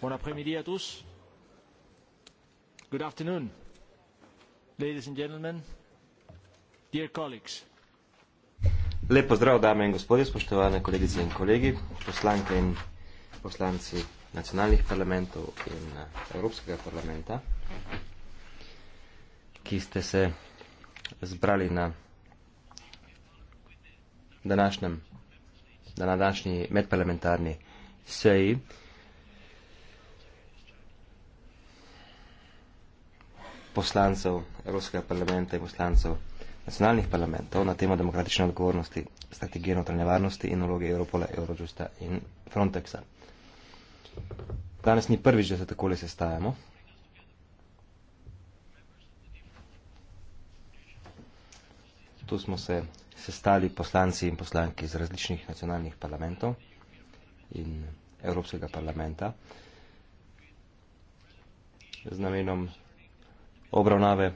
Buon après-midi à tous. Good afternoon, ladies and gentlemen, dear colleagues. Lep pozdrav, dame in gospodje, spoštovane kolegice in kolegi, poslanke in poslanci nacionalnih parlamentov in eh, Evropskega parlamenta, ki ste se zbrali na današnjem, na današnji medparlamentarni seji. poslancev Evropskega parlamenta in poslancev nacionalnih parlamentov na temo demokratične odgovornosti, strategije notranje varnosti in naloge Europola, Eurojusta in Frontexa. Danes ni prvič, da se takole sestajamo. Tu smo se sestali poslanci in poslanki iz različnih nacionalnih parlamentov in Evropskega parlamenta z namenom obravnave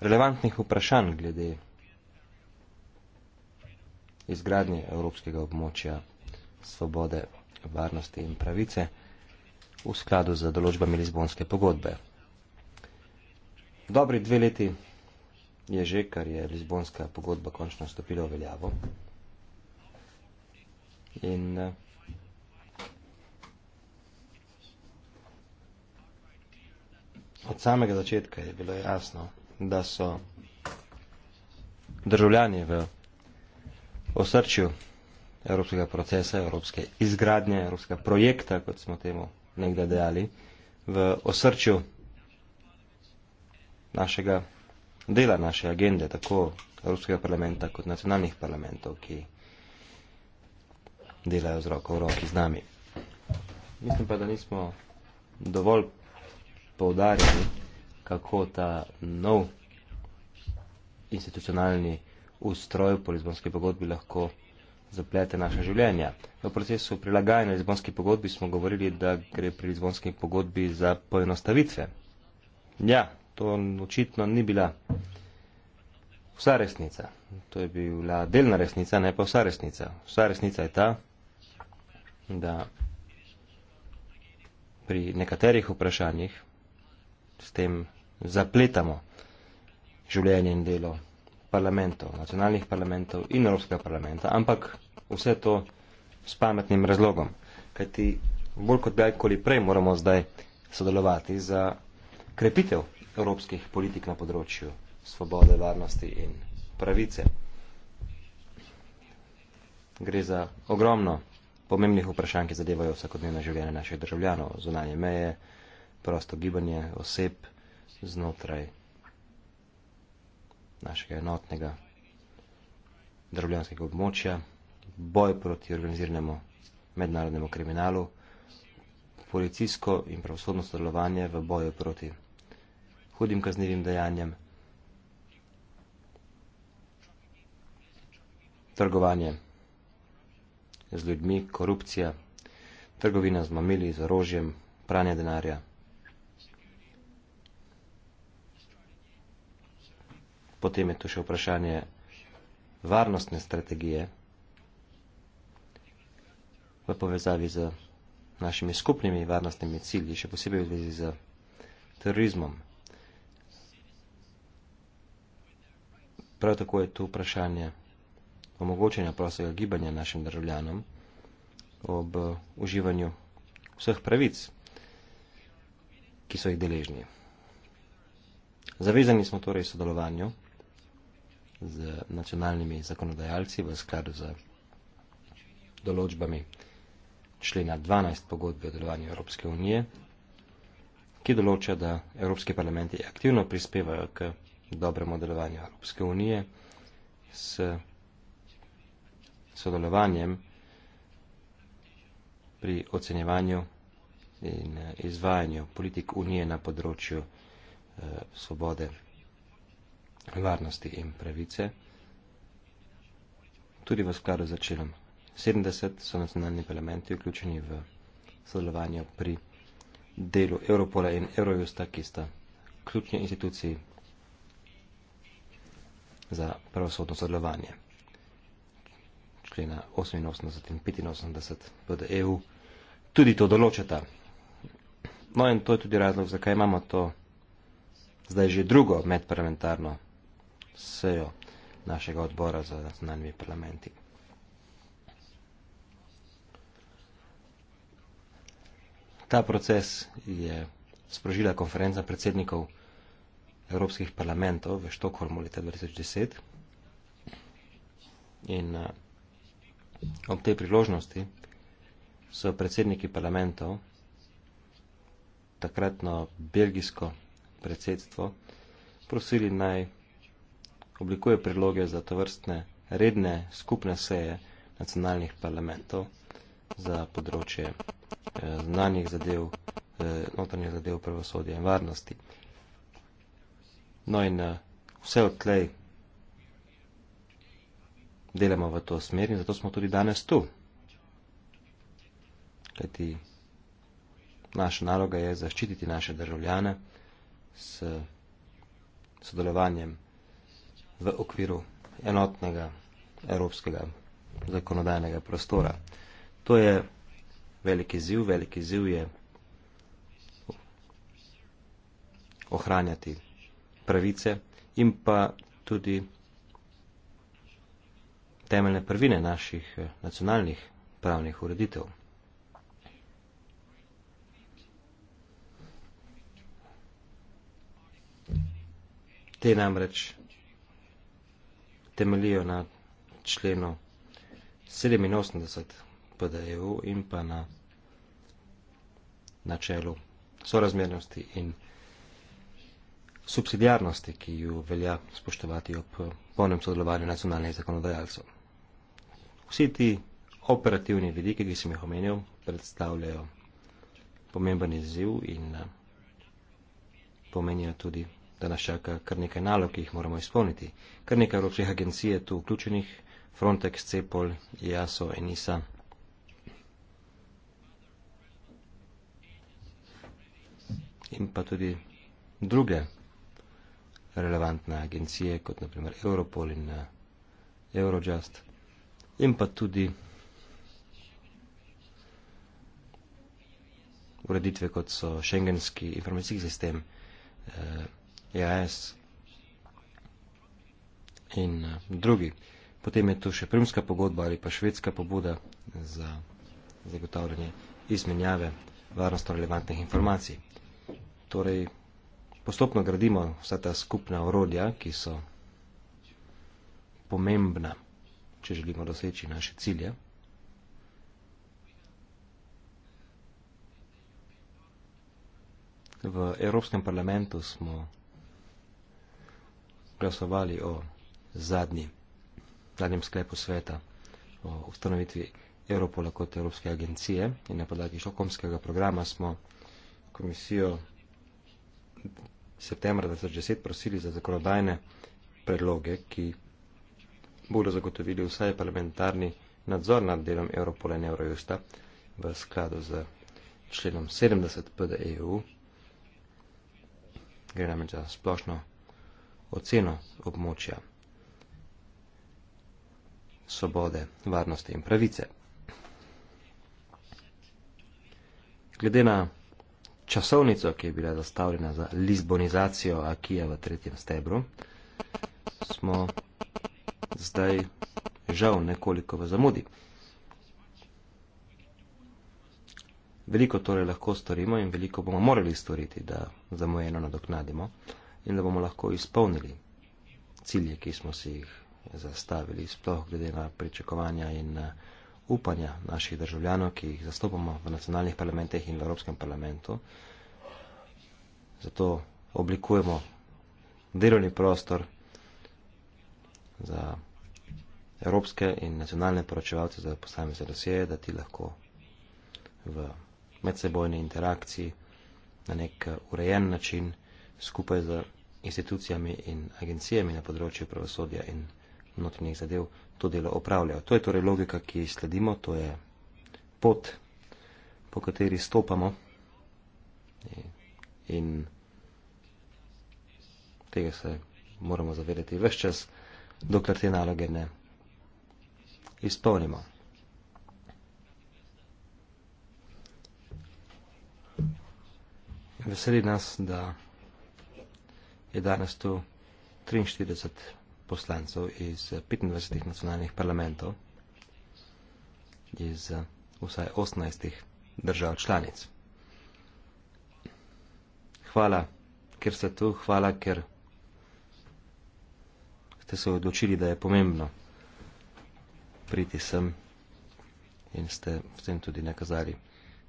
relevantnih vprašanj glede izgradnje Evropskega območja svobode, varnosti in pravice v skladu z določbami Lizbonske pogodbe. Dobri dve leti je že, kar je Lizbonska pogodba končno stopila v veljavo. In eh, od samega začetka je bilo jasno, da so državljani v osrčju evropskega procesa, evropske izgradnje, evropskega projekta, kot smo temu nekdaj dejali, v osrčju našega dela, naše agende, tako Evropskega parlamenta kot nacionalnih parlamentov, ki delajo z roko v roki z nami. Mislim pa, da nismo dovolj poudarjali, kako ta nov institucionalni ustroj po Lizbonski pogodbi lahko zaplete naše življenja. V procesu prilagajanja Lizbonski pogodbi smo govorili, da gre pri Lizbonski pogodbi za poenostavitve. Ja, to očitno ni bila vsa resnica. To je bila delna resnica, ne pa vsa resnica. Vsa resnica je ta, da pri nekaterih vprašanjih s tem zapletamo življenje in delo parlamentov, nacionalnih parlamentov in Evropskega parlamenta, ampak vse to s pametnim razlogom. Kajti bolj kot kdajkoli prej moramo zdaj sodelovati za krepitev evropskih politik na področju svobode, varnosti in pravice. Gre za ogromno pomembnih vprašanj, ki zadevajo vsakodnevno življenje naših državljanov, zunanje meje, prosto gibanje oseb znotraj našega enotnega državljanskega območja, boj proti organiziranemu mednarodnemu kriminalu, policijsko in pravosodno sodelovanje v boju proti hudim kaznivim dejanjem, trgovanje z ljudmi, korupcija, trgovina z mamili, z orožjem, pranje denarja. Potem je tu še vprašanje varnostne strategije v povezavi z našimi skupnimi varnostnimi cilji, še posebej v zvezi z terorizmom. Prav tako je tu vprašanje omogočenja prostega gibanja našim državljanom ob uživanju vseh pravic, ki so jih deležni. Zavezani smo torej sodelovanju z nacionalnimi zakonodajalci v skladu z določbami člena 12 pogodbe o delovanju Evropske unije, ki določa, da Evropski parlamenti aktivno prispevajo k dobremu delovanju Evropske unije s sodelovanjem pri ocenjevanju in eh, izvajanju politik unije na področju eh, svobode varnosti in pravice, tudi v skladu z začelom. 70 so nacionalni parlamenti vključeni v sodelovanje pri delu Europola in Eurojusta, ki sta ključni instituciji za pravosodno sodelovanje. Člena 88 in 85 pod EU tudi to določata. No in to je tudi razlog, zakaj imamo to zdaj že drugo medparlamentarno sejo našega odbora za znanje parlamenti. Ta proces je sprožila konferenca predsednikov Evropskih parlamentov v Štokholmu leta 2010 in eh, ob tej priložnosti so predsedniki parlamentov takratno belgijsko predsedstvo prosili naj oblikuje predloge za to vrstne redne skupne seje nacionalnih parlamentov za področje eh, znanih zadev, eh, notranjih zadev, pravosodja in varnosti. No in eh, vse odtlej delamo v to smer in zato smo tudi danes tu. Kajti naša naloga je zaščititi naše državljane s sodelovanjem državljane v okviru enotnega evropskega zakonodajnega prostora. To je veliki ziv, veliki ziv je ohranjati pravice in pa tudi temeljne prvine naših eh, nacionalnih pravnih ureditev. Te namreč temeljijo na členu 87 PDEU in pa na načelu sorazmernosti in subsidijarnosti, ki jo velja spoštovati ob polnem sodelovanju nacionalnih zakonodajalcev. Vsi ti operativni vidiki, ki sem jih omenil, predstavljajo pomemben izziv in eh, pomenijo tudi da nas čaka kar nekaj nalog, ki jih moramo izpolniti. Kar nekaj evropskih agencij je tu vključenih, Frontex, Cepol, IASO, ENISA. In pa tudi druge relevantne agencije, kot naprimer Europol in eh, Eurojust. In pa tudi ureditve, kot so šengenski informacijski sistem, eh, EAS in eh, drugi. Potem je tu še primska pogodba ali pa švedska pobuda za zagotavljanje izmenjave varnostno relevantnih informacij. Torej, postopno gradimo vsa ta skupna orodja, ki so pomembna, če želimo doseči naše cilje. V Evropskem parlamentu smo glasovali o zadnji, zadnjem sklepu sveta o ustanovitvi Europola kot Evropske agencije in na podlagi šokomskega programa smo komisijo septembra 2010 prosili za zakonodajne predloge, ki bodo zagotovili vsaj parlamentarni nadzor nad delom Europola in Eurojusta v skladu z členom 70 PDEU. Gre namreč za splošno oceno območja svobode, varnosti in pravice. Glede na časovnico, ki je bila zastavljena za lizbonizacijo Akija v tretjem stebru, smo zdaj žal nekoliko v zamudi. Veliko torej lahko storimo in veliko bomo morali storiti, da zamujeno nadoknadimo in da bomo lahko izpolnili cilje, ki smo si jih zastavili, sploh glede na pričakovanja in eh, upanja naših državljanov, ki jih zastopamo v nacionalnih parlamentih in v Evropskem parlamentu. Zato oblikujemo delovni prostor za evropske in nacionalne poročevalce za posamezne dosije, da ti lahko v medsebojni interakciji na nek eh, urejen način skupaj z institucijami in agencijami na področju pravosodja in notrnih zadev to delo opravljajo. To je torej logika, ki sledimo, to je pot, po kateri stopamo in tega se moramo zavedati vse čas, dokler te naloge ne izpolnimo. Veseli nas, da je danes tu 43 poslancev iz 25 nacionalnih parlamentov, iz eh, vsaj 18 držav članic. Hvala, ker ste tu, hvala, ker ste se odločili, da je pomembno priti sem in ste s tem tudi nakazali,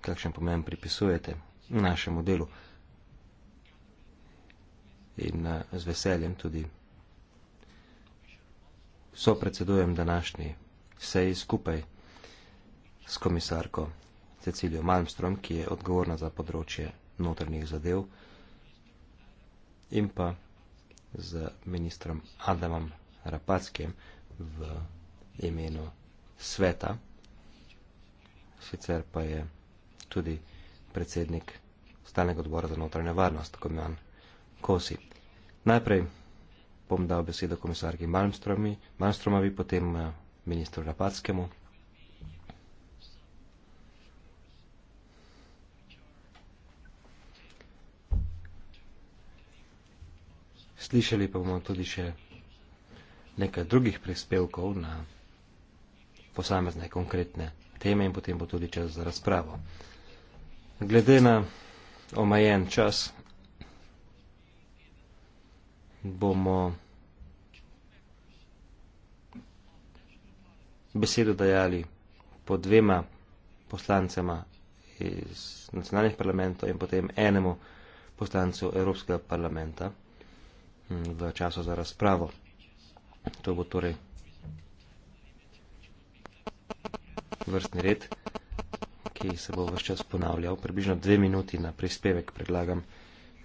kakšen pomen pripisujete našemu delu in eh, z veseljem tudi sopredsedujem današnji seji skupaj s komisarko Cecilijo Malmstrom, ki je odgovorna za področje notrnih zadev in pa z ministrom Adamom Rapackem v imenu sveta, sicer pa je tudi predsednik stalnega odbora za notranjo varnost, ko mi on kosi. Najprej bom dal besedo komisarki Malmstromi, Malmstromovi, potem eh, ministru Rapackemu. Slišali pa bomo tudi še nekaj drugih prispevkov na posamezne konkretne teme in potem bo tudi čas za razpravo. Glede na omajen čas, bomo besedo dajali po dvema poslancema iz nacionalnih parlamentov in potem enemu poslancu Evropskega parlamenta hm, v času za razpravo. To bo torej vrstni red, ki se bo vse čas ponavljal. Približno dve minuti na prispevek predlagam,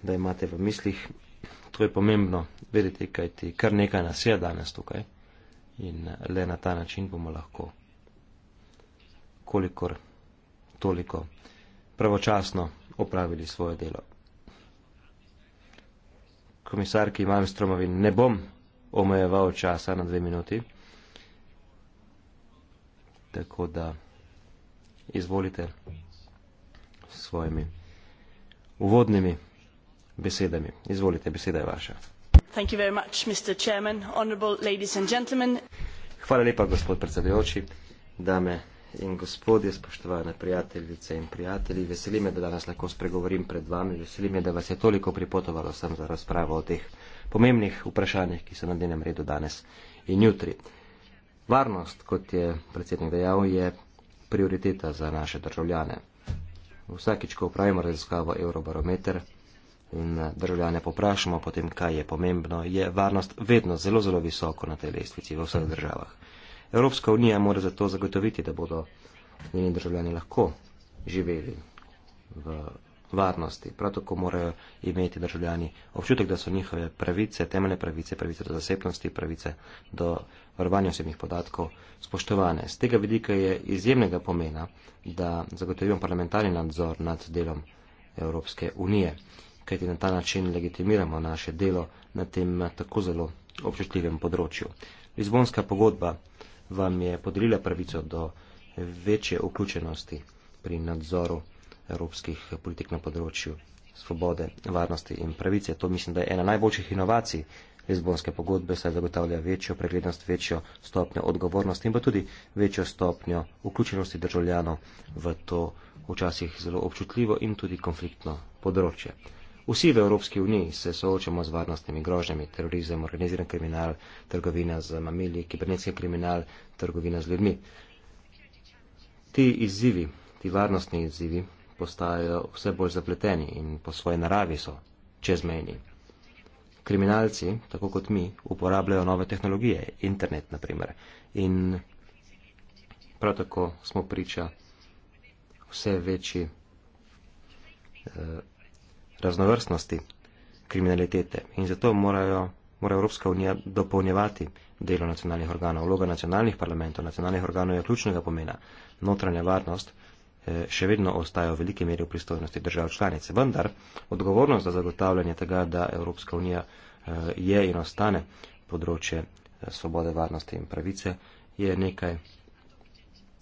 da imate v mislih to je pomembno vedeti, kaj ti kar nekaj nas je danes tukaj in le na ta način bomo lahko kolikor toliko pravočasno opravili svoje delo. Komisarki Imam Stromovi ne bom omejeval časa na dve minuti, tako da izvolite s svojimi uvodnimi besedami. Izvolite, beseda je vaša. Hvala lepa, gospod predsedujoči, dame in gospodje, spoštovane prijateljice in prijatelji. Veseli me, da danes lahko spregovorim pred vami. Veseli me, da vas je toliko pripotovalo sem za razpravo o teh pomembnih vprašanjih, ki so na dnevnem redu danes in jutri. Varnost, kot je predsednik dejal, je prioriteta za naše državljane. Vsakič, ko upravimo raziskavo Eurobarometer, in eh, državljane poprašamo potem, kaj je pomembno, je varnost vedno zelo, zelo visoko na tej lestvici v vseh državah. Evropska unija mora zato zagotoviti, da bodo njeni državljani lahko živeli v varnosti. Prav tako morajo imeti državljani občutek, da so njihove pravice, temeljne pravice, pravice do zasebnosti, pravice do varovanja osebnih podatkov spoštovane. Z tega vidika je izjemnega pomena, da zagotovimo parlamentarni nadzor nad delom Evropske unije kajti na ta način legitimiramo naše delo na tem tako zelo občutljivem področju. Lizbonska pogodba vam je podelila pravico do večje vključenosti pri nadzoru evropskih politik na področju svobode, varnosti in pravice. To mislim, da je ena najboljših inovacij Lizbonske pogodbe, saj zagotavlja večjo preglednost, večjo stopnjo odgovornosti in pa tudi večjo stopnjo vključenosti državljanov v to včasih zelo občutljivo in tudi konfliktno področje. Vsi v Evropski uniji se soočamo z varnostnimi grožnjami, terorizem, organiziran kriminal, trgovina z mamili, kibernetski kriminal, trgovina z ljudmi. Ti izzivi, ti varnostni izzivi postajajo vse bolj zapleteni in po svoji naravi so čezmejni. Kriminalci, tako kot mi, uporabljajo nove tehnologije, internet naprimer, in prav tako smo priča vse večji. Eh, raznovrstnosti kriminalitete in zato morajo, mora Evropska unija dopolnjevati delo nacionalnih organov. Vloga nacionalnih parlamentov, nacionalnih organov je ključnega pomena. Notranja varnost eh, še vedno ostaja v veliki meri v pristojnosti držav članice. Vendar odgovornost za zagotavljanje tega, da Evropska unija eh, je in ostane področje eh, svobode, varnosti in pravice, je nekaj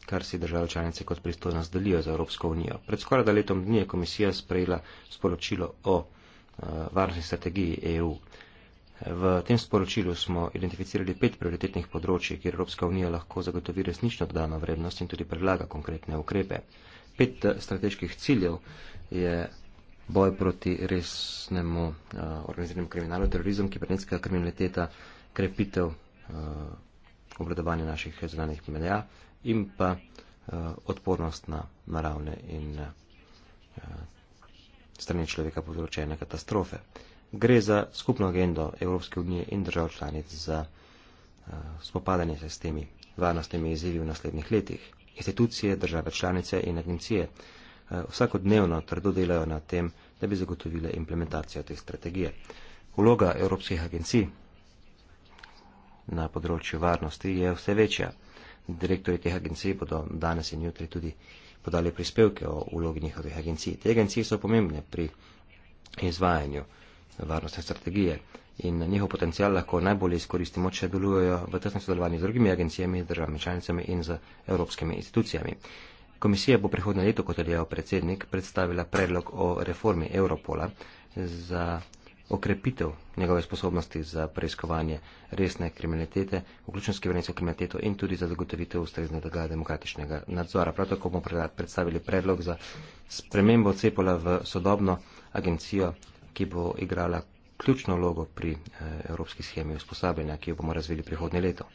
kar si države članice kot pristojnost delijo za Evropsko unijo. Pred skoraj da letom dni je komisija sprejela sporočilo o uh, varnostni strategiji EU. V tem sporočilu smo identificirali pet prioritetnih področji, kjer Evropska unija lahko zagotovi resnično dodano vrednost in tudi predlaga konkretne ukrepe. Pet eh, strateških ciljev je boj proti resnemu uh, organiziranemu kriminalu, terorizem, kibernetska kriminaliteta, krepitev uh, obladovanja naših zunanih meja, in pa uh, odpornost na naravne in uh, strani človeka povzročene katastrofe. Gre za skupno agendo Evropske unije in držav članic za uh, spopadanje se s temi varnostnimi izzivi v naslednjih letih. Institucije, države članice in agencije uh, vsakodnevno trdo delajo na tem, da bi zagotovile implementacijo te strategije. Vloga evropskih agencij na področju varnosti je vse večja direktori teh agencij bodo danes in jutri tudi podali prispevke o vlogi njihovih agencij. Te agencije so pomembne pri izvajanju varnostne strategije in njihov potencial lahko najbolje izkoristimo, če delujejo v tesnem sodelovanju z drugimi agencijami, državami članicami in z evropskimi institucijami. Komisija bo prihodne leto, kot je dejal predsednik, predstavila predlog o reformi Europola za okrepitev njegove sposobnosti za preiskovanje resne kriminalitete, vključno s kibernetsko kriminaliteto in tudi za zagotovitev ustreznega demokratičnega nadzora. Prav tako bomo predstavili predlog za spremembo Cepola v sodobno agencijo, ki bo igrala ključno vlogo pri eh, evropski schemi usposabljanja, ki jo bomo razvili prihodnje leto.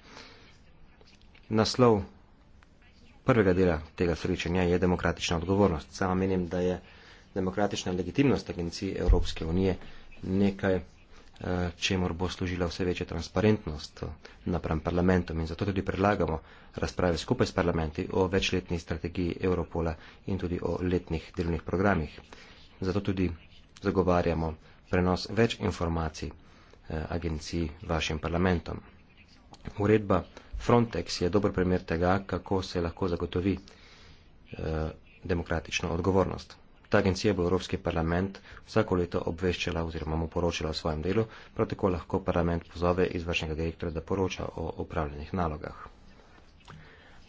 Naslov prvega dela tega srečanja je demokratična odgovornost. Sama menim, da je demokratična legitimnost agencij Evropske unije nekaj, eh, čemor bo služila vse večja transparentnost napram parlamentom in zato tudi predlagamo razprave skupaj s parlamenti o večletni strategiji Europola in tudi o letnih delovnih programih. Zato tudi zagovarjamo prenos več informacij eh, agenciji vašim parlamentom. Uredba Frontex je dober primer tega, kako se lahko zagotovi eh, demokratično odgovornost. Ta agencija bo Evropski parlament vsako leto obveščala oziroma mu poročala o svojem delu, prav tako lahko parlament pozove izvršnega direktora, da poroča o upravljenih nalogah.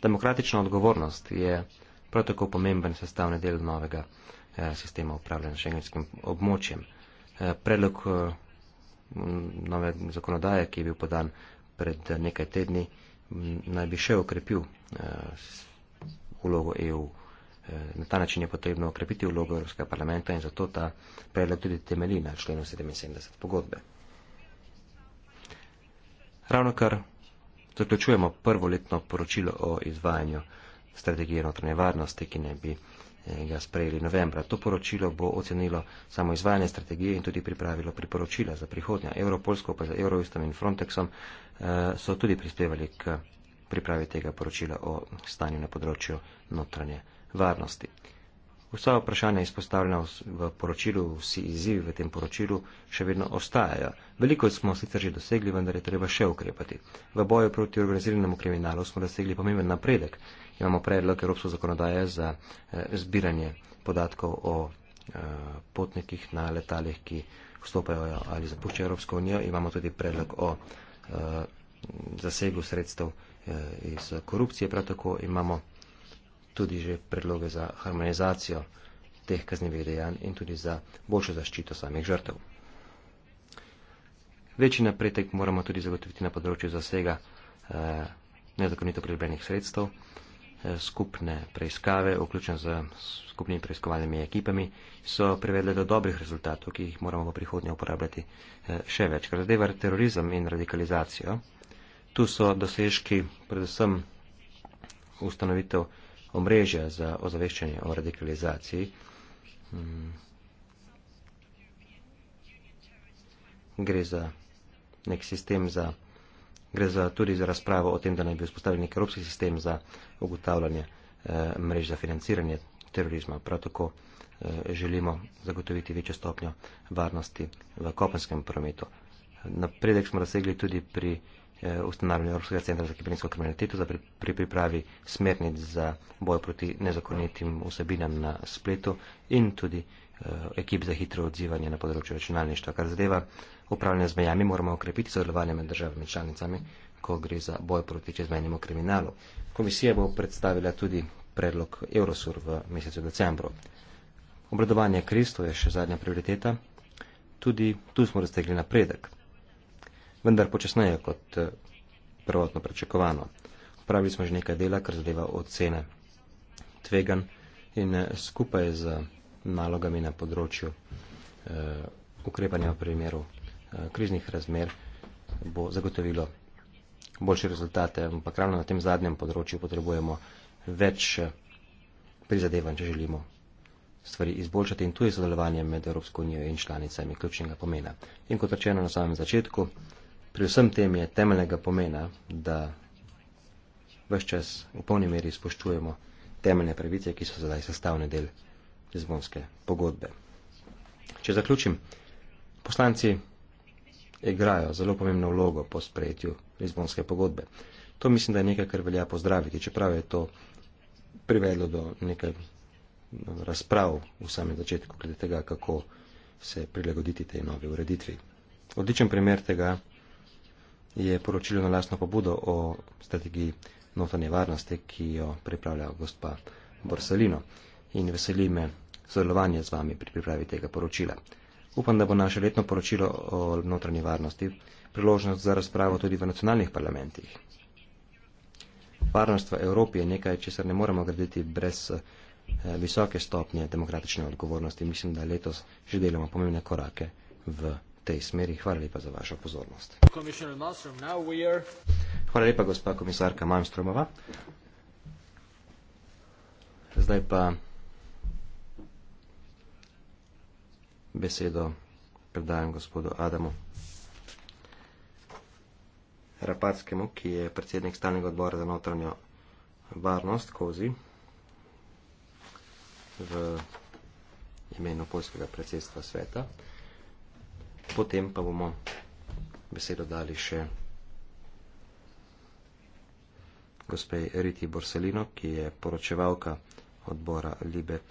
Demokratična odgovornost je prav tako pomemben sestavni del novega eh, sistema upravljanja šengenskim območjem. Eh, predlog eh, nove zakonodaje, ki je bil podan pred nekaj tedni, naj bi še okrepil vlogo EU. Na ta način je potrebno okrepiti vlogo Evropskega parlamenta in zato ta predlog tudi temelji na členu 77 pogodbe. Ravno kar zaključujemo prvo letno poročilo o izvajanju strategije notranje varnosti, ki ne bi eh, ga sprejeli novembra. To poročilo bo ocenilo samo izvajanje strategije in tudi pripravilo priporočila za prihodnja. Evropolsko pa za Euroistom in Frontexom eh, so tudi prispevali k pripravi tega poročila o stanju na področju notranje varnosti varnosti. Vsa vprašanja izpostavljena v poročilu, vsi izzivi v tem poročilu še vedno ostajajo. Veliko smo sicer že dosegli, vendar je treba še ukrepati. V boju proti organiziranemu kriminalu smo dosegli pomemben napredek. Imamo predlog Evropske zakonodaje za eh, zbiranje podatkov o eh, potnikih na letalih, ki vstopajo ali zapuščajo Evropsko unijo. Imamo tudi predlog o eh, zasegu sredstev eh, iz korupcije. Prav tako imamo tudi že predloge za harmonizacijo teh kaznevih dejanj in tudi za boljšo zaščito samih žrtev. Večji napretek moramo tudi zagotoviti na področju zasega eh, nezakonito pridobljenih sredstev, eh, skupne preiskave, vključno z skupnimi preiskovalnimi ekipami, so privedle do dobrih rezultatov, ki jih moramo v prihodnje uporabljati eh, še več. Kar zadeva terorizem in radikalizacijo, tu so dosežki predvsem ustanovitev omrežja za ozaveščanje o radikalizaciji. Hmm. Gre za nek sistem za, gre za tudi za razpravo o tem, da naj bi vzpostavili nek evropski sistem za ugotavljanje eh, mrež za financiranje terorizma. Prav tako eh, želimo zagotoviti večjo stopnjo varnosti v kopenskem prometu. Napredek smo dosegli tudi pri eh, ustanavljanju Evropskega centra za kibernetsko kriminaliteto za pri, pri pripravi smernic za boj proti nezakonitim vsebinam na spletu in tudi eh, ekip za hitro odzivanje na področju računalništva. Kar zadeva upravljanje z mejami, moramo okrepiti sodelovanje med državami članicami, ko gre za boj proti čezmejnemu kriminalu. Komisija bo predstavila tudi predlog Eurosur v mesecu decembru. Obradovanje kriz, to je še zadnja prioriteta. Tudi tu smo raztegli napredek vendar počasneje kot eh, prvotno pričakovano. Pravili smo že nekaj dela, kar zadeva ocene tvegan in eh, skupaj z nalogami na področju eh, ukrepanja v primeru eh, kriznih razmer bo zagotovilo boljše rezultate, ampak ravno na tem zadnjem področju potrebujemo več eh, prizadevanj, če želimo stvari izboljšati in tu je sodelovanje med Evropsko unijo in članicami ključnega pomena. In kot rečeno na samem začetku, Pri vsem tem je temeljnega pomena, da vse čas v polni meri spoštujemo temeljne pravice, ki so zdaj sestavni del Lizbonske pogodbe. Če zaključim, poslanci igrajo zelo pomembno vlogo po sprejetju Lizbonske pogodbe. To mislim, da je nekaj, kar velja pozdraviti, čeprav je to privedlo do nekaj no, razprav v samem začetku glede tega, kako se prilagoditi tej novi ureditvi. Odličen primer tega, je poročilo na lastno pobudo o strategiji notranje varnosti, ki jo pripravlja gospa Borsalino. In veseli me sodelovanje z vami pri pripravi tega poročila. Upam, da bo naše letno poročilo o notranji varnosti priložnost za razpravo tudi v nacionalnih parlamentih. Varnost v Evropi je nekaj, česar ne moremo graditi brez eh, visoke stopnje demokratične odgovornosti. Mislim, da letos že delamo pomembne korake v tej smeri. Hvala lepa za vašo pozornost. Hvala lepa, gospa komisarka Malmstromova. Zdaj pa besedo predajam gospodu Adamu Rapackemu, ki je predsednik stalnega odbora za notranjo varnost Kozi v imenu Polskega predsedstva sveta potem pa bomo besedo dali še gospej Riti Borsalino, ki je poročevalka odbora Libe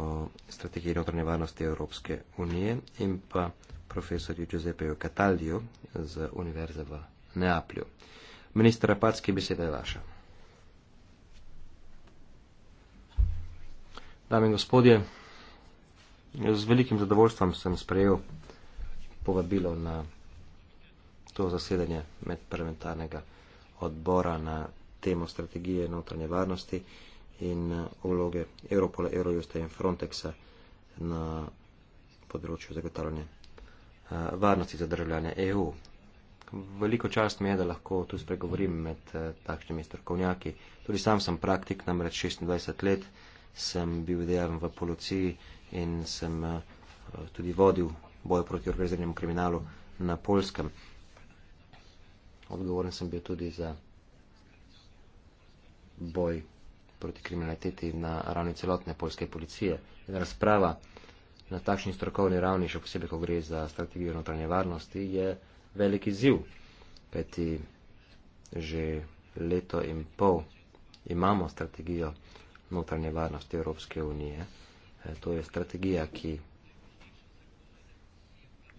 o strategiji notranje varnosti Evropske unije in pa profesorju Giuseppeju Cataldiju z Univerze v Neaplju. Ministr Rapacki, beseda je vaša. Dame in gospodje, z velikim zadovoljstvom sem sprejel povabilo na to zasedanje medparlamentarnega odbora na temo strategije notranje varnosti in eh, vloge Europola, Eurojusta in Frontexa na področju zagotavljanja eh, varnosti za državljane EU. Veliko čast mi je, da lahko tu spregovorim med eh, takšnimi strokovnjaki. Tudi sam sem praktik, namreč 26 let sem bil dejaven v policiji in sem tudi vodil boju proti organiziranemu kriminalu na Polskem. Odgovoren sem bil tudi za boj proti kriminaliteti na ravni celotne polske policije. In razprava na takšni strokovni ravni, še posebej, ko gre za strategijo notranje varnosti, je veliki ziv, kajti že leto in pol imamo strategijo notranje varnosti Evropske unije. E, to je strategija, ki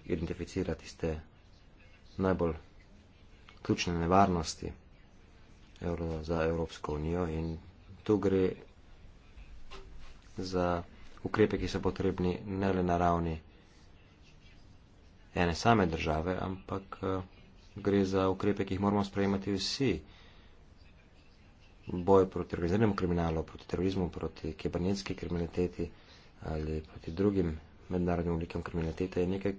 identificira tiste najbolj ključne nevarnosti evro, za Evropsko unijo in tu gre za ukrepe, ki so potrebni ne le na ravni ene same države, ampak eh, gre za ukrepe, ki jih moramo sprejemati vsi. Boj proti organiziranemu kriminalu, proti terorizmu, proti kibernetski kriminaliteti ali proti drugim mednarodnim oblikam kriminalitete je nekaj,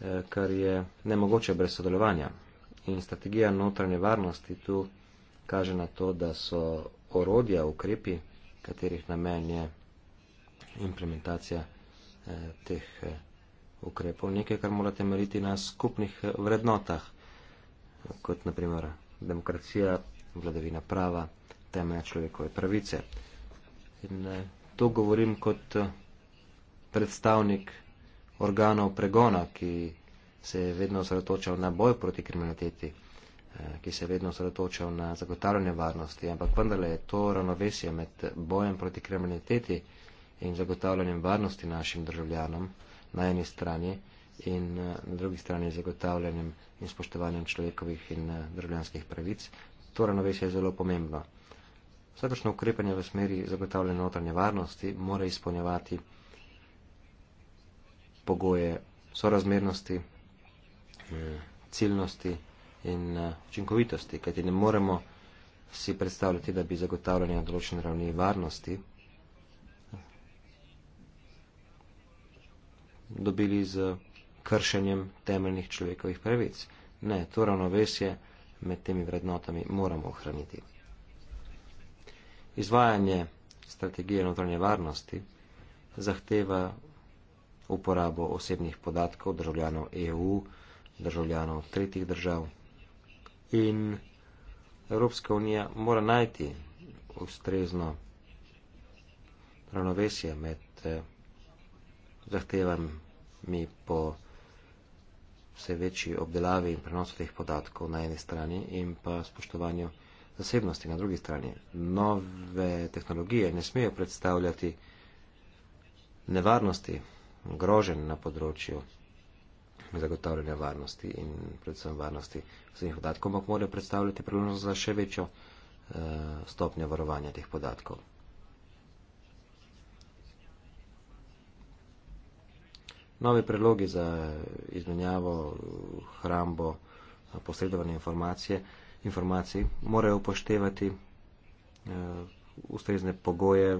Eh, kar je nemogoče brez sodelovanja. In strategija notranje varnosti tu kaže na to, da so orodja, ukrepi, katerih namen je implementacija eh, teh eh, ukrepov, nekaj, kar mora temeljiti na skupnih vrednotah, kot naprimer demokracija, vladavina prava, temelje človekove pravice. In to govorim kot predstavnik organov pregona, ki se je vedno osredotočal na boj proti kriminaliteti, eh, ki se je vedno osredotočal na zagotavljanje varnosti, ampak vendarle je to ravnovesje med bojem proti kriminaliteti in zagotavljanjem varnosti našim državljanom na eni strani in eh, na drugi strani zagotavljanjem in spoštovanjem človekovih in eh, državljanskih pravic. To ravnovesje je zelo pomembno. Vsakošno ukrepanje v smeri zagotavljanja notranje varnosti mora izpolnjevati pogoje sorazmernosti, eh, ciljnosti in eh, učinkovitosti, kajti ne moremo si predstavljati, da bi zagotavljanje na določen ravni varnosti dobili z kršenjem temeljnih človekovih pravic. Ne, to ravnovesje med temi vrednotami moramo ohraniti. Izvajanje strategije notranje varnosti zahteva uporabo osebnih podatkov državljanov EU, državljanov tretjih držav. In Evropska unija mora najti ustrezno ravnovesje med eh, zahtevami po vse večji obdelavi in prenosu teh podatkov na eni strani in pa spoštovanju zasebnosti na drugi strani. Nove tehnologije ne smejo predstavljati nevarnosti grožen na področju zagotavljanja varnosti in predvsem varnosti vseh podatkov, ampak morajo predstavljati priložnost za še večjo uh, stopnjo varovanja teh podatkov. Novi predlogi za izmenjavo, hrambo, posredovanje informacije, informacij morajo upoštevati uh, ustrezne pogoje,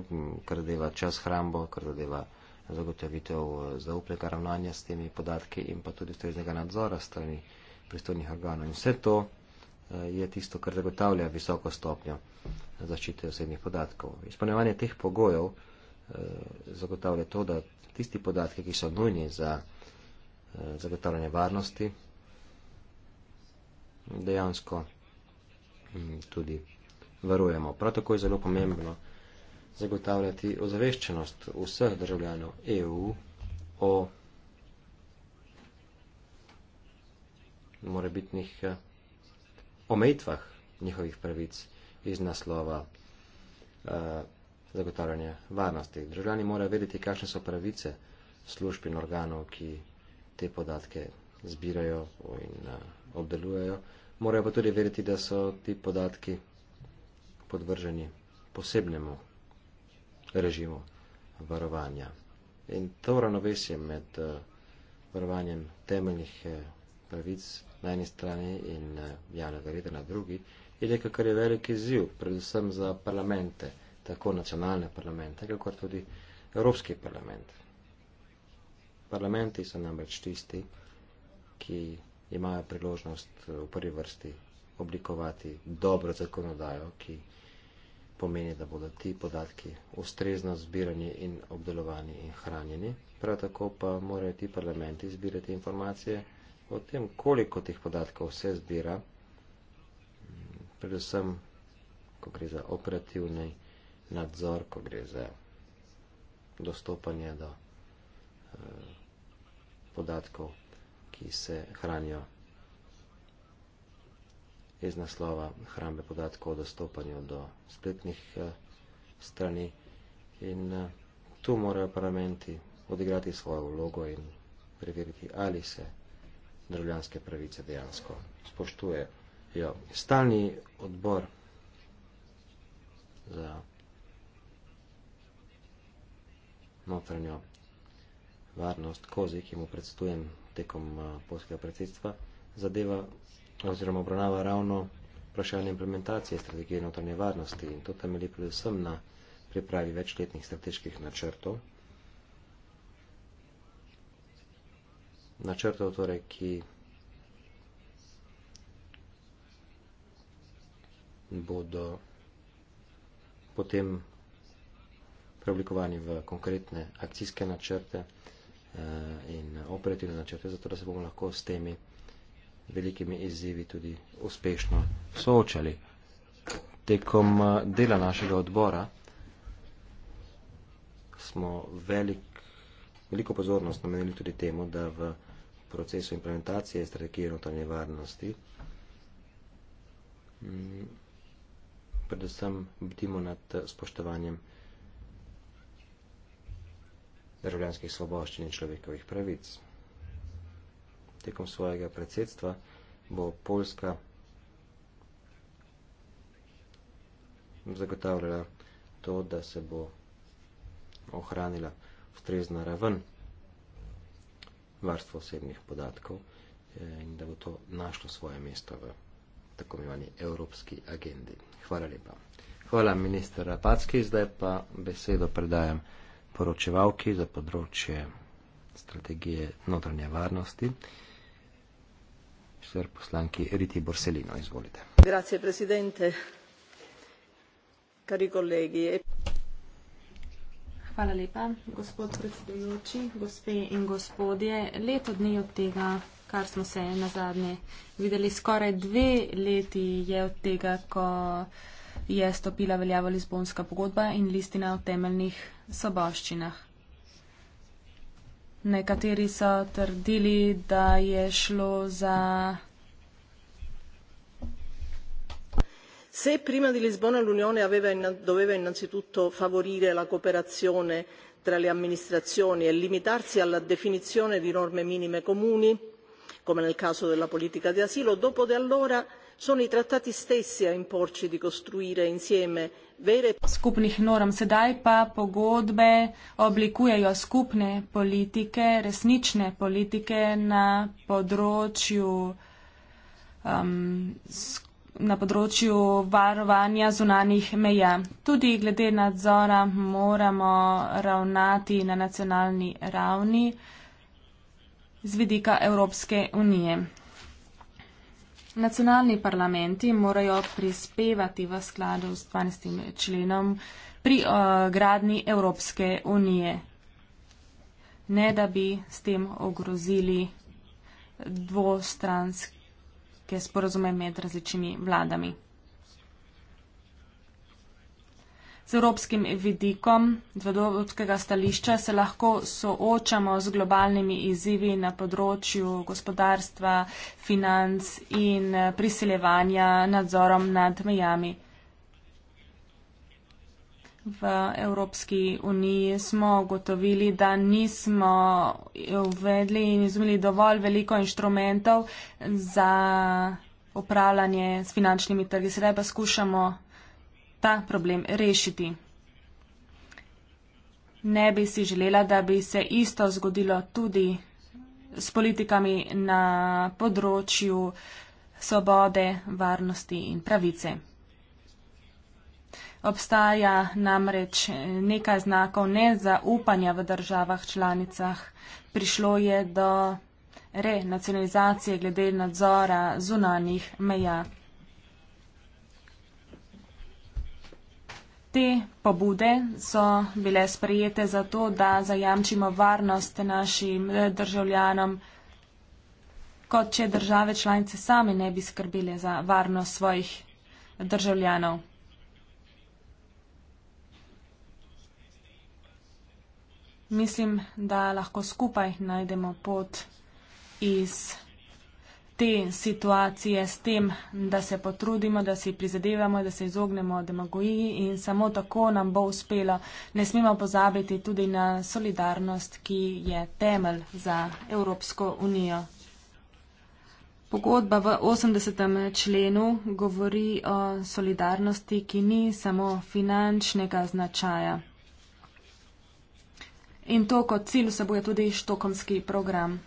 kar zadeva čas hrambo, kar zadeva uh, zagotovitev eh, zaupnega ravnanja s temi podatki in pa tudi ustreznega nadzora strani pristojnih organov. In vse to eh, je tisto, kar zagotavlja visoko stopnjo eh, zaščite osebnih podatkov. Izpolnjevanje teh pogojev zagotavlja to, da tisti podatki, ki so nujni za zagotavljanje varnosti, dejansko mm, tudi varujemo. Prav tako je zelo pomembno, zagotavljati ozaveščenost vseh državljanov EU o morebitnih eh, omejitvah njihovih pravic iz naslova eh, zagotavljanja varnosti. Državljani morajo vedeti, kakšne so pravice služb in organov, ki te podatke zbirajo in eh, obdelujejo. Morajo pa tudi vedeti, da so ti podatki podvrženi posebnemu režimu varovanja. In to ravnovesje med eh, varovanjem temeljnih eh, pravic na eni strani in eh, javnega reda na drugi je nekaj, kar je velik izziv, predvsem za parlamente, tako nacionalne parlamente, kako tudi Evropski parlament. Parlamenti so namreč tisti, ki imajo priložnost v prvi vrsti oblikovati dobro zakonodajo, ki pomeni, da bodo ti podatki ustrezno zbirani in obdelovani in hranjeni. Prav tako pa morajo ti parlamenti zbirati informacije o tem, koliko teh podatkov se zbira, predvsem, ko gre za operativni nadzor, ko gre za dostopanje do eh, podatkov, ki se hranijo iz naslova hrambe podatkov o dostopanju do spletnih eh, strani in eh, tu morajo parlamenti odigrati svojo vlogo in preveriti, ali se državljanske pravice dejansko spoštujejo. Stalni odbor za notranjo varnost Kozi, ki mu predstavujem tekom eh, polskega predsedstva, zadeva oziroma obravnava ravno vprašanje implementacije strategije notranje varnosti in to temelji predvsem na pripravi večletnih strateških načrtov. Načrtov torej, ki bodo potem preoblikovani v konkretne akcijske načrte eh, in operativne načrte, zato da se bomo lahko s temi velikimi izzivi tudi uspešno soočali. Tekom eh, dela našega odbora smo velik, veliko pozornost namenili tudi temu, da v procesu implementacije strategije notranje varnosti mm, predvsem bdimo nad spoštovanjem državljanskih svoboščin in človekovih pravic tekom svojega predsedstva bo Poljska zagotavljala to, da se bo ohranila ustrezna raven varstva osebnih podatkov eh, in da bo to našlo svoje mesto v tako imenovani evropski agendi. Hvala lepa. Hvala, minister Rapacki. Zdaj pa besedo predajam poročevalki za področje strategije notranje varnosti. Grazie Presidente, cari colleghi. E- Hvala lepa, gospod predsedujoči, gospe in gospodje. Leto dni od tega, kar smo se na zadnje videli, skoraj dve leti je od tega, ko je stopila veljavo Lizbonska pogodba in listina o temeljnih soboščinah. Nekateri so trdili, da je šlo za. Se prima di Lisbona l'Unione aveva in, doveva innanzitutto favorire la cooperazione tra le amministrazioni e limitarsi alla definizione di norme minime comuni, come nel caso della politica di asilo, dopo di allora sono i trattati stessi a imporci di costruire insieme skupnih norm. Sedaj pa pogodbe oblikujejo skupne politike, resnične politike na področju, um, na področju varovanja zunanih meja. Tudi glede nadzora moramo ravnati na nacionalni ravni z vidika Evropske unije. Nacionalni parlamenti morajo prispevati v skladu s 12. členom pri uh, eh, gradni Evropske unije, ne da bi s tem ogrozili dvostranske sporozume med različnimi vladami. z evropskim vidikom, z evropskega stališča se lahko soočamo z globalnimi izzivi na področju gospodarstva, financ in eh, priseljevanja nadzorom nad mejami. V Evropski uniji smo ugotovili, da nismo uvedli in izumili dovolj veliko inštrumentov za upravljanje s finančnimi trgi. Sedaj pa skušamo ta problem rešiti. Ne bi si želela, da bi se isto zgodilo tudi s politikami na področju svobode, varnosti in pravice. Obstaja namreč nekaj znakov nezaupanja v državah članicah. Prišlo je do renacionalizacije glede nadzora zunanih meja. Te pobude so bile sprejete zato, da zajamčimo varnost našim eh, državljanom, kot če države članice same ne bi skrbile za varnost svojih državljanov. Mislim, da lahko skupaj najdemo pot iz te situacije s tem, da se potrudimo, da si prizadevamo, da se izognemo demagoji in samo tako nam bo uspelo. Ne smemo pozabiti tudi na solidarnost, ki je temelj za Evropsko unijo. Pogodba v 80. členu govori o solidarnosti, ki ni samo finančnega značaja. In to kot cilj vsebuje tudi štokomski program.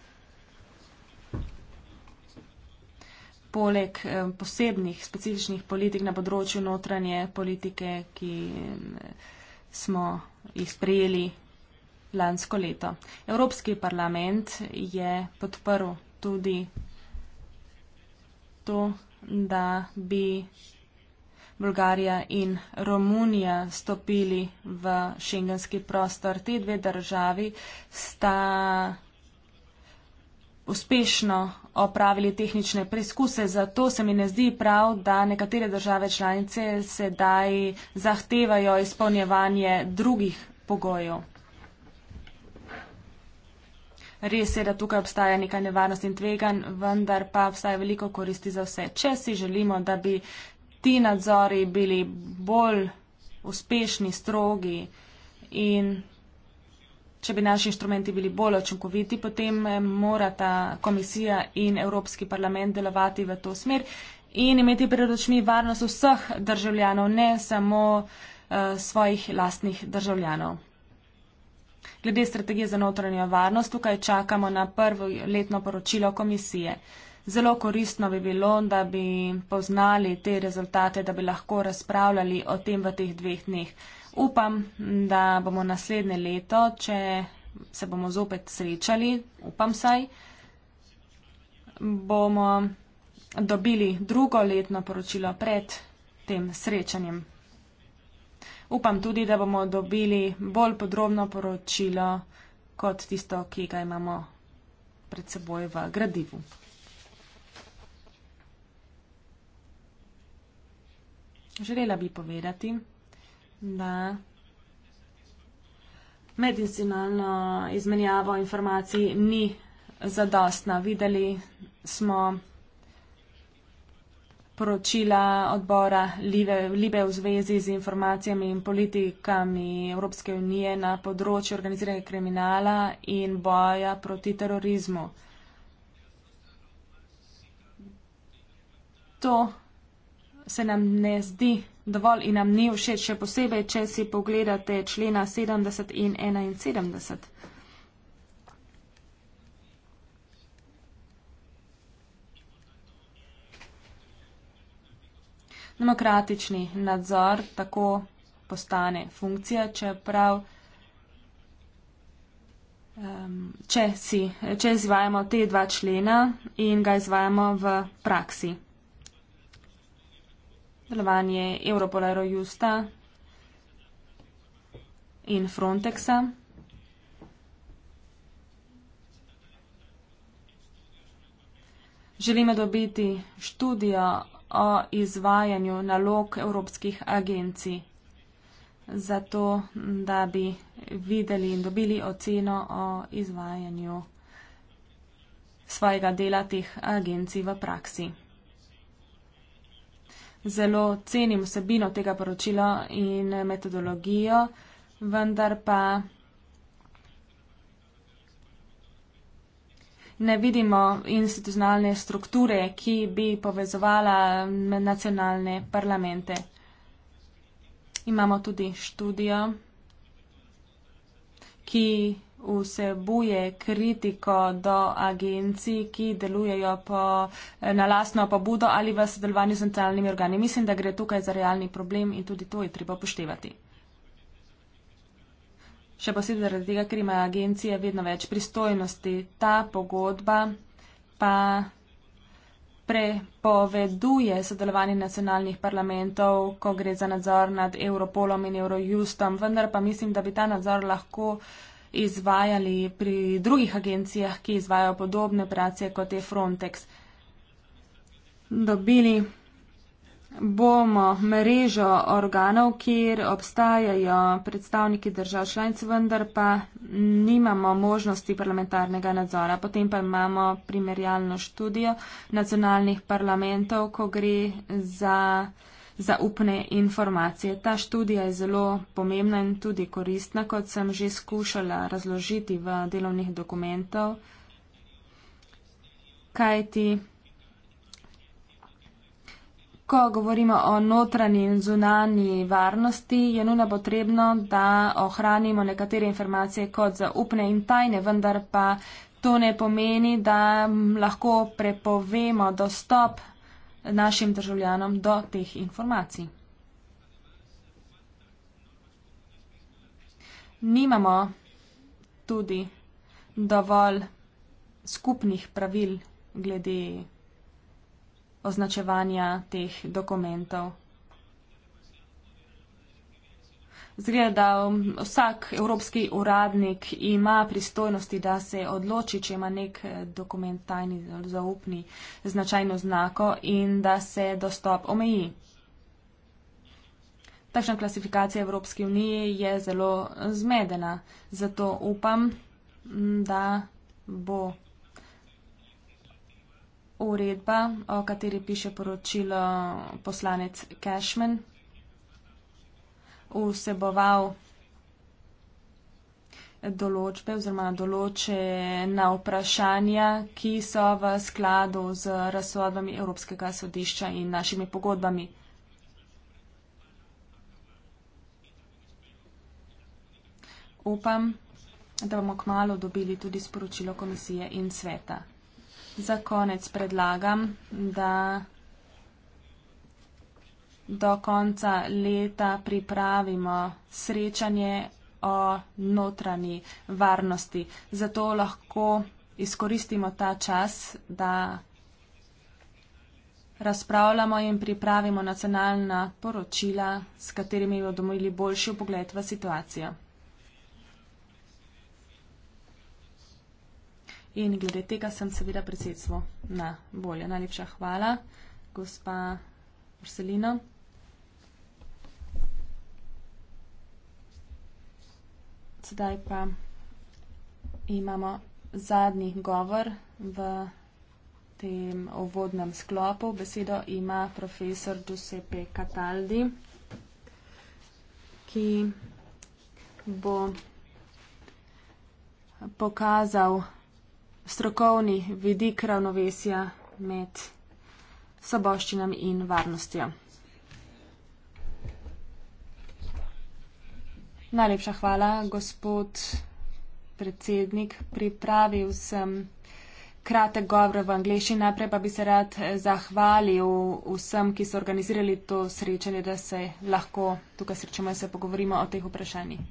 poleg eh, posebnih specifičnih politik na področju notranje politike, ki eh, smo jih sprejeli lansko leto. Evropski parlament je podprl tudi to, da bi Bulgarija in Romunija stopili v šengenski prostor. Te dve državi sta uspešno opravili tehnične preizkuse. Zato se mi ne zdi prav, da nekatere države članice sedaj zahtevajo izpolnjevanje drugih pogojev. Res je, da tukaj obstaja nekaj nevarnosti in tvegan, vendar pa obstaja veliko koristi za vse. Če si želimo, da bi ti nadzori bili bolj uspešni, strogi in če bi naši inštrumenti bili bolj očinkoviti, potem eh, mora ta komisija in Evropski parlament delovati v to smer in imeti pred očmi varnost vseh državljanov, ne samo uh, svojih lastnih državljanov. Glede strategije za notranjo varnost, tukaj čakamo na prvo letno poročilo komisije. Zelo koristno bi bilo, da bi poznali te rezultate, da bi lahko razpravljali o tem v teh dveh dneh. Upam, da bomo naslednje leto, če se bomo zopet srečali, upam saj, bomo dobili drugo letno poročilo pred tem srečanjem. Upam tudi, da bomo dobili bolj podrobno poročilo kot tisto, ki ga imamo pred seboj v gradivu. Želela bi povedati, Da. Medinstitucionalna izmenjava informacij ni zadostna. Videli smo poročila odbora Libe v zvezi z informacijami in politikami Evropske unije na področju organiziranega kriminala in boja proti terorizmu. To se nam ne zdi dovolj in nam ni všeč, še posebej, če si pogledate člena 70 in 71. Demokratični nadzor tako postane funkcija, čeprav, če si, če izvajamo te dva člena in ga izvajamo v praksi delovanje Europola Eurojusta in Frontexa. Želimo dobiti študijo o izvajanju nalog evropskih agencij, zato da bi videli in dobili oceno o izvajanju svojega dela teh agencij v praksi zelo cenim vsebino tega poročila in metodologijo, vendar pa ne vidimo institucionalne strukture, ki bi povezovala nacionalne parlamente. Imamo tudi študijo, ki vsebuje kritiko do agencij, ki delujejo po, na lasno pobudo ali v sodelovanju z centralnimi organi. Mislim, da gre tukaj za realni problem in tudi to je treba poštevati. Še posebej zaradi tega, ker imajo agencije vedno več pristojnosti. Ta pogodba pa prepoveduje sodelovanje nacionalnih parlamentov, ko gre za nadzor nad Europolom in Eurojustom, vendar pa mislim, da bi ta nadzor lahko uh, izvajali pri drugih agencijah, ki izvajajo podobne operacije kot je Frontex. Dobili bomo mrežo organov, kjer obstajajo predstavniki držav članic, vendar pa nimamo možnosti parlamentarnega nadzora. Potem pa imamo primerjalno študijo nacionalnih parlamentov, ko gre za zaupne informacije. Ta študija je zelo pomembna in tudi koristna, kot sem že skušala razložiti v delovnih dokumentov. Kaj ti, ko govorimo o notranji in zunanji varnosti, je nujno potrebno, da ohranimo nekatere informacije kot zaupne in tajne, vendar pa to ne pomeni, da lahko prepovemo dostop našim državljanom do teh informacij. Nimamo tudi dovolj skupnih pravil glede označevanja teh dokumentov. Zgleda, da vsak evropski uradnik ima pristojnosti, da se odloči, če ima nek eh, dokument tajni zaupni značajno znako in da se dostop omeji. Takšna klasifikacija Evropske unije je zelo zmedena, zato upam, da bo uredba, o kateri piše poročilo poslanec Cashman vseboval določbe oziroma določena vprašanja, ki so v skladu z razsodbami Evropskega sodišča in našimi pogodbami. Upam, da bomo kmalo dobili tudi sporočilo komisije in sveta. Za konec predlagam, da do konca leta pripravimo srečanje o notranji varnosti. Zato lahko izkoristimo ta čas, da razpravljamo in pripravimo nacionalna poročila, s katerimi bomo imeli boljši pogled v situacijo. In glede tega sem seveda predsedstvo na bolje. Najlepša hvala, gospa Marcelino. sedaj pa imamo zadnji govor v tem uvodnem sklopu. Besedo ima profesor Giuseppe Cataldi, ki bo pokazal strokovni vidik ravnovesja med soboščinami in varnostjo. Najlepša hvala, gospod predsednik. Pripravil sem kratek govor v angliščini. Najprej pa bi se rad eh, zahvalil vsem, ki so organizirali to srečanje, da se lahko tukaj srečamo in se pogovorimo o teh vprašanjih.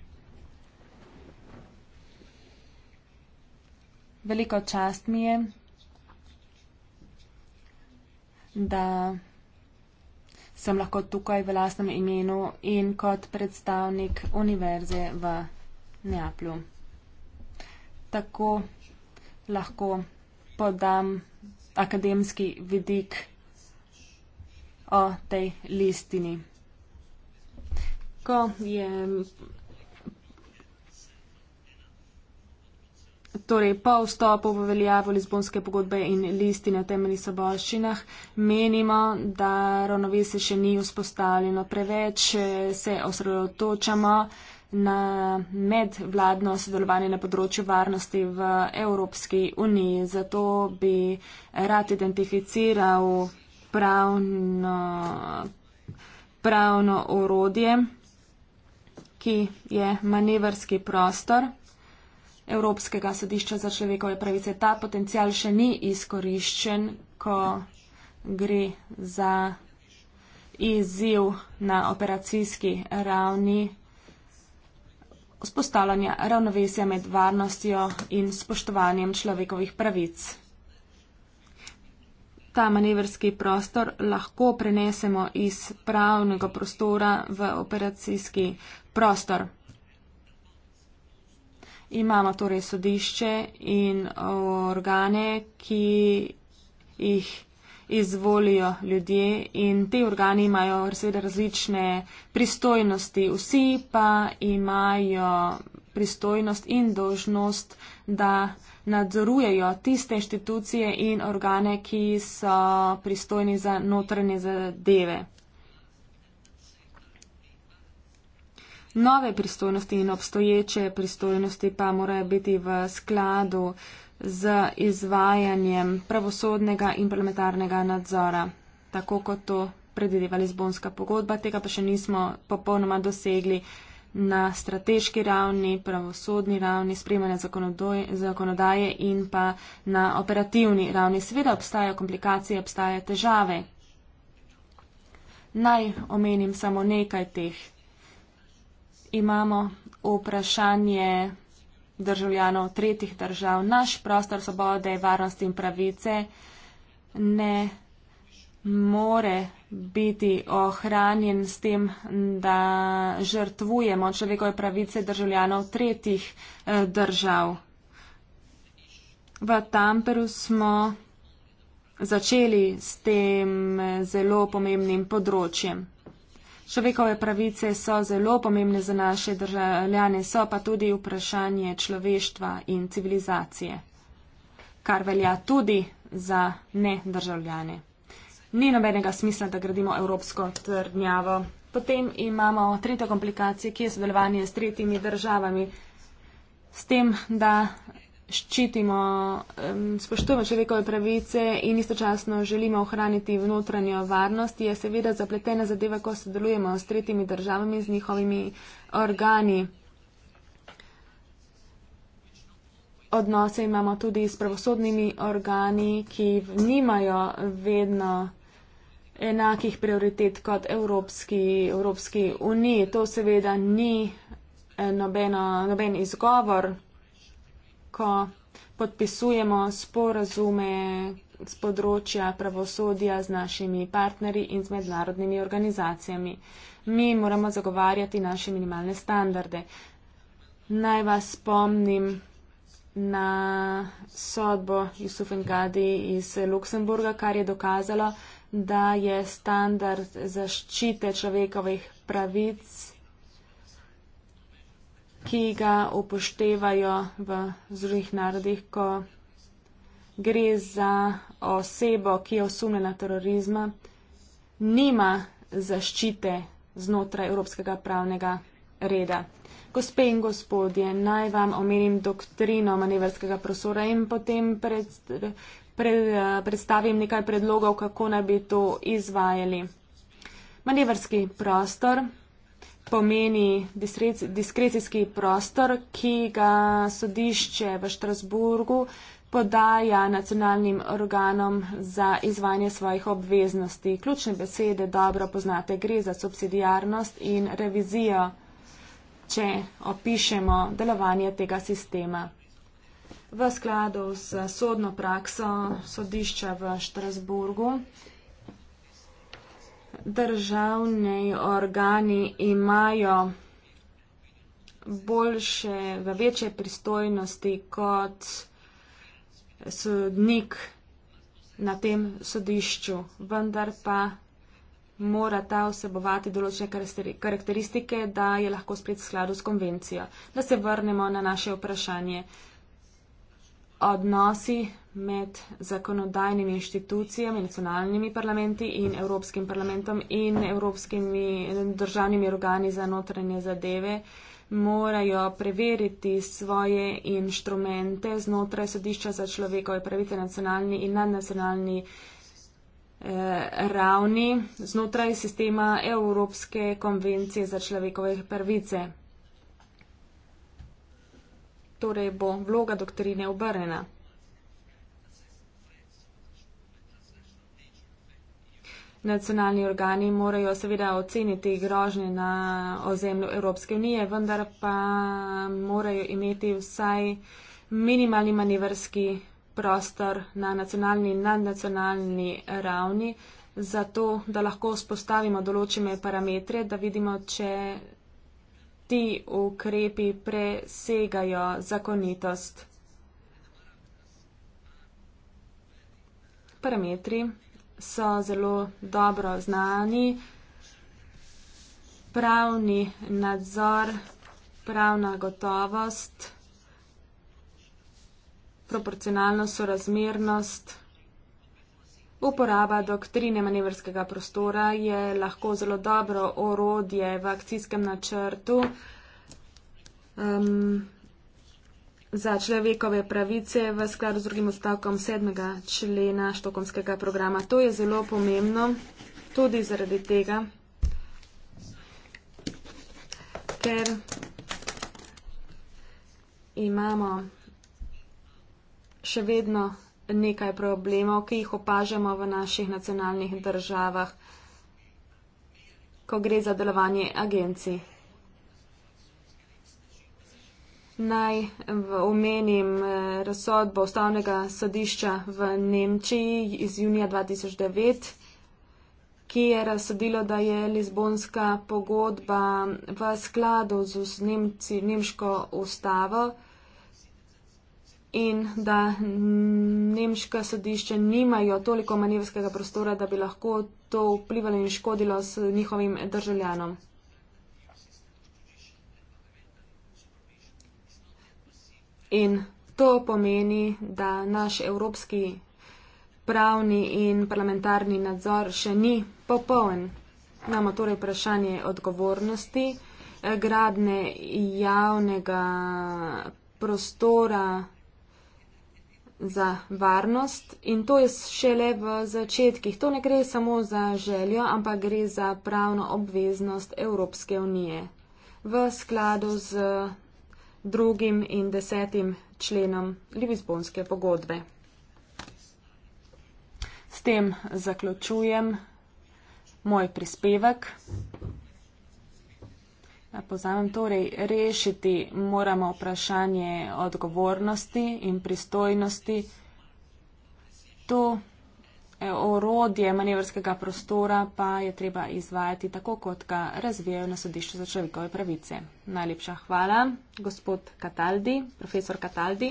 Veliko čast mi je, da sem lahko tukaj v lastnem imenu in kot predstavnik univerze v Neaplju. Tako lahko podam akademski vidik o tej listini. Ko je torej po vstopu v veljavo Lizbonske pogodbe in listi na temeljih soboščinah, menimo, da ravnovesje še ni vzpostavljeno. Preveč eh, se osredotočamo na medvladno sodelovanje na področju varnosti v Evropski uniji. Zato bi rad identificiral pravno, pravno orodje, ki je manevrski prostor. Evropskega sodišča za človekove pravice. Ta potencial še ni izkoriščen, ko gre za izziv na operacijski ravni vzpostavljanja ravnovesja med varnostjo in spoštovanjem človekovih pravic. Ta manevrski prostor lahko prenesemo iz pravnega prostora v operacijski prostor imamo torej sodišče in uh, organe, ki jih izvolijo ljudje in ti organi imajo seveda različne pristojnosti. Vsi pa imajo pristojnost in dožnost, da nadzorujejo tiste inštitucije in organe, ki so pristojni za notranje zadeve. nove pristojnosti in obstoječe pristojnosti pa morajo biti v skladu z izvajanjem pravosodnega in parlamentarnega nadzora, tako kot to predvideva Lizbonska pogodba. Tega pa še nismo popolnoma dosegli na strateški ravni, pravosodni ravni, spremljanje zakonodaje in pa na operativni ravni. Seveda obstajajo komplikacije, obstajajo težave. Naj omenim samo nekaj teh imamo vprašanje državljanov tretjih držav. Naš prostor svobode, varnosti in pravice ne more biti ohranjen s tem, da žrtvujemo človekove pravice državljanov tretjih eh, držav. V Tamperu smo začeli s tem eh, zelo pomembnim področjem. Človekove pravice so zelo pomembne za naše državljane, so pa tudi vprašanje človeštva in civilizacije, kar velja tudi za ne državljane. Ni nobenega smisla, da gradimo evropsko trdnjavo. Potem imamo tretjo komplikacijo, ki je sodelovanje s tretjimi državami. S tem, da ščitimo, spoštujemo človekove pravice in istočasno želimo ohraniti notranjo varnost, je seveda zapletena zadeva, ko sodelujemo s tretjimi državami, z njihovimi organi. Odnose imamo tudi s pravosodnimi organi, ki nimajo vedno enakih prioritet kot Evropski, Evropski uniji. To seveda ni eh, nobeno, noben izgovor ko podpisujemo sporazume z področja pravosodja z našimi partnerji in z mednarodnimi organizacijami. Mi moramo zagovarjati naše minimalne standarde. Naj vas spomnim na sodbo Jusuf Engadi iz Luksemburga, kar je dokazalo, da je standard zaščite človekovih pravic ki ga upoštevajo v Združenih narodih, ko gre za osebo, ki je osumljena terorizma, nima zaščite znotraj evropskega pravnega reda. Gospe in gospodje, naj vam omenim doktrino manevrskega prosora in potem pred, pred, predstavim nekaj predlogov, kako naj bi to izvajali. Manevrski prostor pomeni diskrecijski prostor, ki ga sodišče v Štrasburgu podaja nacionalnim organom za izvajanje svojih obveznosti. Ključne besede dobro poznate, gre za subsidijarnost in revizijo, če opišemo delovanje tega sistema. V skladu s sodno prakso sodišča v Štrasburgu državni organi imajo boljše, večje pristojnosti kot sodnik na tem sodišču, vendar pa mora ta osebovati določene karakteristike, da je lahko spet v skladu s konvencijo. Da se vrnemo na naše vprašanje. Odnosi med zakonodajnimi inštitucijami, nacionalnimi parlamenti in Evropskim parlamentom in Evropskimi državnimi organi za notranje zadeve morajo preveriti svoje inštrumente znotraj sodišča za človekove pravice nacionalni in nadnacionalni eh, ravni znotraj sistema Evropske konvencije za človekove prvice. Torej bo vloga doktrine obrnjena. nacionalni organi morajo seveda oceniti grožnje na ozemlju Evropske unije, vendar pa morajo imeti vsaj minimalni manevrski prostor na nacionalni in nadnacionalni ravni, zato da lahko spostavimo določene parametre, da vidimo, če ti ukrepi presegajo zakonitost. Parametri so zelo dobro znani. Pravni nadzor, pravna gotovost, proporcionalno sorazmernost, uporaba doktrine manevrskega prostora je lahko zelo dobro orodje v akcijskem načrtu. Um, za človekove pravice v skladu z drugim odstavkom 7. člena štokomskega programa. To je zelo pomembno tudi zaradi tega, ker imamo še vedno nekaj problemov, ki jih opažamo v naših nacionalnih državah, ko gre za delovanje agencij. Naj eh, omenim eh, razsodbo ustavnega sodišča v Nemčiji iz junija 2009, ki je razsodilo, da je Lizbonska pogodba v skladu z Nemci, nemško ustavo in da nemška sodišča nimajo toliko manevrskega prostora, da bi lahko to vplivalo in škodilo s njihovim državljanom. In to pomeni, da naš evropski pravni in parlamentarni nadzor še ni popoln. Imamo torej vprašanje odgovornosti, eh, gradne javnega prostora za varnost in to je šele v začetkih. To ne gre samo za željo, ampak gre za pravno obveznost Evropske unije v skladu z drugim in desetim členom Libizbonske pogodbe. S tem zaključujem moj prispevek. Pozamem torej, rešiti moramo vprašanje odgovornosti in pristojnosti. To Eh, orodje manevrskega prostora pa je treba izvajati tako, kot ga razvijajo na sodišču za človekove pravice. Najlepša hvala, gospod Kataldi, profesor Kataldi.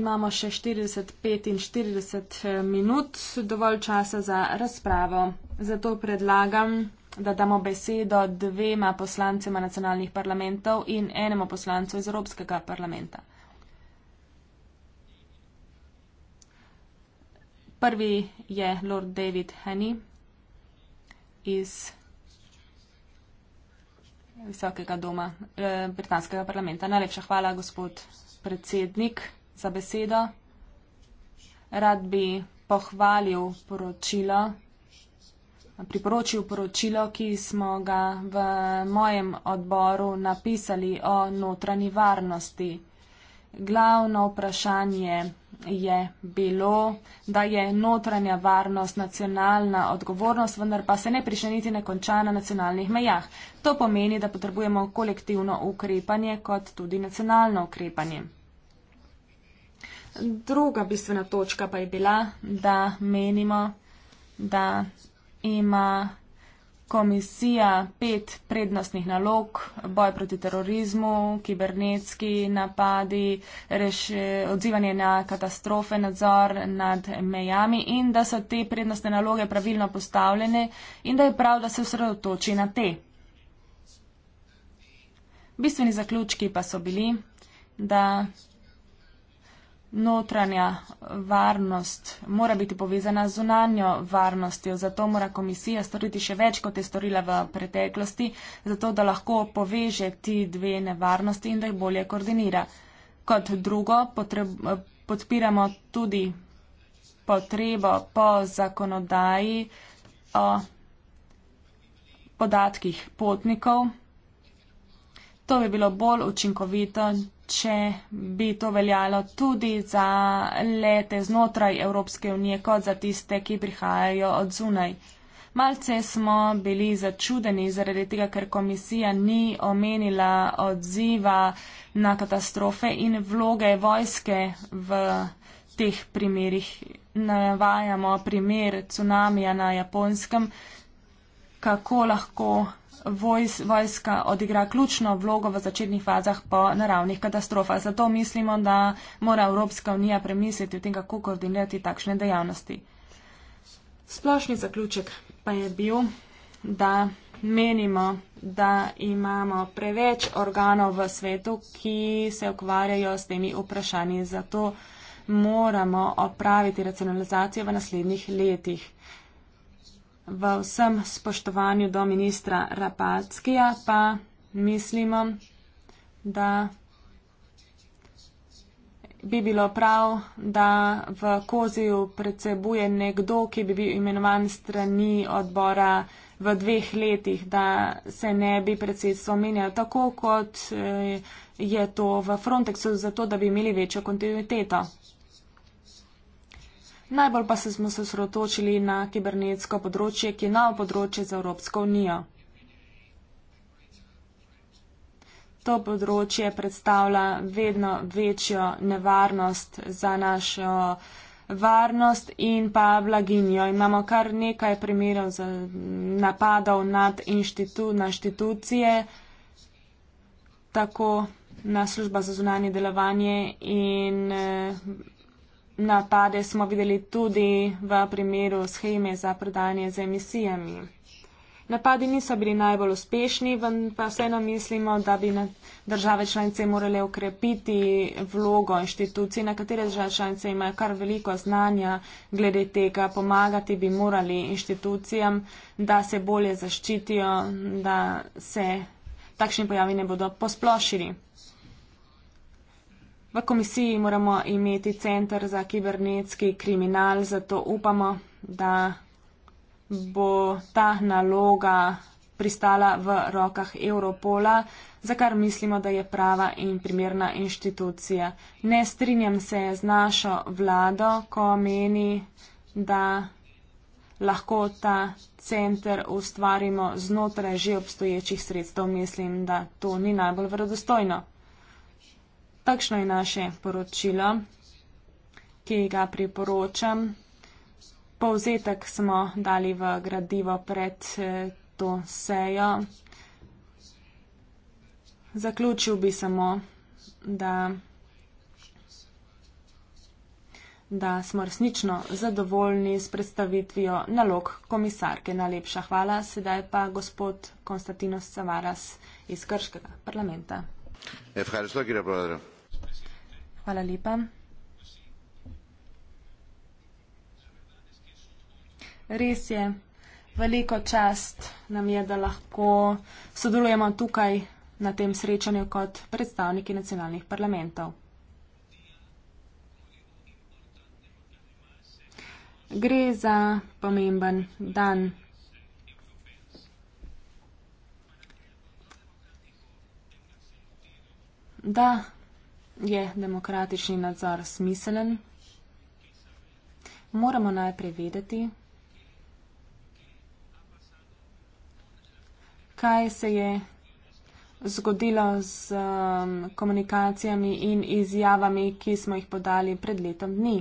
Imamo še 45 in 40 minut dovolj časa za razpravo. Zato predlagam, da damo besedo dvema poslancema nacionalnih parlamentov in enemu poslancu iz Evropskega parlamenta. Prvi je Lord David Henney iz Visokega doma eh, Britanskega parlamenta. Najlepša hvala, gospod predsednik, za besedo. Rad bi pohvalil poročilo, priporočil poročilo, ki smo ga v mojem odboru napisali o notranji varnosti. Glavno vprašanje je bilo, da je notranja varnost nacionalna odgovornost, vendar pa se ne prišne niti ne konča na nacionalnih mejah. To pomeni, da potrebujemo kolektivno ukrepanje kot tudi nacionalno ukrepanje. Druga bistvena točka pa je bila, da menimo, da ima komisija pet prednostnih nalog, boj proti terorizmu, kibernetski napadi, reši, odzivanje na katastrofe, nadzor nad mejami in da so te prednostne naloge pravilno postavljene in da je prav, da se osredotoči na te. Bistveni zaključki pa so bili, da Notranja varnost mora biti povezana z zunanjo varnostjo, zato mora komisija storiti še več, kot je storila v preteklosti, zato da lahko poveže ti dve nevarnosti in da jih bolje koordinira. Kot drugo, podpiramo tudi potrebo po zakonodaji o podatkih potnikov. To bi bilo bolj učinkovito, če bi to veljalo tudi za lete znotraj Evropske unije, kot za tiste, ki prihajajo od zunaj. Malce smo bili začudeni zaradi tega, ker komisija ni omenila odziva na katastrofe in vloge vojske v teh primerih. Navajamo primer cunamija na japonskem, kako lahko vojs, vojska odigra ključno vlogo v začetnih fazah po naravnih katastrofah. Zato mislimo, da mora Evropska unija premisliti o tem, kako koordinirati takšne dejavnosti. Splošni zaključek pa je bil, da menimo, da imamo preveč organov v svetu, ki se ukvarjajo s temi vprašanji. Zato moramo opraviti racionalizacijo v naslednjih letih v vsem spoštovanju do ministra Rapackija pa mislimo, da bi bilo prav, da v koziju predsebuje nekdo, ki bi bil imenovan strani odbora v dveh letih, da se ne bi predsedstvo menjalo tako, kot eh, je to v Frontexu, zato da bi imeli večjo kontinuiteto. Najbolj pa se smo se osredotočili na kibernetsko področje, ki je novo področje za Evropsko unijo. To področje predstavlja vedno večjo nevarnost za našo varnost in pa blaginjo. Imamo kar nekaj primerov za napadov nad inštitu, na inštitucije, tako na služba za zunanje delovanje in. Eh, napade smo videli tudi v primeru scheme za prodanje z emisijami. Napadi niso bili najbolj uspešni, pa vseeno mislimo, da bi države članice morale ukrepiti vlogo inštitucij, na katere države članice imajo kar veliko znanja glede tega. Pomagati bi morali inštitucijam, da se bolje zaščitijo, da se takšni pojavi ne bodo posplošili. V komisiji moramo imeti centr za kibernetski kriminal, zato upamo, da bo ta naloga pristala v rokah Europola, za kar mislimo, da je prava in primerna inštitucija. Ne strinjam se z našo vlado, ko meni, da lahko ta centr ustvarimo znotraj že obstoječih sredstev. Mislim, da to ni najbolj vredostojno. Takšno je naše poročilo, ki ga priporočam. Povzetek smo dali v gradivo pred eh, to sejo. Zaključil bi samo, da, da smo resnično zadovoljni s predstavitvijo nalog komisarke. Najlepša hvala. Sedaj pa gospod Konstantinos Savaras iz Krškega parlamenta. Evo, hvala, Hvala lepa. Res je, veliko čast nam je, da lahko sodelujemo tukaj na tem srečanju kot predstavniki nacionalnih parlamentov. Gre za pomemben dan. Da Je demokratični nadzor smiselen? Moramo najprej vedeti, kaj se je zgodilo z um, komunikacijami in izjavami, ki smo jih podali pred letom dni.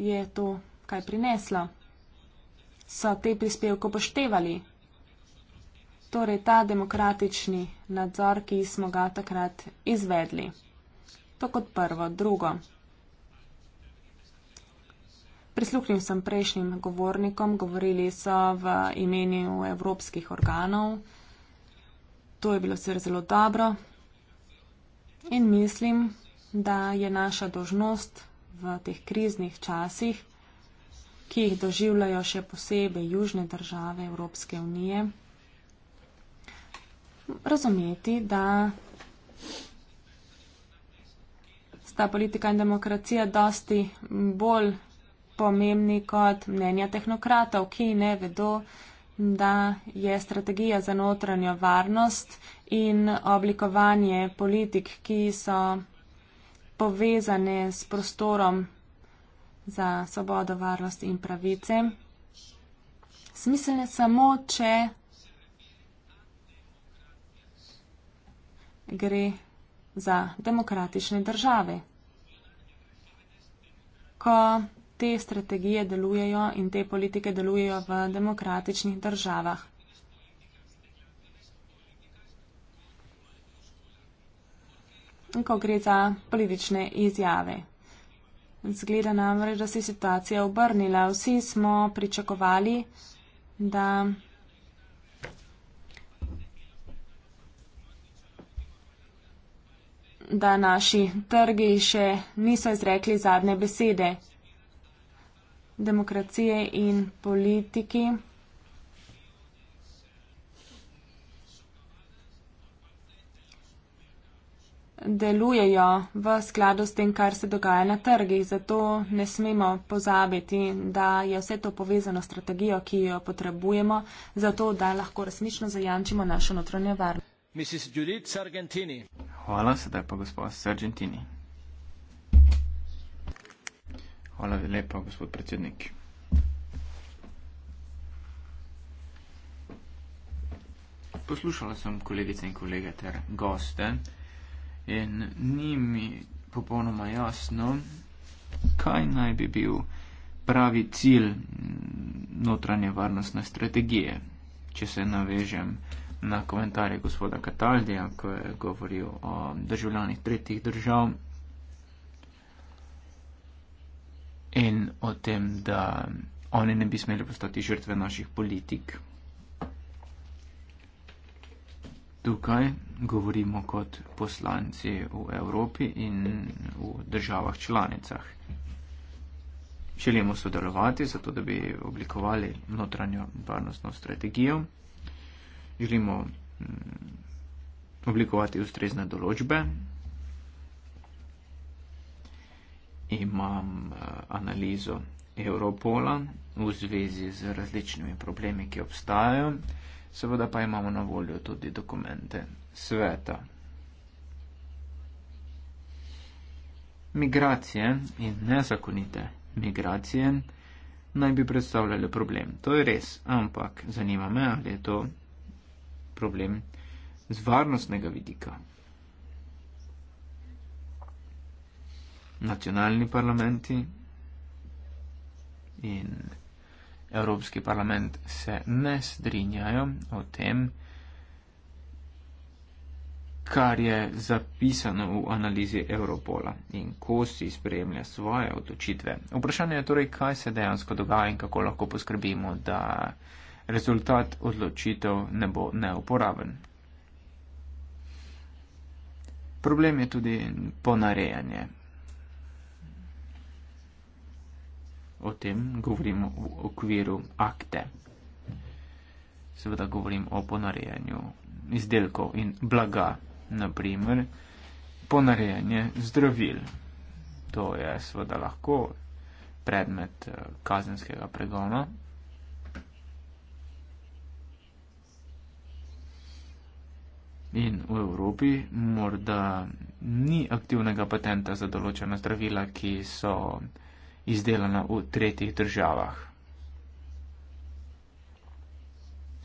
Je to kaj prineslo? So te prispevke upoštevali? torej ta demokratični nadzor, ki smo ga takrat izvedli. To kot prvo. Drugo. Prisluhnil sem prejšnjim govornikom, govorili so v imenu evropskih organov. To je bilo sicer zelo dobro in mislim, da je naša dožnost v teh kriznih časih, ki jih doživljajo še posebej južne države Evropske unije, razumeti, da sta politika in demokracija dosti bolj pomembni kot mnenja tehnokratov, ki ne vedo, da je strategija za notranjo varnost in oblikovanje politik, ki so povezane s prostorom za svobodo, varnost in pravice, smiselne samo, če gre za demokratične države. Ko te strategije delujejo in te politike delujejo v demokratičnih državah. In ko gre za politične izjave. Zgleda namreč, da se je situacija obrnila. Vsi smo pričakovali, da da naši trgi še niso izrekli zadnje besede. Demokracije in politiki delujejo v skladu s tem, kar se dogaja na trgih. Zato ne smemo pozabiti, da je vse to povezano s strategijo, ki jo potrebujemo, zato da lahko resnično zajančimo našo notranjo varnost. Mrs. Judith Sargentini. Hvala, sedaj pa gospod Sargentini. Hvala lepa, gospod predsednik. Poslušala sem kolegice in kolege ter goste in ni mi popolnoma jasno, kaj naj bi bil pravi cilj notranje varnostne strategije, če se navežem na komentarje gospoda Kataldija, ko je govoril o državljanih tretjih držav in o tem, da oni ne bi smeli postati žrtve naših politik. Tukaj govorimo kot poslanci v Evropi in v državah članicah. Želimo sodelovati, zato da bi oblikovali notranjo varnostno strategijo želimo mm, oblikovati ustrezne določbe. Imam eh, analizo Europola v zvezi z različnimi problemi, ki obstajajo. Seveda pa imamo na voljo tudi dokumente sveta. Migracije in nezakonite migracije naj bi predstavljali problem. To je res, ampak zanima me, ali je to problem z varnostnega vidika. Nacionalni parlamenti in Evropski parlament se ne strinjajo o tem, kar je zapisano v analizi Europola in ko si spremlja svoje odločitve. Vprašanje je torej, kaj se dejansko dogaja in kako lahko poskrbimo, da rezultat odločitev ne bo neuporaben. Problem je tudi ponarejanje. O tem govorim v okviru akte. Seveda govorim o ponarejanju izdelkov in blaga, naprimer ponarejanje zdravil. To je seveda lahko predmet eh, kazenskega pregona, In v Evropi morda ni aktivnega patenta za določena zdravila, ki so izdelana v tretjih državah.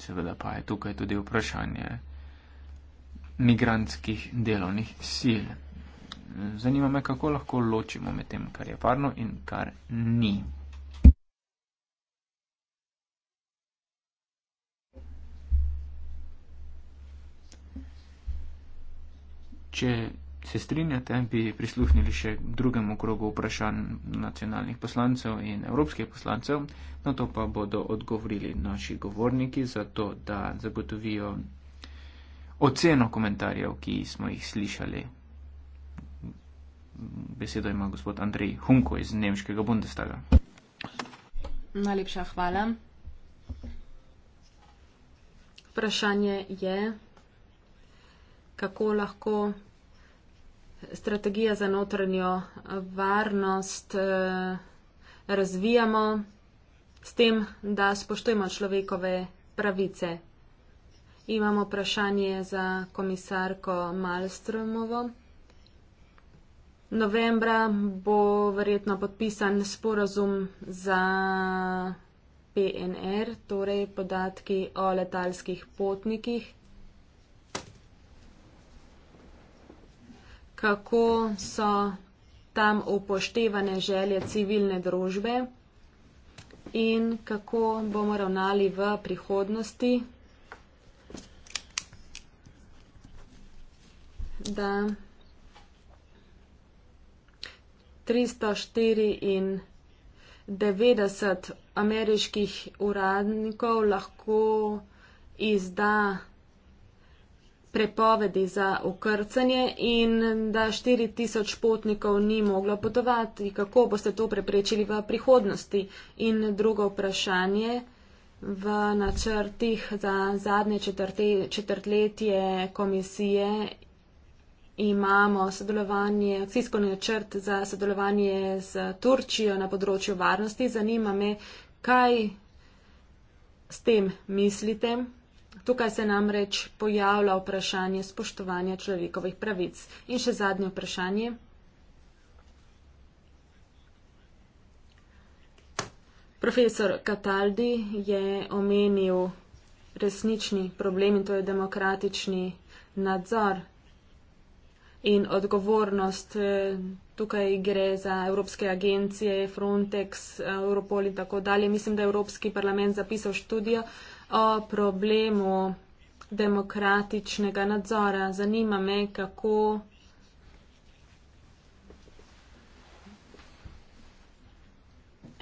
Seveda pa je tukaj tudi vprašanje migrantskih delovnih sil. Zanima me, kako lahko ločimo med tem, kar je varno in kar ni. Če se strinjate, bi prisluhnili še drugemu krogu vprašanj nacionalnih poslancev in evropskih poslancev, na to pa bodo odgovorili naši govorniki, zato da zagotovijo oceno komentarjev, ki smo jih slišali. Besedo ima gospod Andrej Hunko iz Nemškega Bundestaga. Najlepša hvala. Vprašanje je kako lahko strategija za notranjo eh, varnost eh, razvijamo s tem, da spoštujemo človekove pravice. Imamo vprašanje za komisarko Malstromovo. Novembra bo verjetno podpisan sporazum za PNR, torej podatki o letalskih potnikih. kako so tam upoštevane želje civilne družbe in kako bomo ravnali v prihodnosti, da 394 ameriških uradnikov lahko izda prepovedi za okrcanje in da 4000 potnikov ni moglo potovati. Kako boste to preprečili v prihodnosti? In drugo vprašanje. V načrtih za zadnje četrte, četrtletje komisije imamo sodelovanje, akcijsko načrt za sodelovanje z Turčijo na področju varnosti. Zanima me, kaj s tem mislite. Tukaj se namreč pojavlja vprašanje spoštovanja človekovih pravic. In še zadnje vprašanje. Profesor Kataldi je omenil resnični problem in to je demokratični nadzor in odgovornost. Tukaj gre za evropske agencije, Frontex, Europol in tako dalje. Mislim, da je Evropski parlament zapisal študijo, o problemu demokratičnega nadzora. Zanima me, kako.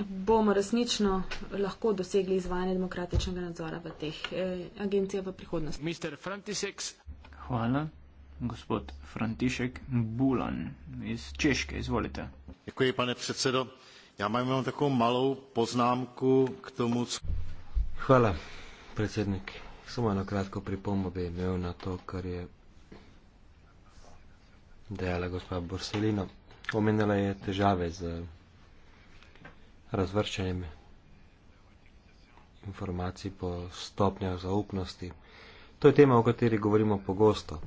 Bomo resnično lahko dosegli izvajanje demokratičnega nadzora v teh eh, agencijah v prihodnosti. Hvala. Gospod František Bulan iz Češke, izvolite. Děkuji, pane predsedo. Ja, imam takšno malo poznámku k tomu, co... Hvala predsednik, samo eno kratko pripombo bi imel na to, kar je dejala gospa Borselino. Omenila je težave z razvrščanjem informacij po stopnjah zaupnosti. To je tema, o kateri govorimo pogosto.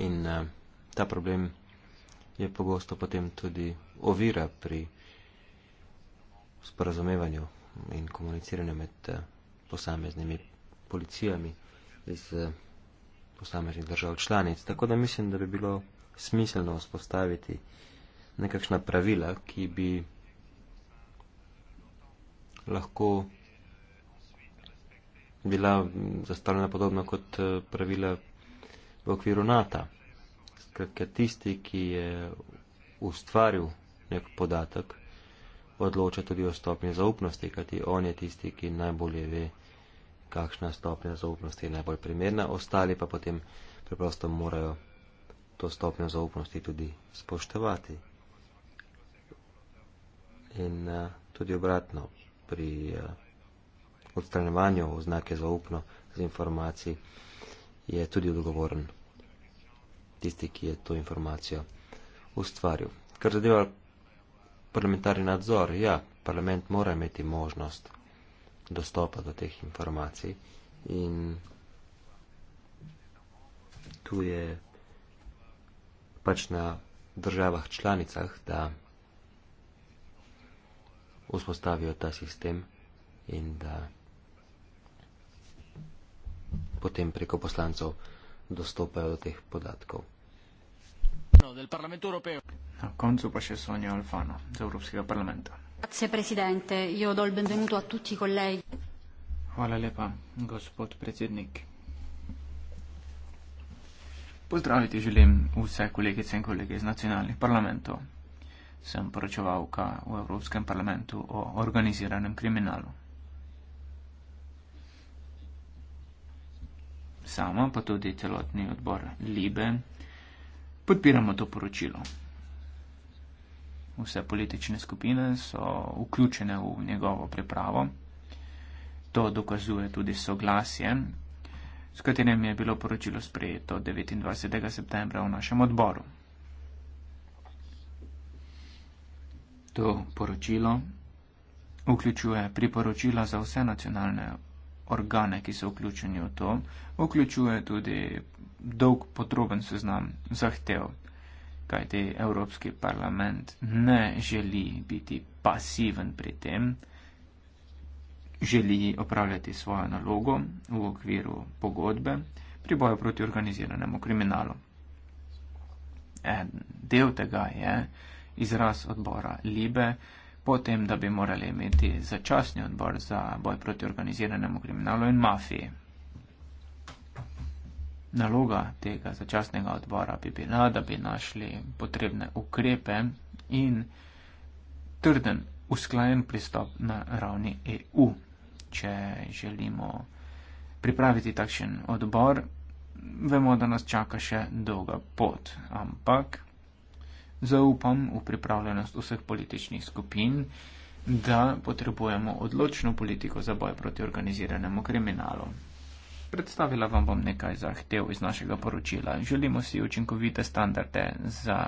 In eh, ta problem je pogosto potem tudi ovira pri sporazumevanju in komuniciranje med eh, posameznimi policijami iz eh, posameznih držav članic. Tako da mislim, da bi bilo smiselno vzpostaviti nekakšna pravila, ki bi lahko bila zastavljena podobno kot eh, pravila v okviru NATO. Skratka, tisti, ki je ustvaril nek podatek, odloča tudi o stopnji zaupnosti, kajti on je tisti, ki najbolje ve, kakšna stopnja zaupnosti je najbolj primerna, ostali pa potem preprosto morajo to stopnjo zaupnosti tudi spoštovati. In uh, tudi obratno, pri uh, odstranjevanju oznake zaupno z informacij je tudi odgovoren tisti, ki je to informacijo ustvaril. Kar zadeva parlamentarni nadzor. Ja, parlament mora imeti možnost dostopa do teh informacij in tu je pač na državah članicah, da vzpostavijo ta sistem in da potem preko poslancov dostopajo do teh podatkov. Alfano del Parlamento Europeo. A Consu Pace Sogno Alfano, Europeo Parlamento. Grazie Presidente, io do il benvenuto a tutti i colleghi. Hvala lepa, gospod predsednik. Pozdraviti želim vse kolegice in kolege iz nacionalnih parlamentov. Sem poročevalka v Evropskem parlamentu o organiziranem kriminalu. Sama pa tudi celotni odbor Libe podpiramo to poročilo. Vse politične skupine so vključene v njegovo pripravo. To dokazuje tudi soglasje, s katerim je bilo poročilo sprejeto 29. septembra v našem odboru. To poročilo vključuje priporočila za vse nacionalne organe, ki so vključeni v to, vključuje tudi dolg podroben seznam zahtev, kaj te Evropski parlament ne želi biti pasiven pri tem, želi opravljati svojo nalogo v okviru pogodbe pri boju proti organiziranemu kriminalu. En del tega je izraz odbora Libe, potem, da bi morali imeti začasni odbor za boj proti organiziranemu kriminalu in mafiji naloga tega začasnega odbora bi bila, da bi našli potrebne ukrepe in trden, usklajen pristop na ravni EU. Če želimo pripraviti takšen odbor, vemo, da nas čaka še dolga pot, ampak zaupam v pripravljenost vseh političnih skupin, da potrebujemo odločno politiko za boj proti organiziranemu kriminalu. Predstavila vam bom nekaj zahtev iz našega poročila. Želimo si učinkovite standarde za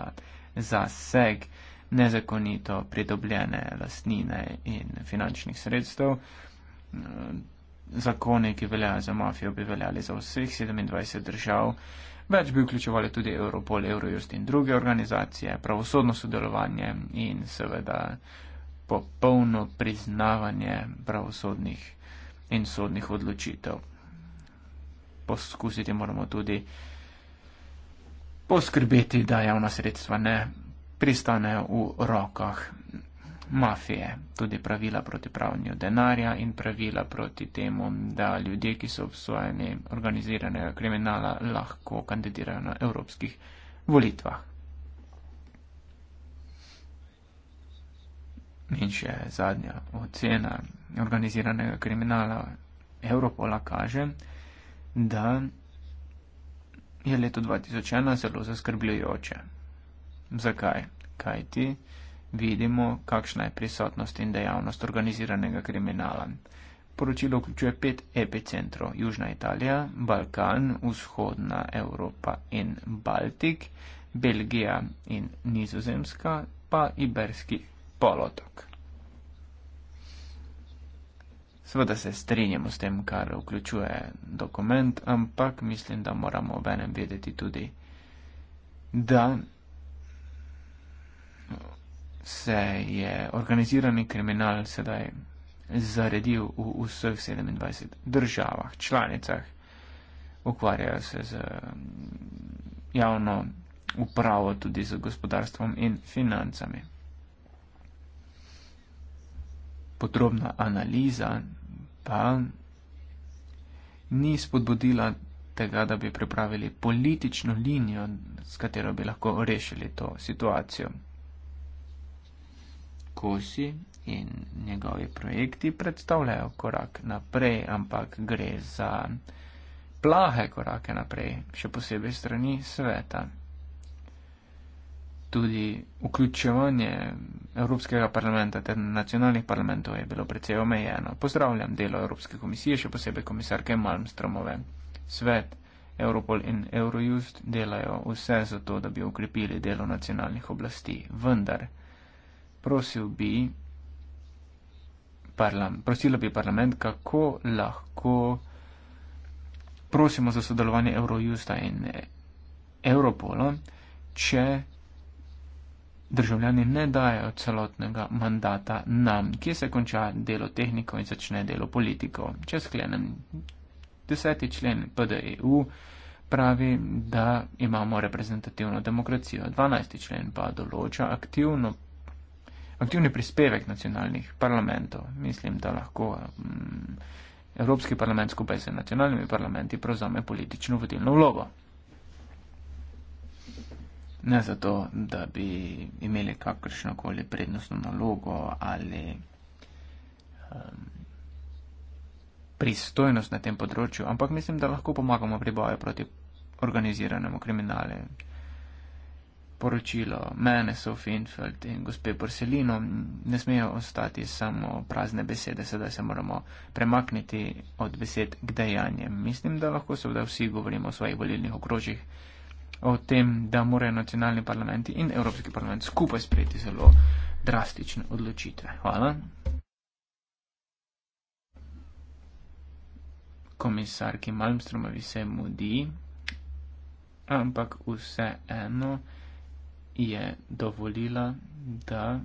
zaseg nezakonito pridobljene lastnine in finančnih sredstev. Zakone, ki veljajo za mafijo, bi veljali za vseh 27 držav. Več bi vključevali tudi Europol, Eurojust in druge organizacije, pravosodno sodelovanje in seveda popolno priznavanje pravosodnih in sodnih odločitev poskusiti moramo tudi poskrbeti, da javna sredstva ne pristanejo v rokah mafije. Tudi pravila proti pravnju denarja in pravila proti temu, da ljudje, ki so obsojeni organiziranega kriminala, lahko kandidirajo na evropskih volitvah. In še zadnja ocena organiziranega kriminala Evropola kaže, da je leto 2001 zelo zaskrbljujoče. Zakaj? Kaj ti vidimo, kakšna je prisotnost in dejavnost organiziranega kriminala? Poročilo vključuje pet epicentrov - Južna Italija, Balkan, Vzhodna Evropa in Baltik, Belgija in Nizozemska, pa Iberski polotok. Sveda se strinjamo s tem, kar vključuje dokument, ampak mislim, da moramo obenem vedeti tudi, da se je organizirani kriminal sedaj zaredil v vseh 27 državah, članicah, ukvarjajo se z javno upravo, tudi z gospodarstvom in financami podrobna analiza pa ni spodbudila tega, da bi pripravili politično linijo, s katero bi lahko rešili to situacijo. Kosi in njegovi projekti predstavljajo korak naprej, ampak gre za plahe korake naprej, še posebej strani sveta tudi vključevanje Evropskega parlamenta ter nacionalnih parlamentov je bilo precej omejeno. Pozdravljam delo Evropske komisije, še posebej komisarke Malmstromove. Svet, Europol in Eurojust delajo vse za to, da bi ukrepili delo nacionalnih oblasti. Vendar, prosil bi, parlam, prosila bi parlament, kako lahko prosimo za sodelovanje Eurojusta in Europola, če državljani ne dajo celotnega mandata nam, kje se konča delo tehnikov in začne delo politikov. Če sklenem deseti člen PDEU, pravi, da imamo reprezentativno demokracijo. Dvanajsti člen pa določa aktivno, aktivni prispevek nacionalnih parlamentov. Mislim, da lahko. Mm, Evropski parlament skupaj z nacionalnimi parlamenti prevzame politično vodilno vlogo ne zato, da bi imeli kakršno koli prednostno nalogo ali um, pristojnost na tem področju, ampak mislim, da lahko pomagamo pri boju proti organiziranemu kriminalu. Poročilo mene, Sofi Infeld in gospe Porcelino, ne smejo ostati samo prazne besede, sedaj se moramo premakniti od besed k dejanjem. Mislim, da lahko se vda vsi govorimo o svojih volilnih okrožjih o tem, da morajo nacionalni parlamenti in Evropski parlament skupaj sprejeti zelo drastične odločitve. Hvala. Komisarki Malmstromovi se mudi, ampak vseeno je dovolila, da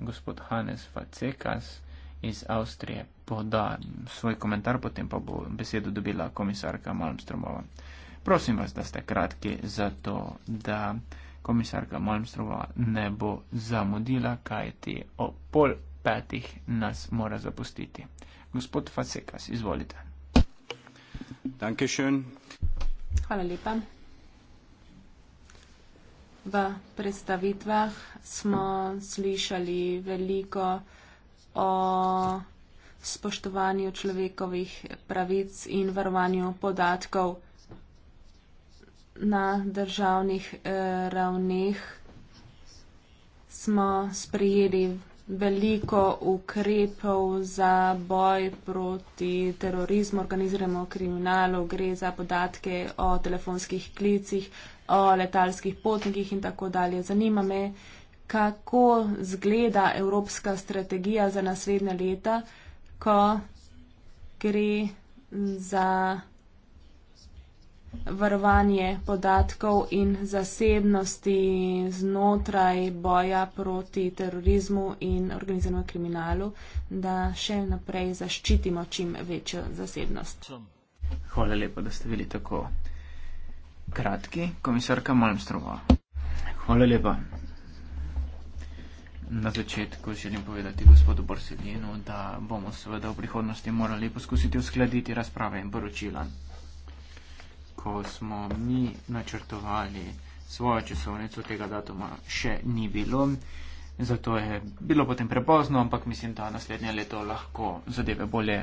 gospod Hannes Facekas iz Avstrije poda svoj komentar, potem pa bo besedo dobila komisarka Malmstromova. Prosim vas, da ste kratki, zato da komisarka Malmstrova ne bo zamudila, kaj ti o pol petih nas mora zapustiti. Gospod Fasekas, izvolite. Dankeschön. Hvala lepa. V predstavitvah smo slišali veliko o spoštovanju človekovih pravic in varovanju podatkov na državnih eh, ravneh smo sprejeli veliko ukrepov za boj proti terorizmu, organiziramo kriminalov, gre za podatke o telefonskih klicih, o letalskih potnikih in tako dalje. Zanima me, kako zgleda evropska strategija za naslednja leta, ko gre za varovanje podatkov in zasebnosti znotraj boja proti terorizmu in organiziranemu kriminalu, da še naprej zaščitimo čim večjo zasebnost. Hvala lepa, da ste bili tako kratki, komisarka Malmstrova. Hvala lepa. Na začetku želim povedati gospodu Borsedinu, da bomo seveda v prihodnosti morali poskusiti uskladiti razprave in poročila ko smo mi načrtovali svojo časovnico tega datuma, še ni bilo. Zato je bilo potem prepozno, ampak mislim, da naslednje leto lahko zadeve bolje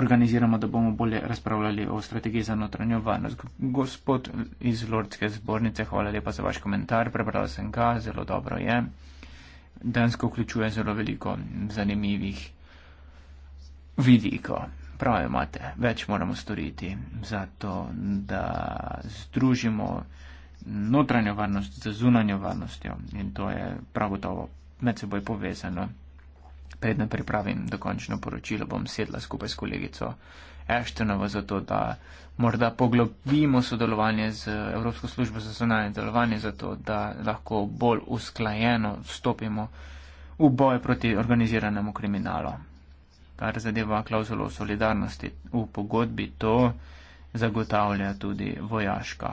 organiziramo, da bomo bolje razpravljali o strategiji za notranjo varnost. Gospod iz Lordske zbornice, hvala lepa za vaš komentar, prebral sem ga, zelo dobro je. Dansko vključuje zelo veliko zanimivih vidikov. Prav imate, več moramo storiti za to, da združimo notranjo varnost z zunanjo varnostjo in to je prav gotovo med seboj povezano. Predne pripravim dokončno poročilo, bom sedla skupaj s kolegico Eštenovo za to, da morda poglobimo sodelovanje z Evropsko službo za zunanje delovanje, za to, da lahko bolj usklajeno vstopimo v boje proti organiziranemu kriminalu kar zadeva klauzulo solidarnosti v pogodbi, to zagotavlja tudi vojaška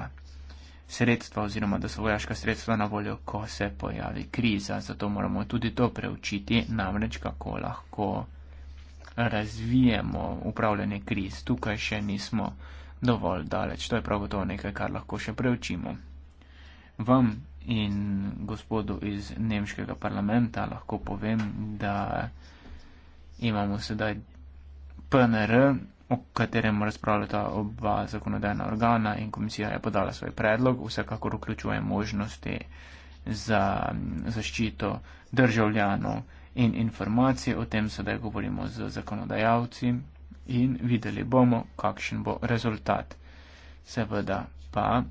sredstva oziroma da so vojaška sredstva na voljo, ko se pojavi kriza. Zato moramo tudi to preučiti, namreč kako lahko razvijemo upravljanje kriz. Tukaj še nismo dovolj daleč. To je prav gotovo nekaj, kar lahko še preučimo. Vam in gospodu iz nemškega parlamenta lahko povem, da imamo sedaj PNR, o katerem razpravljata oba zakonodajna organa in komisija je podala svoj predlog, vsekakor vključuje možnosti za zaščito državljanov in informacije. O tem sedaj govorimo z zakonodajalci in videli bomo, kakšen bo rezultat. Seveda pa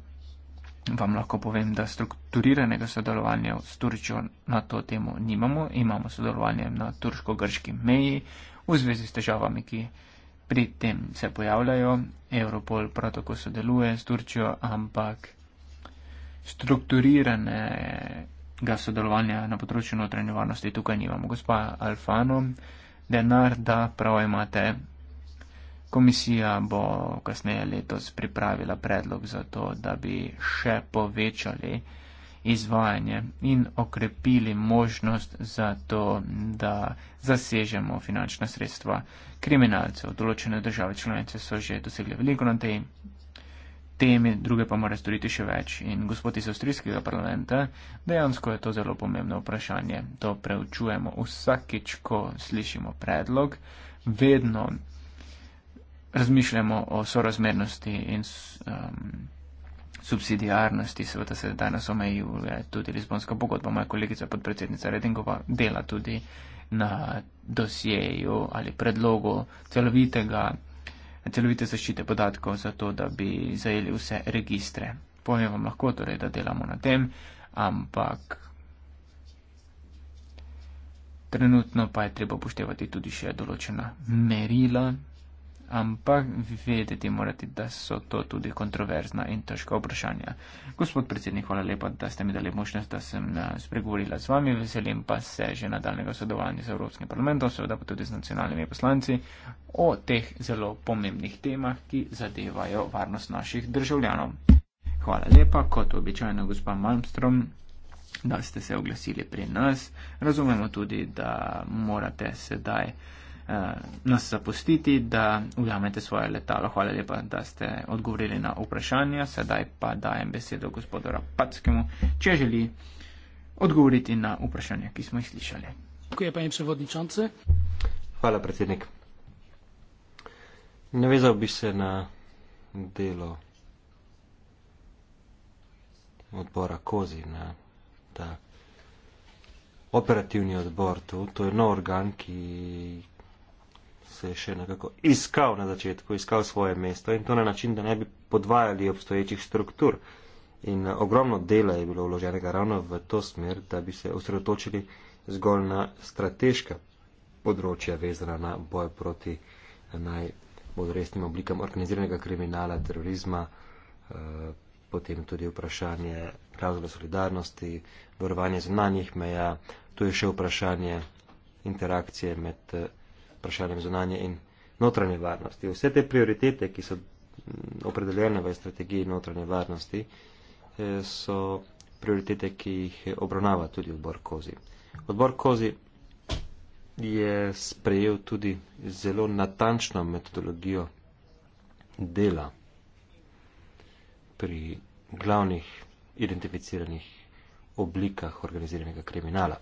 vam lahko povem, da strukturiranega sodelovanja s Turčjo na to temo nimamo. Imamo sodelovanje na turško-grški meji v zvezi s težavami, ki pri tem se pojavljajo. Europol prav tako sodeluje s Turčjo, ampak strukturiranega sodelovanja na področju notranje varnosti tukaj nimamo. Gospa Alfano, denar, da prav imate Komisija bo kasneje letos pripravila predlog za to, da bi še povečali izvajanje in okrepili možnost za to, da zasežemo finančna sredstva kriminalcev. Določene države članice so že dosegle veliko na tej temi, druge pa mora storiti še več. In gospod iz avstrijskega parlamenta, dejansko je to zelo pomembno vprašanje. To preučujemo vsakič, ko slišimo predlog. Vedno razmišljamo o sorazmernosti in um, subsidijarnosti, seveda se danes omejuje tudi Lizbonska pogodba. Moja kolegica podpredsednica Redingova dela tudi na dosjeju ali predlogu celovitega, celovite zaščite podatkov za to, da bi zajeli vse registre. Povem vam lahko torej, da delamo na tem, ampak. Trenutno pa je treba upoštevati tudi še določena merila ampak vedeti morate, da so to tudi kontroverzna in težka vprašanja. Gospod predsednik, hvala lepa, da ste mi dali možnost, da sem eh, spregovorila z vami. Veselim pa se že nadaljnega sodelovanja z Evropskim parlamentom, seveda pa tudi z nacionalnimi poslanci o teh zelo pomembnih temah, ki zadevajo varnost naših državljanov. Hvala lepa, kot običajno, gospa Malmstrom da ste se oglasili pri nas. Razumemo tudi, da morate sedaj uh, eh, nas zapustiti, da ujamete svoje letalo. Hvala lepa, da ste odgovorili na vprašanja. Sedaj pa dajem besedo gospodu Rapackemu, če želi odgovoriti na vprašanja, ki smo jih slišali. Hvala, predsednik. Navezal bi se na delo odbora Kozi, na ta operativni odbor. To, to je nov organ, ki, se je še nekako iskal na začetku, iskal svoje mesto in to na način, da ne bi podvajali obstoječih struktur. In eh, ogromno dela je bilo vloženega ravno v to smer, da bi se osredotočili zgolj na strateška področja vezana na boj proti eh, najbodresnim oblikam organiziranega kriminala, terorizma, eh, potem tudi vprašanje razvoja solidarnosti, varovanje zunanjih meja, tu je še vprašanje interakcije med vprašanjem zunanje in notranje varnosti. Vse te prioritete, ki so mm, opredeljene v strategiji notranje varnosti, eh, so prioritete, ki jih obravnava tudi odbor Kozi. Odbor Kozi je sprejel tudi zelo natančno metodologijo dela pri glavnih identificiranih oblikah organiziranega kriminala.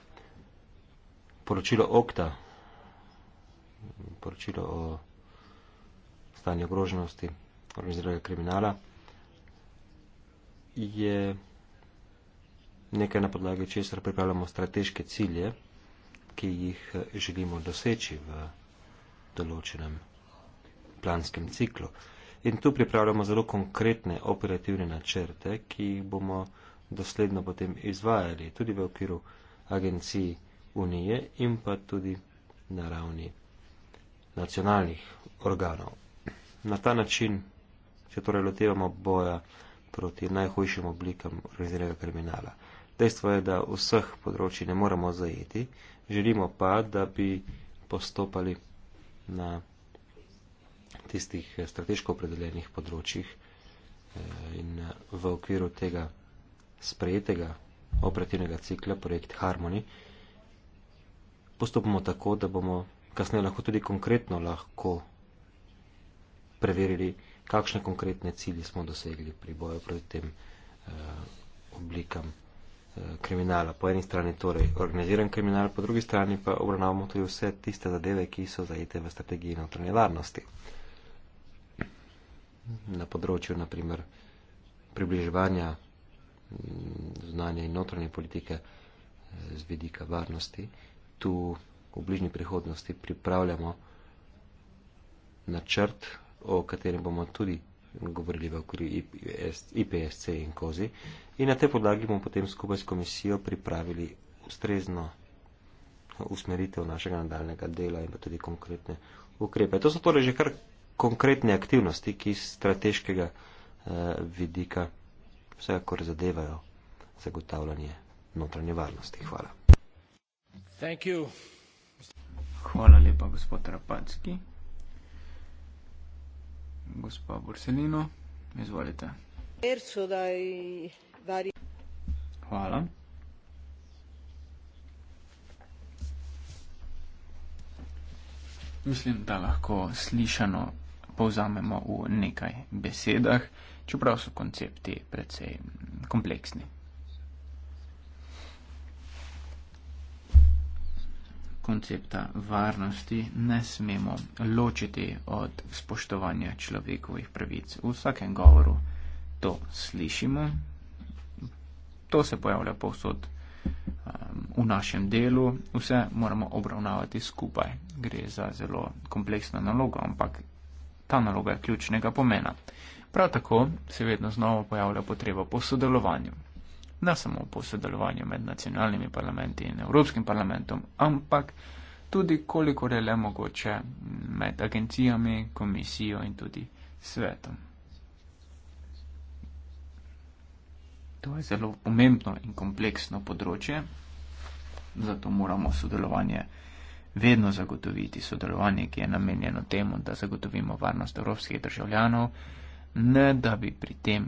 Poročilo OKTA poročilo o stanju ogroženosti organiziranega kriminala, je nekaj na podlagi česar pripravljamo strateške cilje, ki jih eh, želimo doseči v določenem planskem ciklu. In tu pripravljamo zelo konkretne operativne načrte, ki jih bomo dosledno potem izvajali tudi v okviru agencij Unije in pa tudi na ravni nacionalnih organov. Na ta način se torej lotevamo boja proti najhujšim oblikam organiziranega kriminala. Dejstvo je, da vseh področji ne moramo zajeti, želimo pa, da bi postopali na tistih strateško opredeljenih področjih eh, in v okviru tega sprejetega operativnega cikla projekt Harmony postopamo tako, da bomo kasneje lahko tudi konkretno lahko preverili, kakšne konkretne cilje smo dosegli pri boju proti tem eh, oblikam eh, kriminala. Po eni strani torej organiziran kriminal, po drugi strani pa obravnavamo tudi vse tiste zadeve, ki so zajete v strategiji notranje varnosti. Na področju naprimer približevanja mm, znanja in notranje politike eh, z vidika varnosti. Tu v bližnji prihodnosti pripravljamo načrt, o katerem bomo tudi govorili v okviru IPSC in COZI. In na te podlagi bomo potem skupaj s komisijo pripravili ustrezno usmeritev našega nadaljnega dela in pa tudi konkretne ukrepe. To so torej že kar konkretne aktivnosti, ki iz strateškega eh, vidika vsekakor zadevajo zagotavljanje notranje varnosti. Hvala. Thank you. Hvala lepa, gospod Rapacki. Gospa Borselino, izvolite. Hvala. Mislim, da lahko slišano povzamemo v nekaj besedah, čeprav so koncepti precej kompleksni. koncepta varnosti ne smemo ločiti od spoštovanja človekovih pravic. V vsakem govoru to slišimo, to se pojavlja povsod um, v našem delu, vse moramo obravnavati skupaj. Gre za zelo kompleksno nalogo, ampak ta naloga je ključnega pomena. Prav tako se vedno znova pojavlja potreba po sodelovanju ne samo po sodelovanju med nacionalnimi parlamenti in Evropskim parlamentom, ampak tudi kolikor je le mogoče med agencijami, komisijo in tudi svetom. To je zelo pomembno in kompleksno področje, zato moramo sodelovanje vedno zagotoviti, sodelovanje, ki je namenjeno temu, da zagotovimo varnost evropskih državljanov, ne da bi pri tem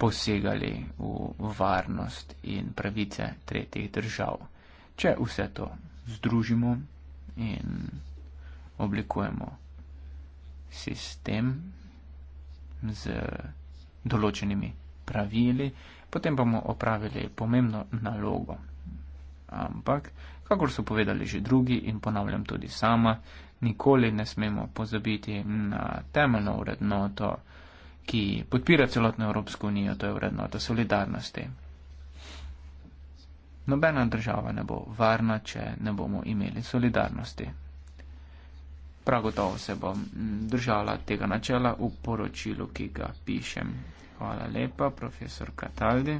posegali v varnost in pravice tretjih držav. Če vse to združimo in oblikujemo sistem z določenimi pravili, potem bomo opravili pomembno nalogo. Ampak, kakor so povedali že drugi in ponavljam tudi sama, nikoli ne smemo pozabiti na temeljno vrednoto, ki podpira celotno Evropsko unijo, to je vrednota solidarnosti. Nobena država ne bo varna, če ne bomo imeli solidarnosti. Prav gotovo se bom držala tega načela v poročilu, ki ga pišem. Hvala lepa, profesor Kataldi.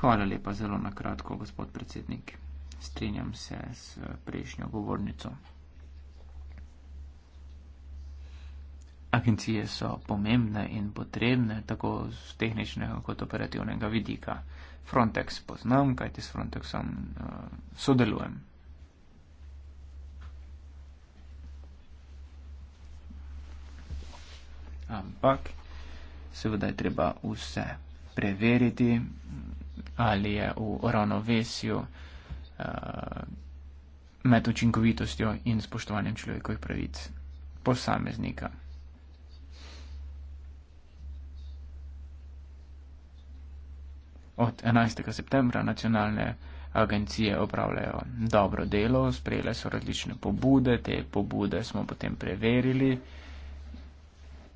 Hvala lepa, zelo na kratko, gospod predsednik. Strinjam se s prejšnjo govornico. agencije so pomembne in potrebne tako z tehničnega kot operativnega vidika. Frontex poznam, kajti s Frontexom uh, sodelujem. Ampak seveda je treba vse preveriti, ali je v ravnovesju uh, med učinkovitostjo in spoštovanjem človekovih pravic posameznika. od 11. septembra nacionalne agencije opravljajo dobro delo, sprejele so različne pobude, te pobude smo potem preverili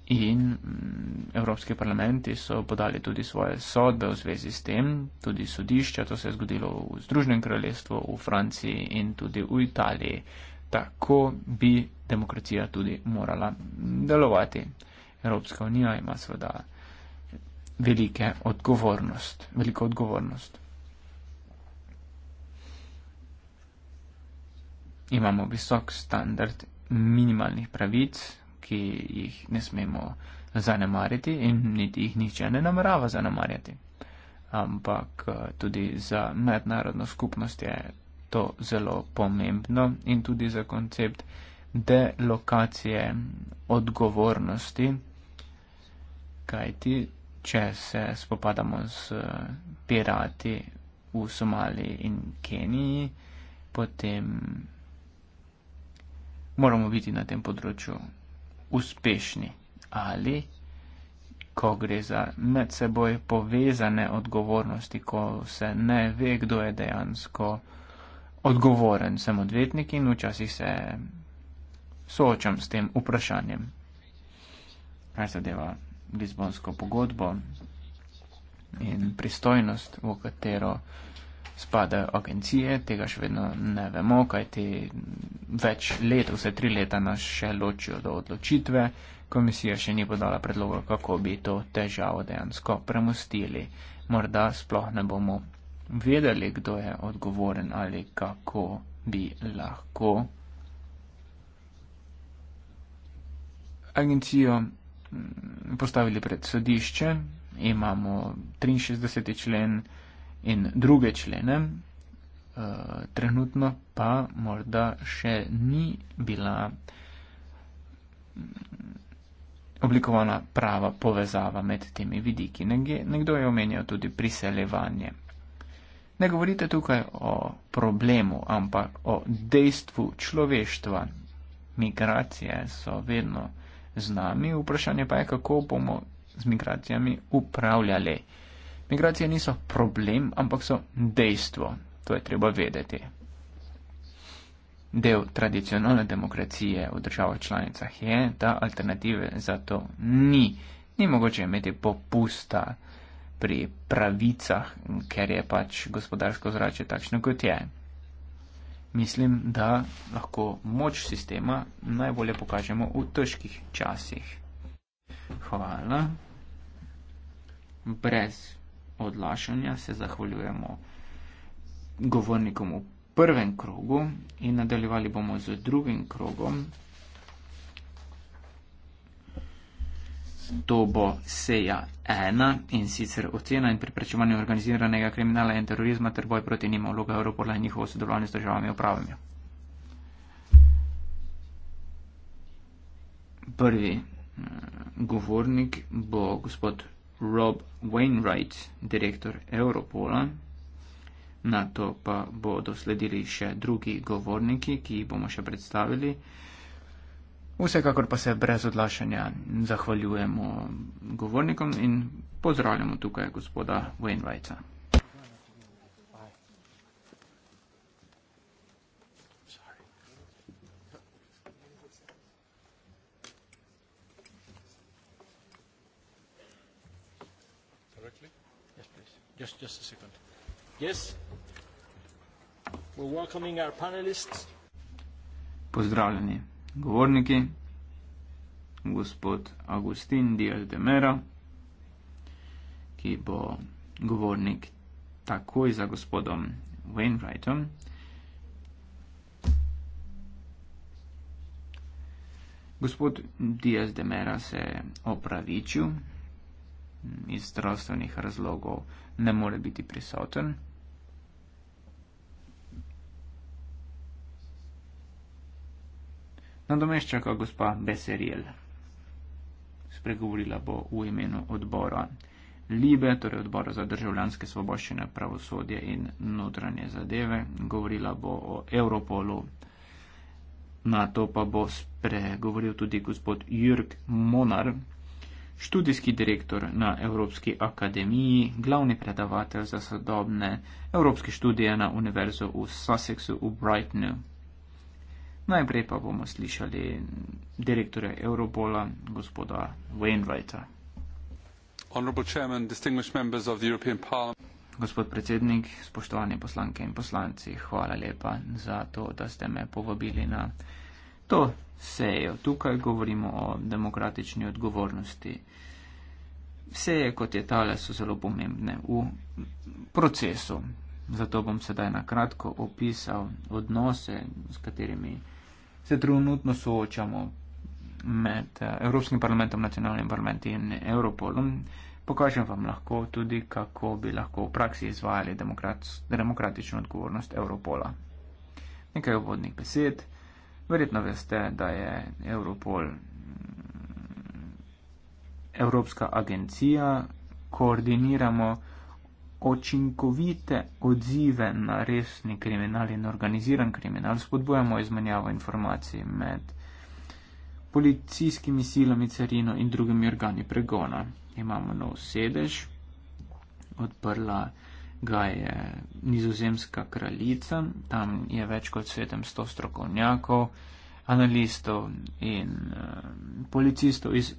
in mm, Evropski parlamenti so podali tudi svoje sodbe v zvezi s tem, tudi sodišča, to se je zgodilo v Združenem kraljestvu, v Franciji in tudi v Italiji. Tako bi demokracija tudi morala delovati. Evropska unija ima seveda velike odgovornost, veliko odgovornost. Imamo visok standard minimalnih pravic, ki jih ne smemo zanemariti in niti jih nihče ne namerava zanemarjati. Ampak eh, tudi za mednarodno skupnost je to zelo pomembno in tudi za koncept delokacije odgovornosti, kajti če se spopadamo s eh, pirati v Somaliji in Keniji, potem moramo biti na tem področju uspešni ali ko gre za med seboj povezane odgovornosti, ko se ne ve, kdo je dejansko odgovoren, sem odvetnik in včasih se soočam s tem vprašanjem. Kaj zadeva? Lizbonsko pogodbo in pristojnost, v katero spadajo agencije, tega še vedno ne vemo, kaj ti več let, vse tri leta nas še ločijo do odločitve. Komisija še ni podala predloga, kako bi to težavo dejansko premustili. Morda sploh ne bomo vedeli, kdo je odgovoren ali kako bi lahko agencijo postavili pred sodišče, imamo 63. člen in druge člene, eh, trenutno pa morda še ni bila mm, oblikovana prava povezava med temi vidiki. Nekdo je omenjal tudi priseljevanje. Ne govorite tukaj o problemu, ampak o dejstvu človeštva. Migracije so vedno z nami, vprašanje pa je, kako bomo z migracijami upravljali. Migracije niso problem, ampak so dejstvo, to je treba vedeti. Del tradicionalne demokracije v državah članicah je, da alternative za to ni. Ni mogoče imeti popusta pri pravicah, ker je pač gospodarsko zrače takšno, kot je mislim, da lahko moč sistema najbolje pokažemo v težkih časih. Hvala. Brez odlašanja se zahvaljujemo govornikom v prvem krogu in nadaljevali bomo z drugim krogom. to bo seja ena in sicer ocena in preprečevanje organiziranega kriminala in terorizma ter boj proti njima vloga Evropola in njihovo sodelovanje z državami upravami. Prvi eh, govornik bo gospod Rob Wainwright, direktor Europola. Na to pa bodo sledili še drugi govorniki, ki jih bomo še predstavili. Vsekakor pa se brez odlašanja zahvaljujemo govornikom in pozdravljamo tukaj gospoda Wainwrighta. Just, just a second. Yes. We're welcoming our panelists. Pozdravljeni govorniki, gospod Agustin Díaz de Mera, ki bo govornik takoj za gospodom Wainwrightom. Gospod Díaz de Mera se je opravičil, iz zdravstvenih razlogov ne more biti prisoten. nadomešča ga gospa Beseriel. Spregovorila bo v imenu odbora Libe, torej odbora za državljanske svoboščine, pravosodje in notranje zadeve. Govorila bo o Europolu. Na to pa bo spregovoril tudi gospod Jürg Monar, študijski direktor na Evropski akademiji, glavni predavatelj za sodobne evropske študije na univerzo v Sussexu v Brightonu. Najprej pa bomo slišali direktorja Eurobola, gospoda Wainwrighta. Gospod predsednik, spoštovani poslanke in poslanci, hvala lepa za to, da ste me povabili na to sejo. Tukaj govorimo o demokratični odgovornosti. Seje kot je tale so zelo pomembne v procesu. Zato bom sedaj na kratko opisal odnose, s katerimi se trenutno soočamo med eh, Evropskim parlamentom, nacionalnim parlamentom in Europolom. Pokažem vam lahko tudi, kako bi lahko v praksi izvajali demokratično odgovornost Europola. Nekaj uvodnih besed. Verjetno veste, da je Europol mm, Evropska agencija, koordiniramo očinkovite odzive na resni kriminal in organiziran kriminal, spodbujamo izmenjavo informacij med policijskimi silami, carino in drugimi organi pregona. Imamo nov sedež, odprla ga je nizozemska kraljica, tam je več kot 700 strokovnjakov, analistov in uh, policistov iz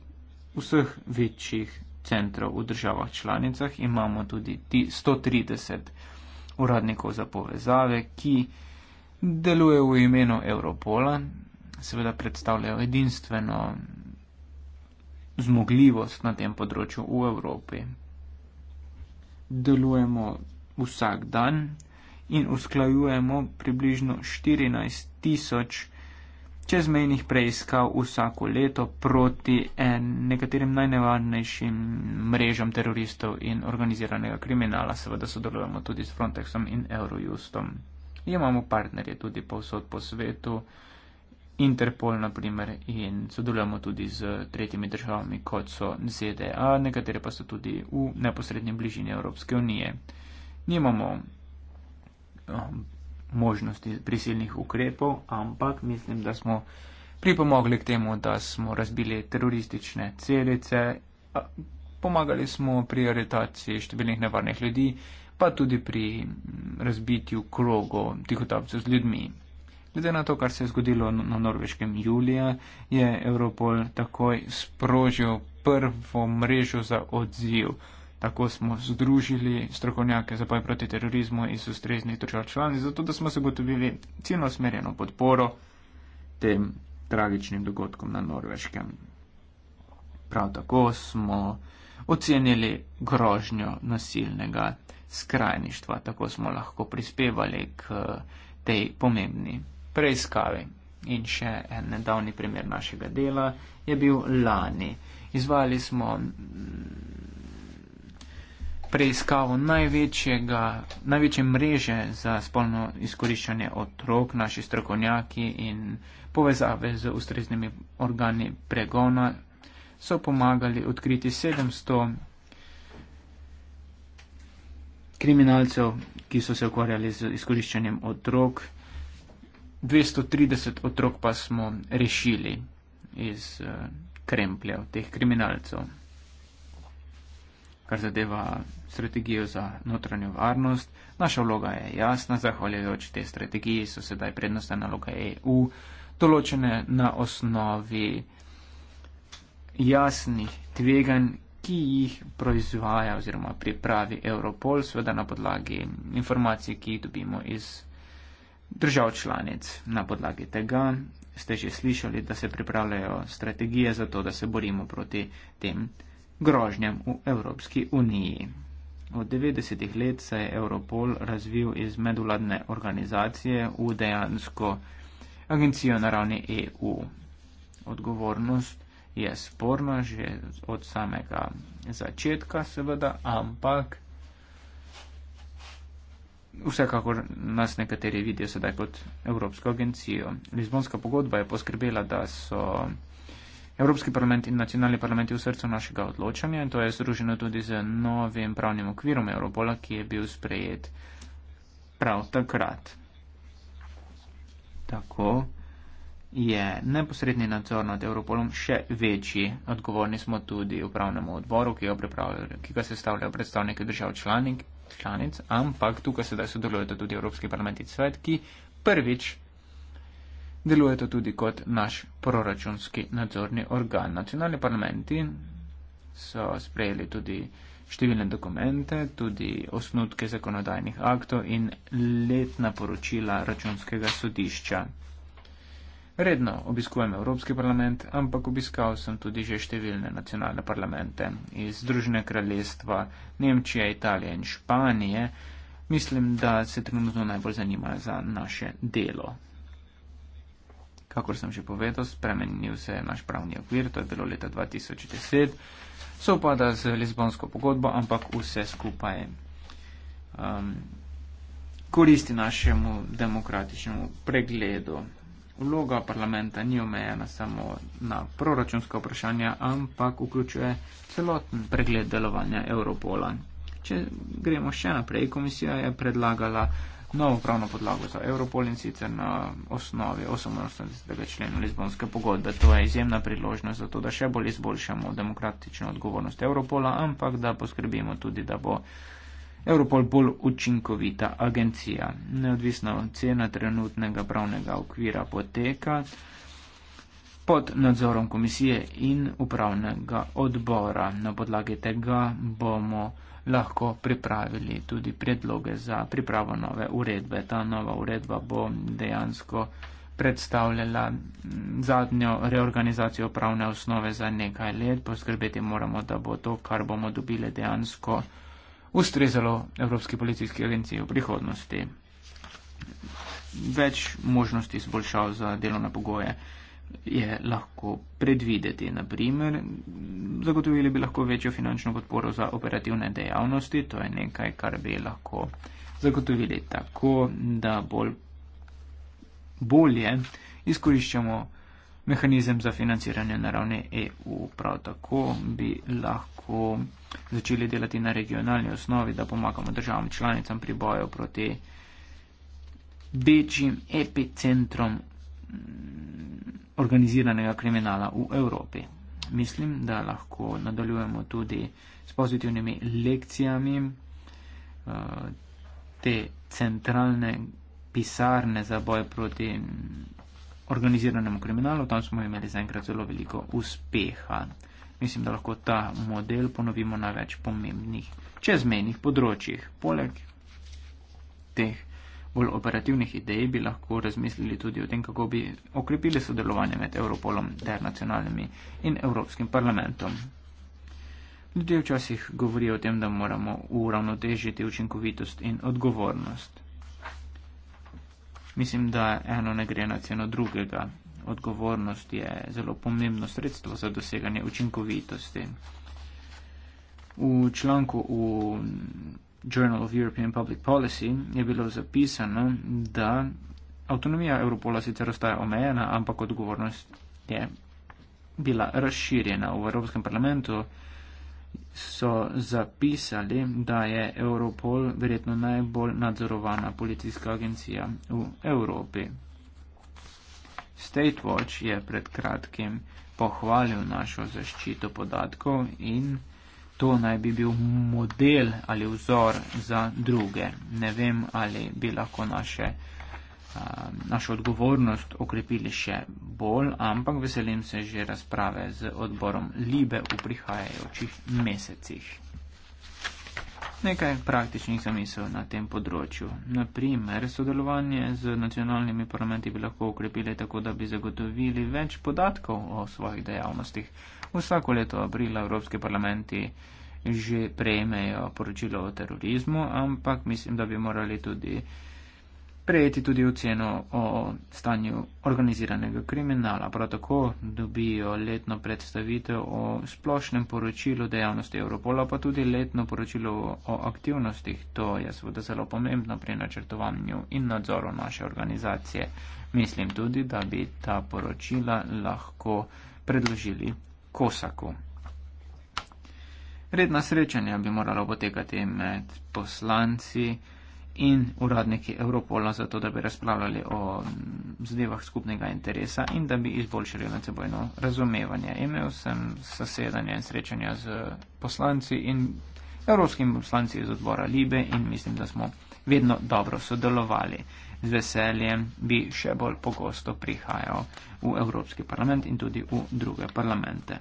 vseh večjih centrov v državah članicah, imamo tudi 130 uradnikov za povezave, ki delujejo v imenu Europola, seveda predstavljajo edinstveno zmogljivost na tem področju v Evropi. Delujemo vsak dan in usklajujemo približno 14 tisoč čezmejnih preiskav vsako leto proti en, nekaterim najnevarnejšim mrežam teroristov in organiziranega kriminala. Seveda sodelujemo tudi s Frontexom in Eurojustom. Imamo partnerje tudi povsod po svetu, Interpol naprimer, in sodelujemo tudi z tretjimi državami, kot so ZDA, nekatere pa so tudi v neposrednji bližini Evropske unije. Nimamo možnosti prisilnih ukrepov, ampak mislim, da smo pripomogli k temu, da smo razbili teroristične celice, pomagali smo pri aretaciji številnih nevarnih ljudi, pa tudi pri mm, razbitju krogo tihotapcev z ljudmi. Glede na to, kar se je zgodilo na norveškem julija, je Europol takoj sprožil prvo mrežo za odziv. Tako smo združili strokovnjake za boj proti terorizmu iz ustreznih držav članic, zato da smo se gotovili ciljno smerjeno podporo tem tragičnim dogodkom na norveškem. Prav tako smo ocenili grožnjo nasilnega skrajništva, tako smo lahko prispevali k tej pomembni preiskavi. In še en nedavni primer našega dela je bil lani. Izvali smo preiskavo največjega, največje mreže za spolno izkoriščanje otrok, naši strokovnjaki in povezave z ustreznimi organi pregona so pomagali odkriti 700 kriminalcev, ki so se ukvarjali z izkoriščanjem otrok. 230 otrok pa smo rešili iz eh, krempljev teh kriminalcev kar zadeva strategijo za notranjo varnost. Naša vloga je jasna, zahvaljujoč te strategiji so sedaj prednostne naloge EU določene na osnovi jasnih tvegan, ki jih proizvaja oziroma pripravi Europol, sveda na podlagi informacij, ki jih dobimo iz držav članic. Na podlagi tega ste že slišali, da se pripravljajo strategije za to, da se borimo proti tem grožnjam v Evropski uniji. Od 90-ih let se je Europol razvil iz medvladne organizacije v dejansko agencijo na ravni EU. Odgovornost je sporna že od samega začetka, seveda, ampak vsekakor nas nekateri vidijo sedaj kot Evropsko agencijo. Lizbonska pogodba je poskrbela, da so Evropski parlament in nacionalni parlament je v srcu našega odločanja in to je združeno tudi z novim pravnim okvirom Europola, ki je bil sprejet prav takrat. Tako je neposredni nadzor nad Europolom še večji. Odgovorni smo tudi upravnemu odboru, ki, ki ga sestavljajo predstavniki držav članik, članic, ampak tukaj sedaj sodelujete tudi Evropski parlament in svet, ki prvič delujeta tudi kot naš proračunski nadzorni organ. Nacionalni parlamenti so sprejeli tudi številne dokumente, tudi osnutke zakonodajnih aktov in letna poročila računskega sodišča. Redno obiskujem Evropski parlament, ampak obiskal sem tudi že številne nacionalne parlamente iz Združene kraljestva, Nemčije, Italije in Španije. Mislim, da se trenutno najbolj zanimajo za naše delo kakor sem že povedal, spremenil se je naš pravni okvir, to je bilo leta 2010, so upada z Lizbonsko pogodbo, ampak vse skupaj um, koristi našemu demokratičnemu pregledu. Vloga parlamenta ni omejena samo na proračunska vprašanja, ampak vključuje celoten pregled delovanja Europola. Če gremo še naprej, komisija je predlagala novo pravno podlago za Evropol in sicer na osnovi 88. člena Lizbonske pogodbe. To je izjemna priložnost za to, da še bolj izboljšamo demokratično odgovornost Evropola, ampak da poskrbimo tudi, da bo Evropol bolj učinkovita agencija. Neodvisna ocena trenutnega pravnega okvira poteka pod nadzorom komisije in upravnega odbora. Na podlagi tega bomo lahko pripravili tudi predloge za pripravo nove uredbe. Ta nova uredba bo dejansko predstavljala mm, zadnjo reorganizacijo pravne osnove za nekaj let. Poskrbeti moramo, da bo to, kar bomo dobili, dejansko ustrezalo Evropski policijski agenciji v prihodnosti. Več možnosti izboljšav za delovne pogoje je lahko predvideti. Naprimer, zagotovili bi lahko večjo finančno podporo za operativne dejavnosti, to je nekaj, kar bi lahko zagotovili tako, da bolj, bolje izkoriščamo mehanizem za financiranje na ravni EU. Prav tako bi lahko začeli delati na regionalni osnovi, da pomagamo državam članicam pri boju proti večjim epicentrom organiziranega kriminala v Evropi. Mislim, da lahko nadaljujemo tudi s pozitivnimi lekcijami eh, te centralne pisarne za boj proti organiziranemu kriminalu. Tam smo imeli zaenkrat zelo veliko uspeha. Mislim, da lahko ta model ponovimo na več pomembnih čezmejnih področjih. Poleg teh bolj operativnih idej bi lahko razmislili tudi o tem, kako bi okrepili sodelovanje med Europolom ter nacionalnimi in Evropskim parlamentom. Ljudje včasih govorijo o tem, da moramo uravnotežiti učinkovitost in odgovornost. Mislim, da eno ne gre na ceno drugega. Odgovornost je zelo pomembno sredstvo za doseganje učinkovitosti. V članku v Journal of European Public Policy je bilo zapisano, da avtonomija Evropola sicer ostaja omejena, ampak odgovornost je bila razširjena. V Evropskem parlamentu so zapisali, da je Evropol verjetno najbolj nadzorovana policijska agencija v Evropi. Statewatch je pred kratkim pohvalil našo zaščito podatkov in to naj bi bil model ali vzor za druge. Ne vem, ali bi lahko naše, um, našo odgovornost okrepili še bolj, ampak veselim se že razprave z odborom Libe v prihajajočih mesecih. Nekaj praktičnih zamisel na tem področju. Naprimer, sodelovanje z nacionalnimi parlamenti bi lahko okrepili tako, da bi zagotovili več podatkov o svojih dejavnostih. Vsako leto aprila Evropski parlamenti že prejmejo poročilo o terorizmu, ampak mislim, da bi morali tudi prejeti tudi oceno o stanju organiziranega kriminala. Prav tako dobijo letno predstavitev o splošnem poročilu dejavnosti Evropola, pa tudi letno poročilo o aktivnostih. To je seveda zelo pomembno pri načrtovanju in nadzoru naše organizacije. Mislim tudi, da bi ta poročila lahko predložili Kosaku. Redna srečanja bi morala potekati med poslanci in uradniki Evropola, zato da bi razpravljali o zadevah skupnega interesa in da bi izboljšali medsebojno razumevanje. Imel sem zasedanje in srečanja z poslanci in evropskimi poslanci iz odbora Libe in mislim, da smo vedno dobro sodelovali z veseljem bi še bolj pogosto prihajal v Evropski parlament in tudi v druge parlamente.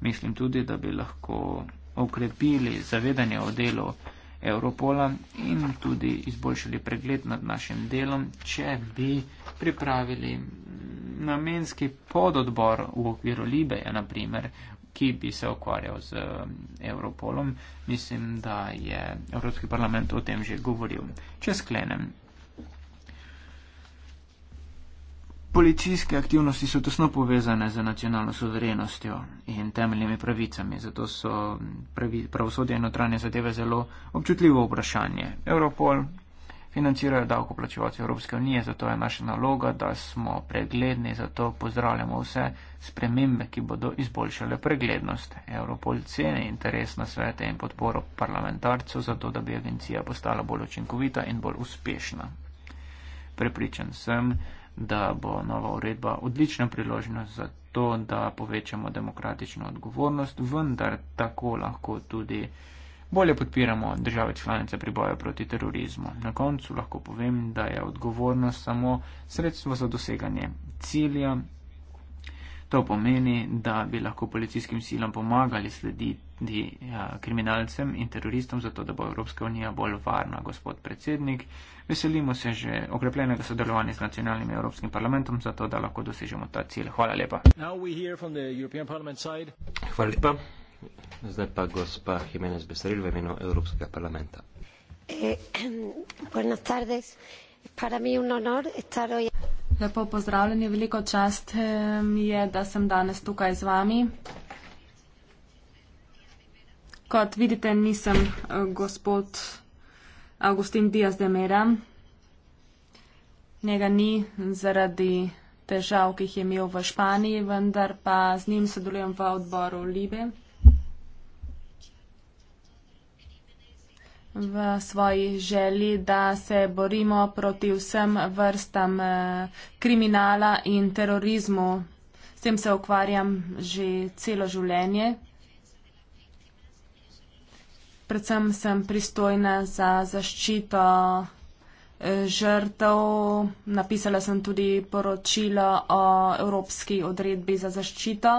Mislim tudi, da bi lahko okrepili zavedanje o delu Europola in tudi izboljšali pregled nad našim delom, če bi pripravili namenski pododbor v okviru Libeja, naprimer, ki bi se ukvarjal z um, Europolom. Mislim, da je Evropski parlament o tem že govoril. Če sklenem. Policijske aktivnosti so tesno povezane z nacionalno suverenostjo in temeljnimi pravicami, zato so pravosodje in notranje zadeve zelo občutljivo vprašanje. Europol, financirajo davkoplačevalci Evropske unije, zato je naša naloga, da smo pregledni, zato pozdravljamo vse spremembe, ki bodo izboljšale preglednost. Evropol ceni interes na svete in podporo parlamentarcev, zato da bi agencija postala bolj učinkovita in bolj uspešna. Prepričan sem, da bo nova uredba odlična priložnost za to, da povečamo demokratično odgovornost, vendar tako lahko tudi bolje podpiramo države članice pri boju proti terorizmu. Na koncu lahko povem, da je odgovornost samo sredstvo za doseganje cilja. To pomeni, da bi lahko policijskim silam pomagali slediti ja, kriminalcem in teroristom, zato da bo Evropska unija bolj varna, gospod predsednik. Veselimo se že okrepljenega sodelovanja z nacionalnim Evropskim parlamentom, zato da lahko dosežemo ta cilj. Hvala lepa. Hvala lepa. Zdaj pa gospa Jimenez Besaril v imenu Evropskega parlamenta. Eh, Lepo pozdravljeni, veliko čast eh, mi je, da sem danes tukaj z vami. Kot vidite, nisem eh, gospod Agustin Diaz de Mera. Njega ni zaradi težav, ki jih je imel v Španiji, vendar pa z njim sodelujem v odboru Libe. v svoji želji, da se borimo proti vsem vrstam eh, kriminala in terorizmu. S tem se ukvarjam že celo življenje. Predvsem sem pristojna za zaščito eh, žrtev. Napisala sem tudi poročilo o Evropski odredbi za zaščito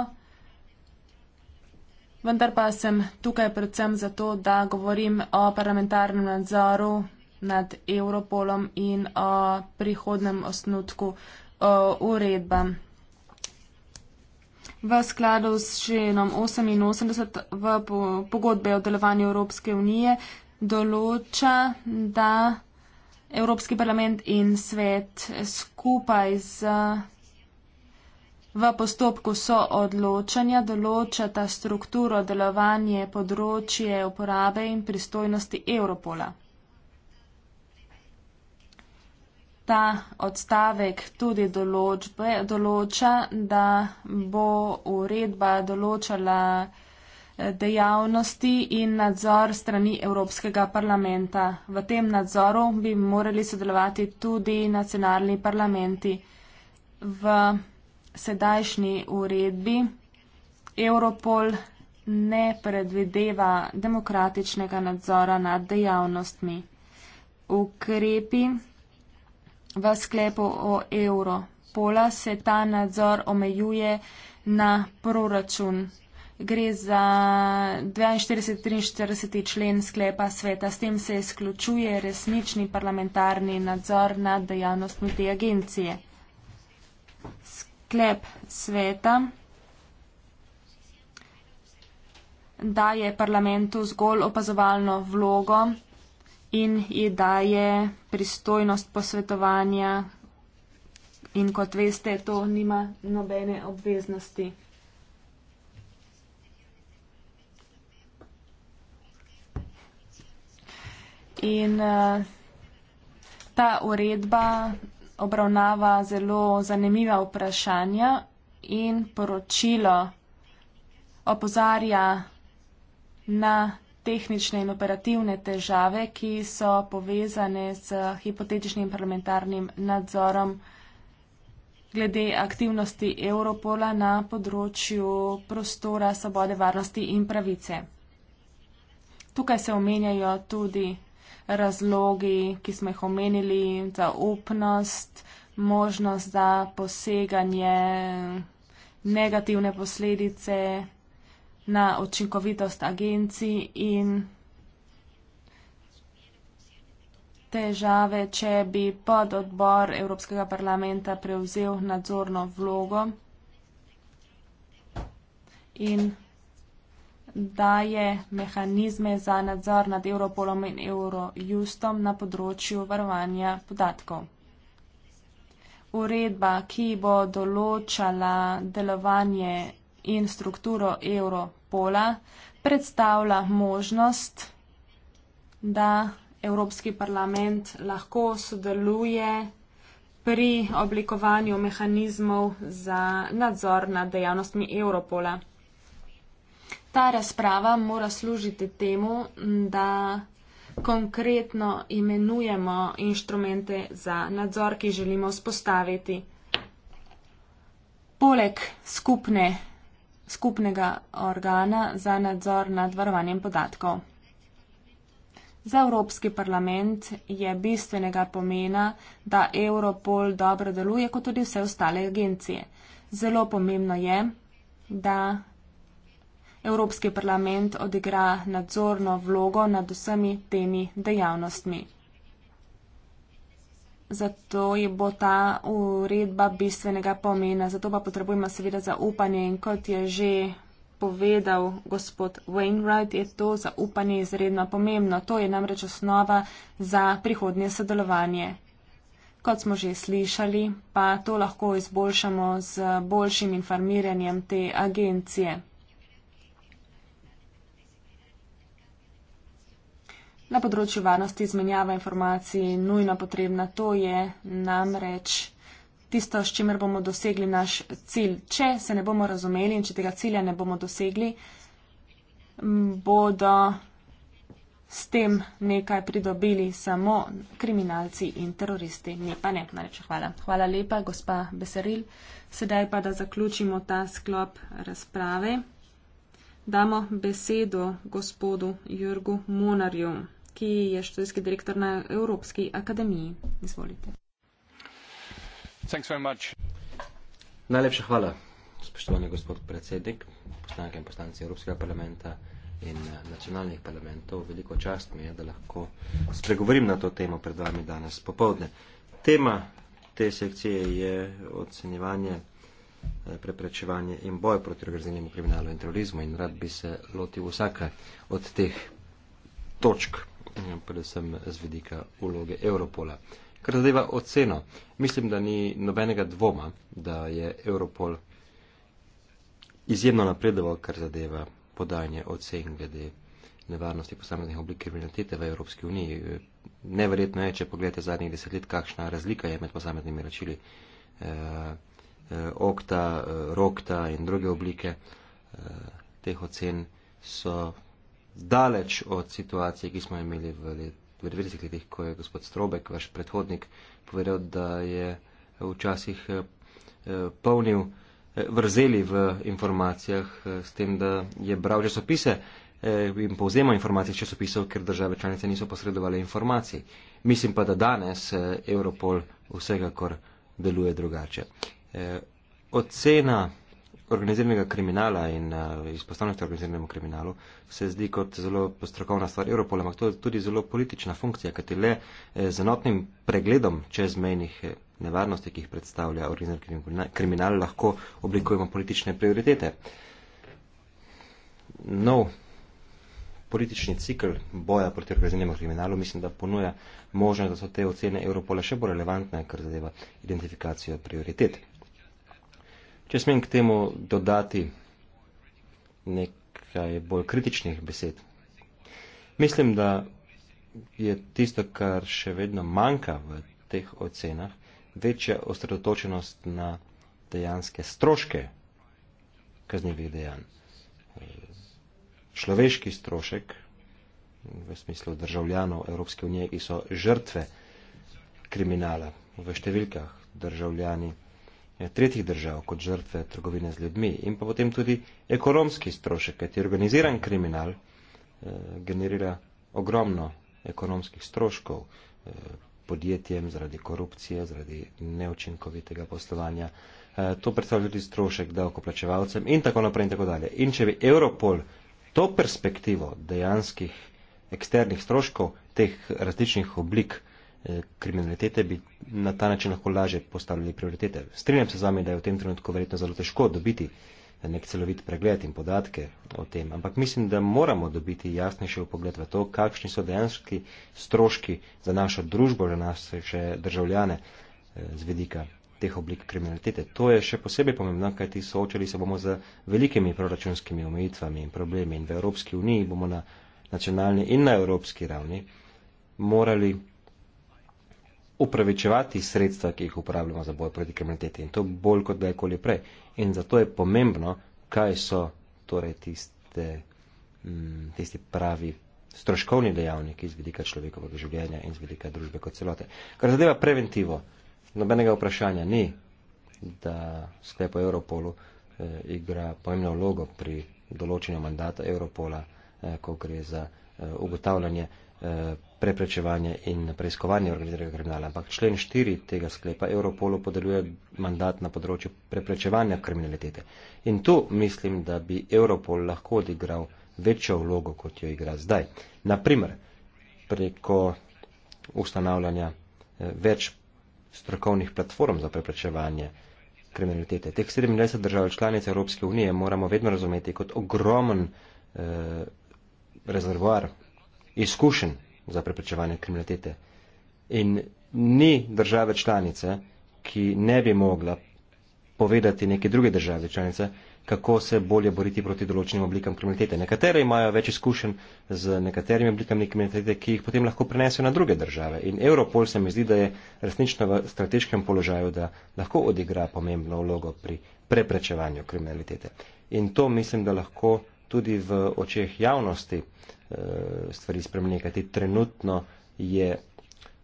vendar pa sem tukaj predvsem zato, da govorim o parlamentarnem nadzoru nad Europolom in o prihodnem osnutku uredba. V skladu s členom 88 v pogodbe o delovanju Evropske unije določa, da Evropski parlament in svet skupaj z V postopku so odločanja določata strukturo delovanje področje uporabe in pristojnosti Europola. Ta odstavek tudi določbe, določa, da bo uredba določala eh, dejavnosti in nadzor strani Evropskega parlamenta. V tem nadzoru bi morali sodelovati tudi nacionalni parlamenti. V sedajšnji uredbi Europol ne predvideva demokratičnega nadzora nad dejavnostmi. Ukrepi v sklepu o Europola se ta nadzor omejuje na proračun. Gre za 42-43 člen sklepa sveta. S tem se izključuje resnični parlamentarni nadzor nad dejavnostmi te agencije sklep sveta daje parlamentu zgolj opazovalno vlogo in ji daje pristojnost posvetovanja in kot veste, to nima nobene obveznosti. In uh, ta uredba obravnava zelo zanimiva vprašanja in poročilo opozarja na tehnične in operativne težave, ki so povezane z hipotetičnim parlamentarnim nadzorom glede aktivnosti Europola na področju prostora, svobode, varnosti in pravice. Tukaj se omenjajo tudi razlogi, ki smo jih omenili, zaupnost, možnost za poseganje, negativne posledice na učinkovitost agencij in težave, če bi pod odbor Evropskega parlamenta prevzel nadzorno vlogo. In daje mehanizme za nadzor nad Europolom in Eurojustom na področju varovanja podatkov. Uredba, ki bo določala delovanje in strukturo Europola, predstavlja možnost, da Evropski parlament lahko sodeluje pri oblikovanju mehanizmov za nadzor nad dejavnostmi Europola ta razprava mora služiti temu, da konkretno imenujemo inštrumente za nadzor, ki želimo vzpostaviti. Poleg skupne, skupnega organa za nadzor nad varovanjem podatkov. Za Evropski parlament je bistvenega pomena, da Europol dobro deluje, kot tudi vse ostale agencije. Zelo pomembno je, da Evropski parlament odigra nadzorno vlogo nad vsemi temi dejavnostmi. Zato je bo ta uredba bistvenega pomena, zato pa potrebujemo seveda zaupanje in kot je že povedal gospod Wainwright, je to zaupanje izredno pomembno. To je namreč osnova za prihodnje sodelovanje. Kot smo že slišali, pa to lahko izboljšamo z boljšim informiranjem te agencije. na področju varnosti izmenjava informacij nujno potrebna. To je namreč tisto, s čimer bomo dosegli naš cilj. Če se ne bomo razumeli in če tega cilja ne bomo dosegli, bodo s tem nekaj pridobili samo kriminalci in teroristi. Ne pa ne, najlepša hvala. Hvala lepa, gospa Beseril. Sedaj pa, da zaključimo ta sklop razprave, damo besedo gospodu Jurgu Monarju ki je študijski direktor na Evropski akademiji. Izvolite. Najlepša hvala, spoštovani gospod predsednik, poslanke in poslanci Evropskega parlamenta in eh, nacionalnih parlamentov. Veliko čast mi je, da lahko spregovorim na to temo pred vami danes popovdne. Tema te sekcije je ocenjevanje eh, preprečevanje in boj proti organiziranemu kriminalu in terorizmu in rad bi se lotil vsake od teh točk in predvsem z vidika uloge Europola. Kar zadeva oceno, mislim, da ni nobenega dvoma, da je Europol izjemno napredoval, kar zadeva podajanje ocen glede nevarnosti posameznih oblik kriminalitete v Evropski uniji. Neverjetno je, če pogledate zadnjih deset let, kakšna razlika je med posameznimi račili eh, eh, okta, eh, rokta in druge oblike eh, teh ocen so daleč od situacije, ki smo imeli v, v 90-ih letih, ko je gospod Strobek, vaš predhodnik, povedal, da je včasih eh, eh, polnil eh, vrzeli v informacijah s tem, da je bral časopise in povzema informacije časopisov, ker države članice niso posredovali informacij. Mislim pa, da danes Europol vsega kor deluje drugače. Ocena organiziranega kriminala in uh, izpostavljenosti organiziranemu kriminalu se zdi kot zelo postrokovna stvar Evropol, ampak to je tudi zelo politična funkcija, kajti le eh, z enotnim pregledom čezmejnih eh, nevarnosti, ki jih predstavlja organizirani kriminal, lahko oblikujemo politične prioritete. Nov politični cikl boja proti organiziranemu kriminalu mislim, da ponuja možnost, da so te ocene Evropola še bolj relevantne, kar zadeva identifikacijo prioritete. Če smem k temu dodati nekaj bolj kritičnih besed. Mislim, da je tisto, kar še vedno manjka v teh ocenah, večja osredotočenost na dejanske stroške kaznjivih dejanj. Človeški strošek v smislu državljanov Evropske unije, ki so žrtve kriminala v številkah državljani Eh, tretjih držav kot žrtve trgovine z ljudmi in pa potem tudi ekonomski strošek, kajti organiziran kriminal eh, generira ogromno ekonomskih stroškov eh, podjetjem zaradi korupcije, zaradi neučinkovitega poslovanja. Eh, to predstavlja tudi strošek davkoplačevalcem in tako naprej in tako dalje. In če bi Europol to perspektivo dejanskih eksternih stroškov teh različnih oblik eh, Eh, kriminalitete, bi na ta način lahko lažje postavljali prioritete. Strinjam se z vami, da je v tem trenutku verjetno zelo težko dobiti nek celovit pregled in podatke o tem, ampak mislim, da moramo dobiti jasnejši pogled v to, kakšni so dejanski stroški za našo družbo, za naše še državljane eh, z vedika teh oblik kriminalitete. To je še posebej pomembno, kajti soočali se bomo z velikimi proračunskimi omejitvami in problemi in v Evropski uniji bomo na nacionalni in na evropski ravni morali upravičevati sredstva, ki jih uporabljamo za boj proti kriminaliteti in to bolj kot kdajkoli prej. In zato je pomembno, kaj so torej tiste, mm, tisti pravi stroškovni dejavniki iz vidika človekovega življenja in iz vidika družbe kot celote. Kar zadeva preventivo, nobenega vprašanja ni, da sklepo Europolu eh, igra pomembno vlogo pri določenju mandata Europola, eh, ko gre za eh, ugotavljanje. Eh, preprečevanje in preiskovanje organiziranega kriminala. Ampak člen 4 tega sklepa Europolu podeljuje mandat na področju preprečevanja kriminalitete. In tu mislim, da bi Europol lahko odigral večjo vlogo, kot jo igra zdaj. Naprimer, preko ustanavljanja eh, več strokovnih platform za preprečevanje kriminalitete. Teh 27 držav članic Evropske unije moramo vedno razumeti kot ogromen eh, rezervoar izkušenj za preprečevanje kriminalitete. In ni države članice, ki ne bi mogla povedati neke druge države članice, kako se bolje boriti proti določenim oblikam kriminalitete. Nekatere imajo več izkušenj z nekaterimi oblikami kriminalitete, ki jih potem lahko prenesejo na druge države. In Europol se mi zdi, da je resnično v strateškem položaju, da lahko odigra pomembno vlogo pri preprečevanju kriminalitete. In to mislim, da lahko tudi v očeh javnosti uh, Eh, stvari spremenjati. Trenutno je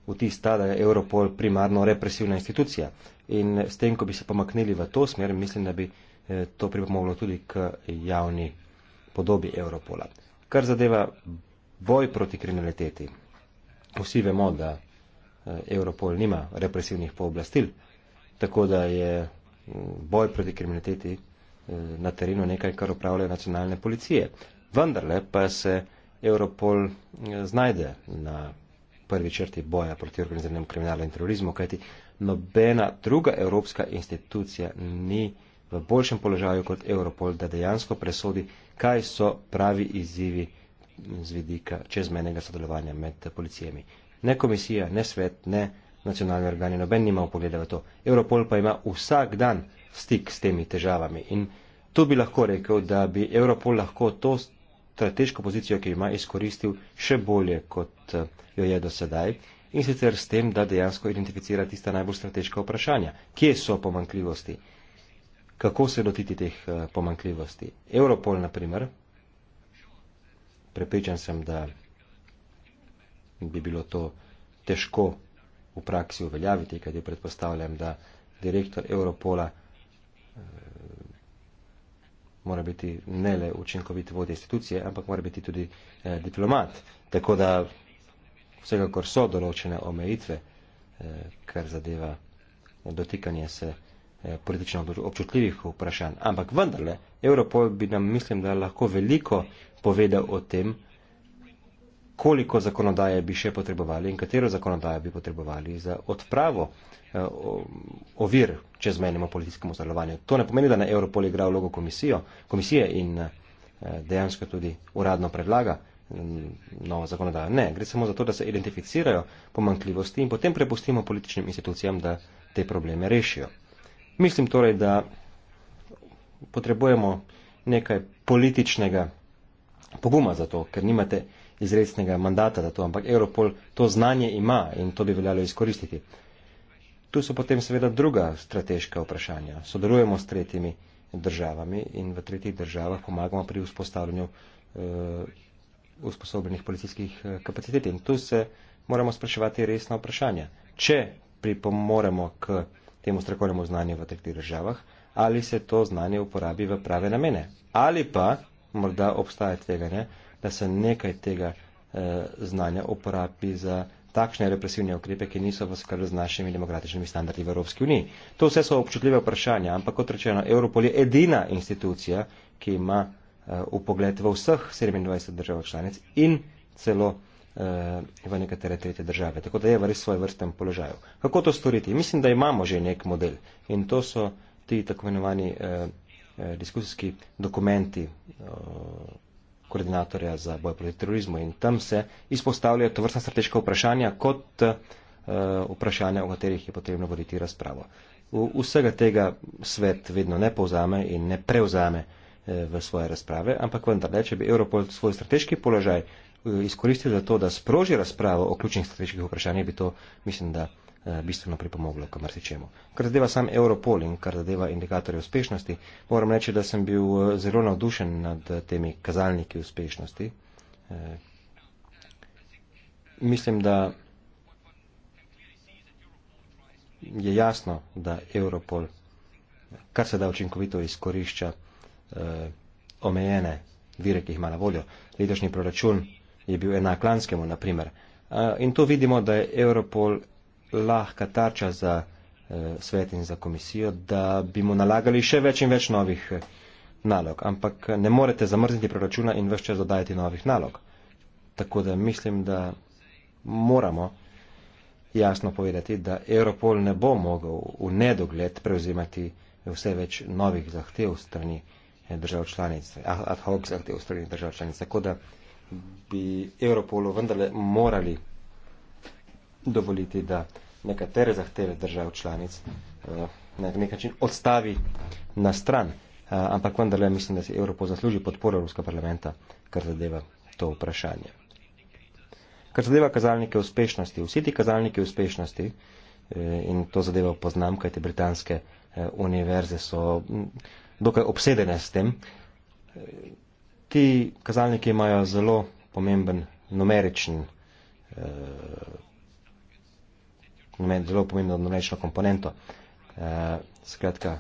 vtis ta, da je Europol primarno represivna institucija. In s tem, ko bi se pomaknili v to smer, mislim, da bi eh, to pripomoglo tudi k javni podobi Europola. Kar zadeva boj proti kriminaliteti. Vsi vemo, da eh, Europol nima represivnih pooblastil, tako da je mm, boj proti kriminaliteti na terenu nekaj, kar upravlja nacionalne policije. Vendarle pa se Europol eh, znajde na prvi črti boja proti organiziranem kriminalu in terorizmu, kajti nobena druga evropska institucija ni v boljšem položaju kot Europol, da dejansko presodi, kaj so pravi izzivi z vidika čezmenega sodelovanja med policijami. Ne komisija, ne svet, ne nacionalni organi, noben nima upogleda v to. Europol pa ima vsak dan stik s temi težavami in tu bi lahko rekel, da bi Europol lahko to strateško pozicijo, ki ima izkoristil še bolje, kot eh, jo je do sedaj in sicer s tem, da dejansko identificira tista najbolj strateška vprašanja. Kje so pomankljivosti? Kako se lotiti teh eh, pomankljivosti? Europol, na primer, prepričan sem, da bi bilo to težko v praksi uveljaviti, kajti predpostavljam, da direktor Europola eh, mora biti ne le učinkovit vodje institucije, ampak mora biti tudi eh, diplomat. Tako da vsekakor so določene omejitve, eh, kar zadeva dotikanje se eh, politično občutljivih vprašanj. Ampak vendarle, Europol bi nam, mislim, da lahko veliko povedal o tem, eh, koliko zakonodaje bi še potrebovali in katero zakonodajo bi potrebovali za odpravo eh, ovir čezmenemu političkemu sodelovanju. To ne pomeni, da na Europol igra vlogo komisije in eh, dejansko tudi uradno predlaga mm, novo zakonodajo. Ne, gre samo za to, da se identificirajo pomankljivosti in potem prepustimo političnim institucijam, da te probleme rešijo. Mislim torej, da potrebujemo nekaj političnega poguma za to, ker nimate izrednega mandata za to, ampak Europol to znanje ima in to bi veljalo izkoristiti. Tu so potem seveda druga strateška vprašanja. Sodelujemo s tretjimi državami in v tretjih državah pomagamo pri vzpostavljanju uh, usposobljenih policijskih eh, kapacitet. In tu se moramo spraševati resna vprašanja. Če pripomoremo k temu strokovnemu znanju v tretjih državah, ali se to znanje uporabi v prave namene. Ali pa morda obstaja tveganje, da se nekaj tega eh, znanja uporabi za takšne represivne ukrepe, ki niso v skrbi z našimi demokratičnimi standardi v Evropski uniji. To vse so občutljive vprašanja, ampak kot rečeno, Evropol je edina institucija, ki ima eh, upogled v vseh 27 držav članic in celo eh, v nekatere tretje države. Tako da je v res svoj vrstem položaju. Kako to storiti? Mislim, da imamo že nek model in to so ti tako imenovani eh, eh diskusijski dokumenti. Eh, koordinatorja za boj proti terorizmu in tam se izpostavljajo to vrsta strateška vprašanja kot uh, vprašanja, o katerih je potrebno voditi razpravo. V, vsega tega svet vedno ne povzame in ne prevzame uh, v svoje razprave, ampak vendar, le, če bi Europol svoj strateški položaj uh, izkoristil za to, da sproži razpravo o ključnih strateških vprašanjih, bi to, mislim, da. Eh, bistveno pripomoglo k marsičemu. Kar zadeva sam Europol in kar zadeva indikatorje uspešnosti, moram reči, da sem bil eh, zelo navdušen nad eh, temi kazalniki uspešnosti. Mislim, da je jasno, da Europol kar se da učinkovito izkorišča omejene vire, ki jih ima na voljo. Letošnji proračun je bil enak lanskemu, naprimer. In to vidimo, da je Europol lahka tarča za eh, svet in za komisijo, da bi mu nalagali še več in več novih eh, nalog. Ampak ne morete zamrzniti proračuna in vse čas dodajati novih nalog. Tako da mislim, da moramo jasno povedati, da Europol ne bo mogel v nedogled prevzimati vse več novih zahtev strani eh, držav članic, ad hoc zahtev strani držav članic. Tako da bi Europolu vendarle morali dovoliti, da nekatere zahteve držav članic uh, na nek način odstavi na stran. Uh, ampak vendar le mislim, da se Evropo zasluži podporo Evropskega parlamenta, kar zadeva to vprašanje. Kar zadeva kazalnike uspešnosti, vsi ti kazalniki uspešnosti eh, in to zadeva poznam, kaj te britanske eh, univerze so dokaj obsedene s tem, eh, ti kazalniki imajo zelo pomemben numeričen eh, imeti zelo pomembno mlečno komponento. Eh, skratka,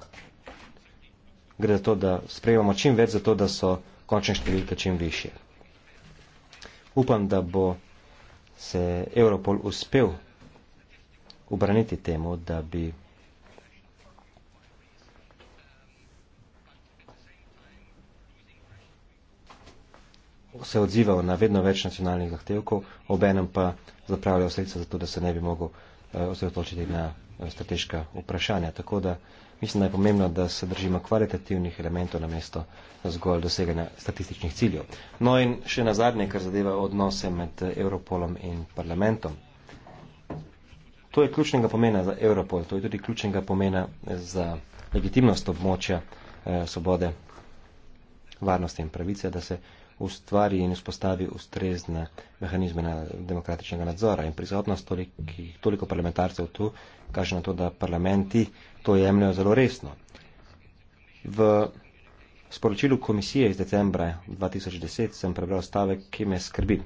gre za to, da sprejemamo čim več, zato da so končne številke čim višje. Upam, da bo se Europol uspel obraniti temu, da bi se odzival na vedno več nacionalnih zahtevkov, obenem pa zapravljal sredstva za to, da se ne bi mogel Eh, osredotočiti na eh, strateška vprašanja. Tako da mislim, da je pomembno, da se držimo kvalitativnih elementov na mesto zgolj doseganja statističnih ciljev. No in še na zadnje, kar zadeva odnose med eh, Europolom in parlamentom. To je ključnega pomena za Europol, to je tudi ključnega pomena za legitimnost območja eh, svobode, varnosti in pravice, da se ustvari in vzpostavi ustrezne mehanizme na demokratičnega nadzora. In prisotnost toliki, toliko parlamentarcev tu kaže na to, da parlamenti to jemljajo zelo resno. V sporočilu komisije iz decembra 2010 sem prebral stavek, ki me skrbi,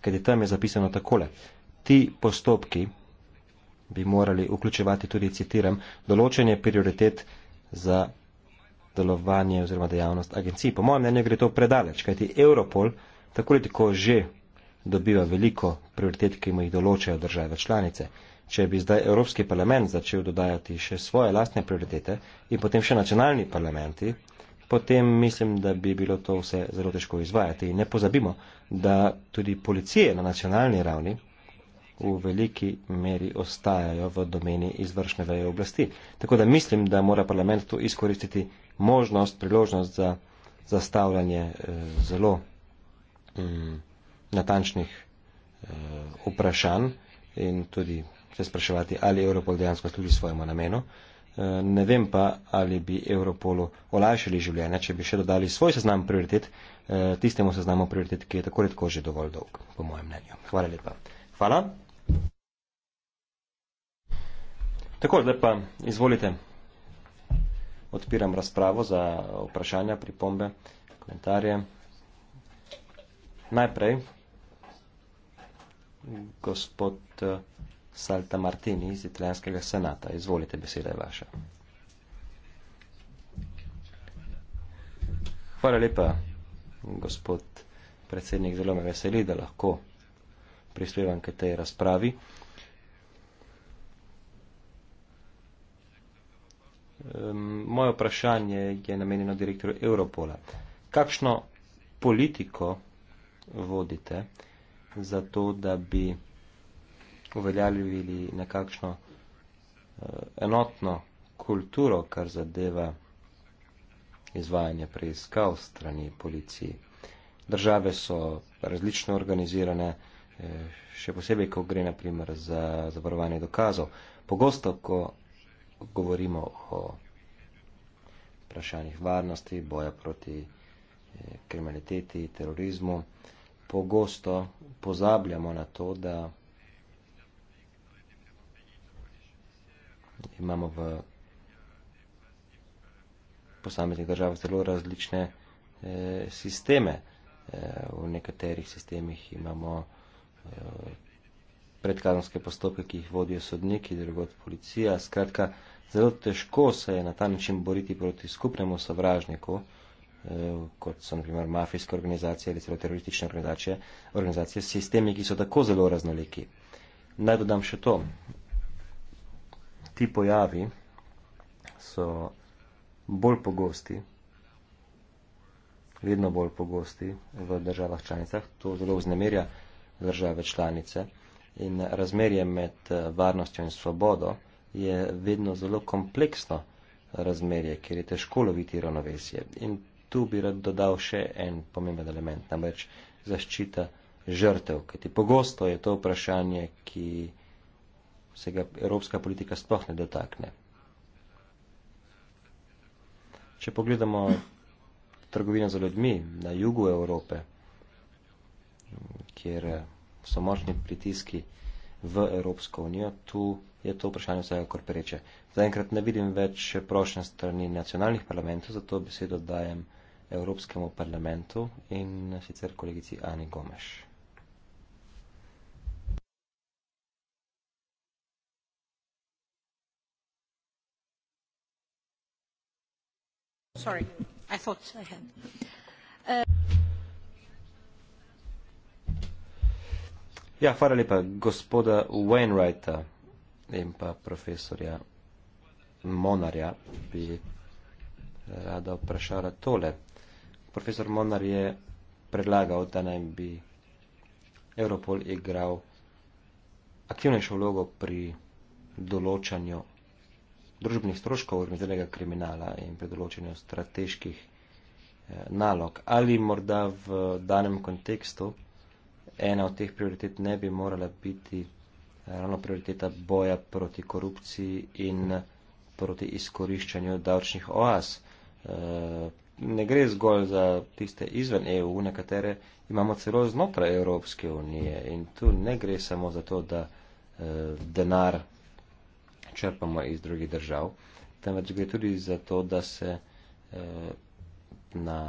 kajti tam je zapisano takole. Ti postopki bi morali vključevati tudi, citiram, določenje prioritet za delovanje oziroma dejavnost agencij. Po mojem mnenju gre to predaleč, kajti Europol tako ali tako že dobiva veliko prioritet, ki mu jih določajo države članice. Če bi zdaj Evropski parlament začel dodajati še svoje lastne prioritete in potem še nacionalni parlamenti, potem mislim, da bi bilo to vse zelo težko izvajati. In ne pozabimo, da tudi policije na nacionalni ravni v veliki meri ostajajo v domeni izvršne veje oblasti. Tako da mislim, da mora parlament to izkoristiti možnost, priložnost za zastavljanje eh, zelo hm, natančnih eh, vprašanj in tudi se spraševati, ali Europol dejansko služi svojemu namenu. Eh, ne vem pa, ali bi Europolu olajšali življenje, če bi še dodali svoj seznam prioritet, eh, tistemu seznamu prioritet, ki je tako redko že dovolj dolg, po mojem mnenju. Hvala lepa. Hvala. Tako, zdaj pa izvolite odpiram razpravo za vprašanja, pripombe, komentarje. Najprej gospod eh, Salta Martini iz italijanskega senata. Izvolite, beseda je vaša. Hvala lepa, gospod predsednik. Zelo me veseli, da lahko prispevam k tej razpravi. Moje vprašanje je namenjeno direktorju Europola. Kakšno politiko vodite za to, da bi uveljavili nekakšno eh, enotno kulturo, kar zadeva izvajanje preiskav strani policiji? Države so različno organizirane, eh, še posebej, ko gre naprimer za zavarovanje dokazov. Pogosto, ko govorimo o vprašanjih varnosti, boja proti eh, kriminaliteti, terorizmu, pogosto pozabljamo na to, da imamo v posameznih državah zelo različne eh, sisteme. Eh, v nekaterih sistemih imamo eh, predkazanske postopke, ki jih vodijo sodniki, drugod policija. Skratka, eh, Zelo težko se je na ta način boriti proti skupnemu sovražniku, eh, kot so naprimer mafijske organizacije ali celo teroristične organizacije, organizacije s sistemi, ki so tako zelo raznoliki. Naj dodam še to. Ti pojavi so bolj pogosti, vedno bolj pogosti v državah članicah. To zelo vznemirja države članice in razmerje med eh, varnostjo in svobodo je vedno zelo kompleksno razmerje, kjer je težko loviti ravnovesje. In tu bi rad dodal še en pomemben element, namreč zaščita žrtev, kajti pogosto je to vprašanje, ki se ga evropska politika sploh ne dotakne. Če pogledamo trgovino z ljudmi na jugu Evrope, kjer so močni pritiski v Evropsko unijo, tu je to vprašanje vsekakor pereče. Zaenkrat ne vidim več prošnje strani nacionalnih parlamentov, zato besedo dajem Evropskemu parlamentu in sicer kolegici Ani Gomeš. Sorry, I thought I had. Uh. Ja, hvala lepa, gospoda Wainwrighta in pa profesorja Monarja bi eh, rada vprašala tole. Profesor Monar je predlagal, da naj bi Europol igral aktivnejšo vlogo pri določanju družbenih stroškov organiziranega kriminala in pri določanju strateških eh, nalog. Ali morda v danem kontekstu ena od teh prioritet ne bi morala biti ravno prioriteta boja proti korupciji in proti izkoriščanju davčnih oaz. Eh, ne gre zgolj za tiste izven EU, nekatere imamo celo znotraj Evropske unije in tu ne gre samo za to, da eh, denar črpamo iz drugih držav, temveč gre tudi za to, da se eh, na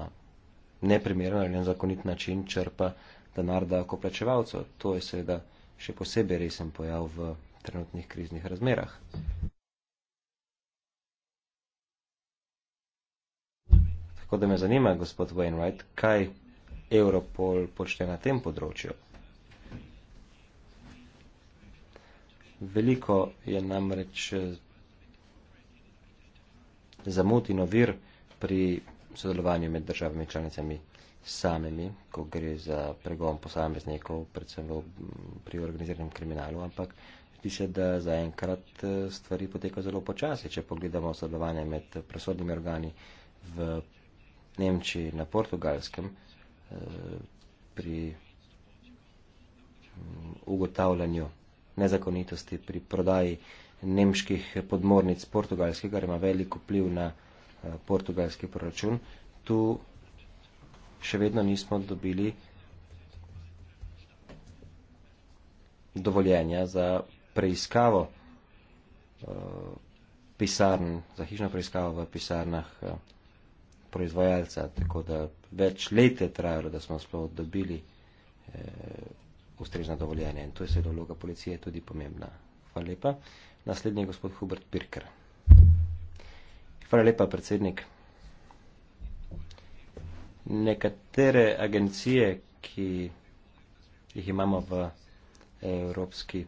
neprimeren ali nezakonit način črpa denar davkoplačevalcev. To je seveda še posebej resen pojav v trenutnih kriznih razmerah. Tako da me zanima, gospod Wainwright, kaj Europol počne na tem področju. Veliko je namreč eh, zamud in ovir pri sodelovanju med državami članicami samimi, ko gre za pregon posameznikov, predvsem v, pri organiziranem kriminalu, ampak zdi se, da zaenkrat eh, stvari potekajo zelo počasi. Če pogledamo sodelovanje med presodnimi organi v Nemčiji na portugalskem eh, pri mm, ugotavljanju nezakonitosti pri prodaji nemških podmornic portugalskega, ima veliko pliv na eh, portugalski proračun. Tu še vedno nismo dobili dovoljenja za preiskavo uh, pisarn, za hišno preiskavo v pisarnah uh, proizvajalca, tako da več let je trajalo, da smo sploh dobili uh, ustrezna dovoljenja in to je seveda vloga policije tudi pomembna. Hvala lepa. Naslednji je gospod Hubert Pirker. Hvala lepa, predsednik nekatere agencije, ki jih imamo v Evropski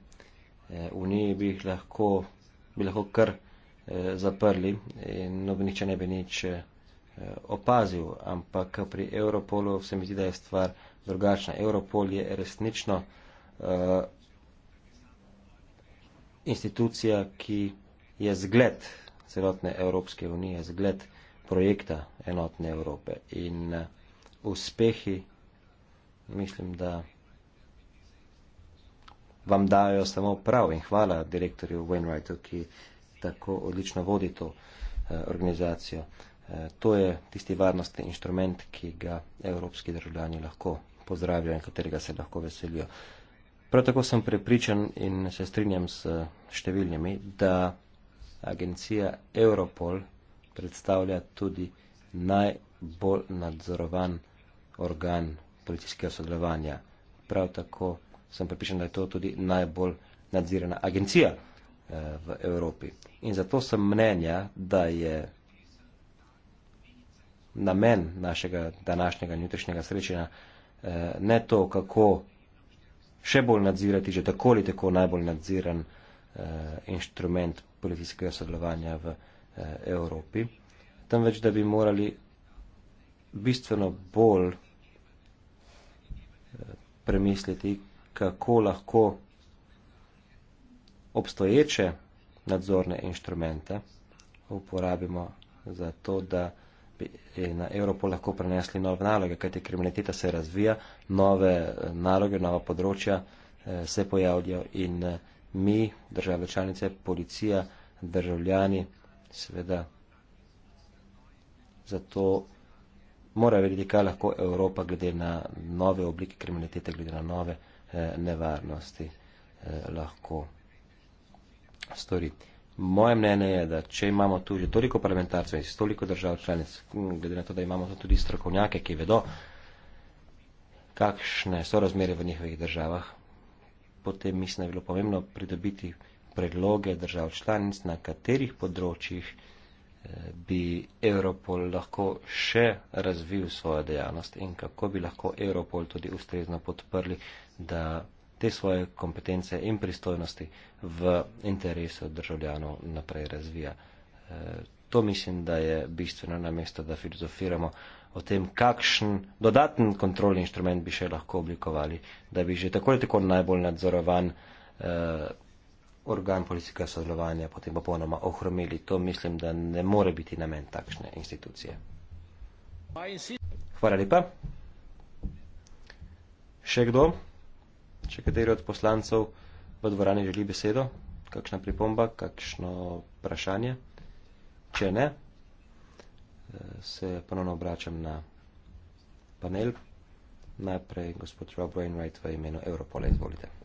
eh, uniji, bi jih lahko, bi lahko kar eh, zaprli in nobeniče ne bi nič eh, opazil, ampak pri Europolu se mi zdi, da je stvar drugačna. Europol je resnično eh, institucija, ki je zgled celotne Evropske unije, zgled eh, projekta enotne Evrope. In eh, uspehi, mislim, da vam dajo samo prav in hvala direktorju Wainwrightu, ki tako odlično vodi to eh, organizacijo. Eh, to je tisti varnostni inštrument, ki ga evropski državljani lahko pozdravijo in katerega se lahko veselijo. Prav tako sem prepričan in se strinjam s številnimi, da agencija Europol predstavlja tudi najbolj nadzorovan organ političnega sodelovanja. Prav tako sem pripišen, da je to tudi najbolj nadzirana agencija eh, v Evropi. In zato sem mnenja, da je namen našega današnjega in jutrišnjega srečanja eh, ne to, kako še bolj nadzirati že tako ali tako najbolj nadziran eh, inštrument političnega sodelovanja v Evropi. Eh, Evropi, temveč da bi morali bistveno bolj eh, premisliti, kako lahko obstoječe nadzorne inštrumente uporabimo za to, da bi na Evropol lahko prenesli nove naloge, kajte kriminaliteta se razvija, nove eh, naloge, nova področja se pojavljajo in mi, države članice, policija, državljani, seveda, zato mora vedeti, kaj lahko Evropa glede na nove oblike kriminalitete, glede na nove eh, nevarnosti eh, lahko stori. Moje mnenje je, da če imamo tu že toliko parlamentarcev iz toliko držav članic, hm, glede na to, da imamo tudi strokovnjake, ki vedo, kakšne so razmere v njihovih državah, potem mislim, da je bilo pomembno pridobiti predloge držav članic, na katerih področjih eh, bi Europol lahko še razvil svojo dejavnost in kako bi lahko Europol tudi ustrezno podprli, da te svoje kompetence in pristojnosti v interesu državljanov naprej razvija. Eh, to mislim, da je bistveno na mesto, da filozofiramo o tem, kakšen dodaten kontrolni inštrument bi še lahko oblikovali, da bi že tako ali tako najbolj nadzorovan eh, organ policijskega sodelovanja potem popolnoma ohromili. To mislim, da ne more biti namen takšne institucije. Hvala lepa. Še kdo? Če kateri od poslancev v dvorani želi besedo? Kakšna pripomba? Kakšno vprašanje? Če ne, se ponovno obračam na panel. Najprej gospod Rob Wainwright v imenu Europola. Izvolite.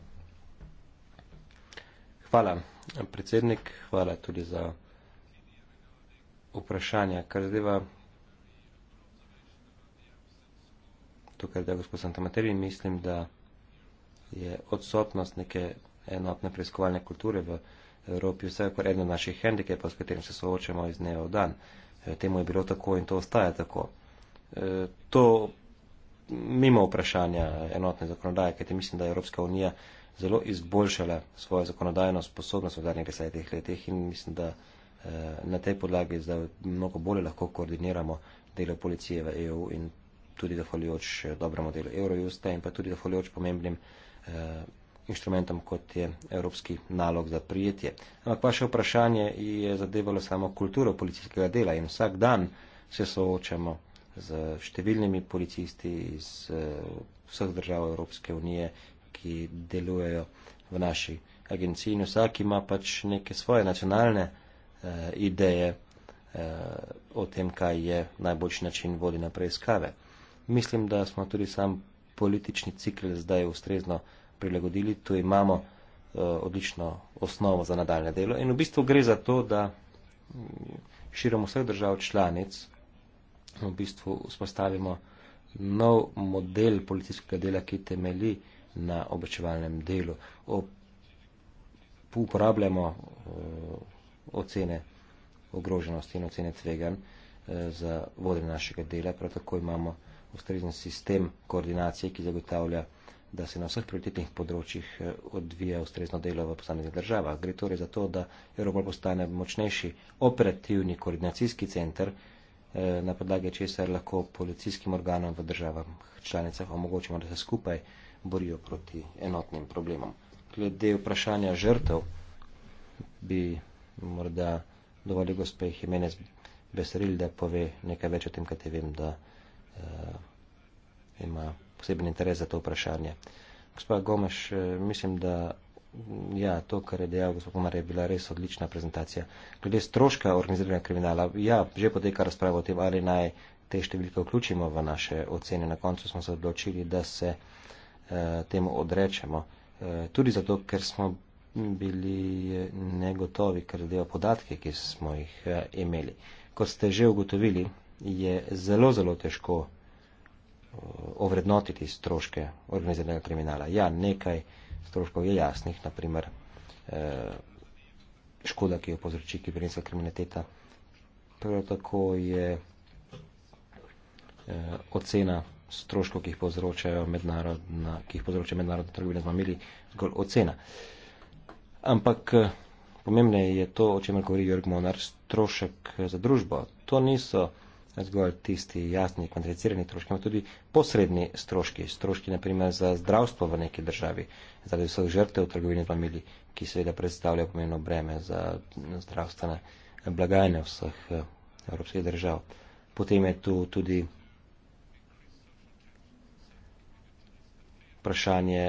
Hvala, predsednik. Hvala tudi za vprašanja. Kar zdajva tukaj, da je gospod Santamateri, mislim, da je odsotnost neke enotne preiskovalne kulture v Evropi vsaj kot eno naših hendikepov, s katerim se soočamo iz dneva v dan. E, temu je bilo tako in to ostaja tako. E, to mimo vprašanja enotne zakonodaje, kajte mislim, da je Evropska unija zelo izboljšale svojo zakonodajno sposobnost v zadnjih desetih letih in mislim, da eh, na tej podlagi zdaj mnogo bolje lahko koordiniramo delo policije v EU in tudi zahvaljujoč eh, dobremu delu Eurojusta in pa tudi zahvaljujoč pomembnim eh, inštrumentom, kot je evropski nalog za prijetje. Ampak vaše vprašanje je zadevalo samo kulturo policijskega dela in vsak dan se soočamo z številnimi policisti iz vseh držav Evropske unije ki delujejo v naši agenciji in vsak ima pač neke svoje nacionalne eh, ideje eh, o tem, kaj je najboljši način vodina preiskave. Mislim, da smo tudi sam politični cikl zdaj ustrezno prilagodili, tu imamo eh, odlično osnovo za nadaljne delo in v bistvu gre za to, da mm, širom vseh držav članic v bistvu vzpostavimo nov model policijskega dela, ki temeli na obačevalnem delu. Uporabljamo eh, ocene ogroženosti in ocene tvegan eh, za vodenje našega dela. Prav tako imamo ustrezen sistem koordinacije, ki zagotavlja, da se na vseh prioritetnih področjih eh, odvija ustrezno delo v posameznih državah. Gre torej za to, da Europol postane močnejši operativni koordinacijski center, na podlage česar lahko policijskim organom v državah članicah omogočimo, da se skupaj borijo proti enotnim problemom. Glede vprašanja žrtev, bi morda dovolj gospe Jimene Besaril, da pove nekaj več o tem, kaj te vem, da uh, ima poseben interes za to vprašanje. Gospa Gomeš, eh, mislim, da ja, to, kar je dejal gospod Pomar, je bila res odlična prezentacija. Glede stroška organiziranja kriminala, ja, že poteka razprava o tem, ali naj te številke vključimo v naše ocene. Na koncu smo se odločili, da se. Eh, temu odrečemo. Eh, tudi zato, ker smo bili negotovi, ker delajo podatke, ki smo jih eh, imeli. Kot ste že ugotovili, je zelo, zelo težko ovrednotiti stroške organiziranega kriminala. Ja, nekaj stroškov je jasnih, naprimer škoda, ki jo povzroči kibernetska kriminaliteta. Prav tako je ocena stroškov, ki jih povzročajo mednarodna, ki jih povzročajo mednarodna trgovina z mamili, zgolj ocena. Ampak eh, pomembne je to, o čemer govori Jörg Monar, strošek eh, za družbo. To niso zgolj tisti jasni, kvantificirani stroški, ampak tudi posredni stroški, stroški naprimer za zdravstvo v neki državi, zaradi vseh žrtev trgovine z mamili, ki seveda predstavljajo pomembno breme za zdravstvene blagajne vseh eh, evropskih držav. Potem je tu tudi vprašanje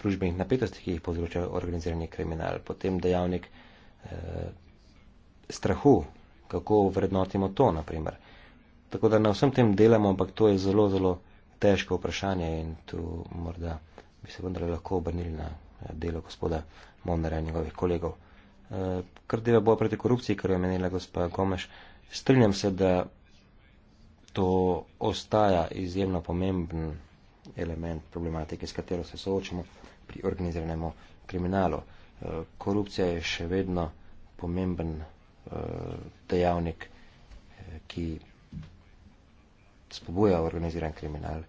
družbenih napetosti, ki jih povzroča organizirani kriminal, potem dejavnik eh, strahu, kako vrednotimo to, naprimer. Tako da na vsem tem delamo, ampak to je zelo, zelo težko vprašanje in tu morda bi se vendar lahko obrnili na eh, delo gospoda Monera in njegovih kolegov. Eh, kar deva boja proti korupciji, kar je omenila gospa Gomeš, strinjam se, da to ostaja izjemno pomemben element problematike, s katero se soočamo pri organiziranemu kriminalu. Eh, korupcija je še vedno pomemben eh, dejavnik, eh, ki spobuja organiziran kriminal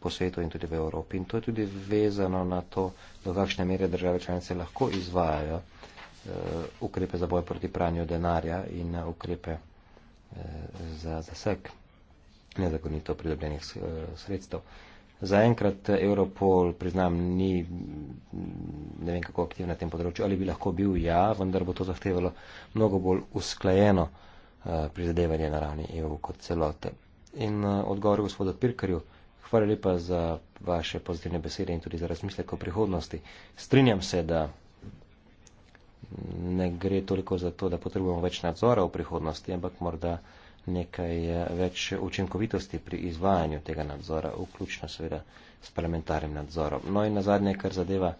po svetu in tudi v Evropi. In to je tudi vezano na to, do kakšne mere države članice lahko izvajajo ukrepe za boj proti pranju denarja in ukrepe za zasek. Za nezakonito pridobljenih eh, sredstev. Zaenkrat eh, Europol, priznam, ni ne vem kako aktiv na tem področju, ali bi lahko bil ja, vendar bo to zahtevalo mnogo bolj usklajeno eh, prizadevanje na ravni EU kot celote. In odgovor gospodu Pirkarju, hvala lepa za vaše pozitivne besede in tudi za razmislek o prihodnosti. Strinjam se, da ne gre toliko za to, da potrebujemo več nadzora v prihodnosti, ampak morda nekaj eh, več učinkovitosti pri izvajanju tega nadzora, vključno seveda s parlamentarnim nadzorom. No in na zadnje, kar zadeva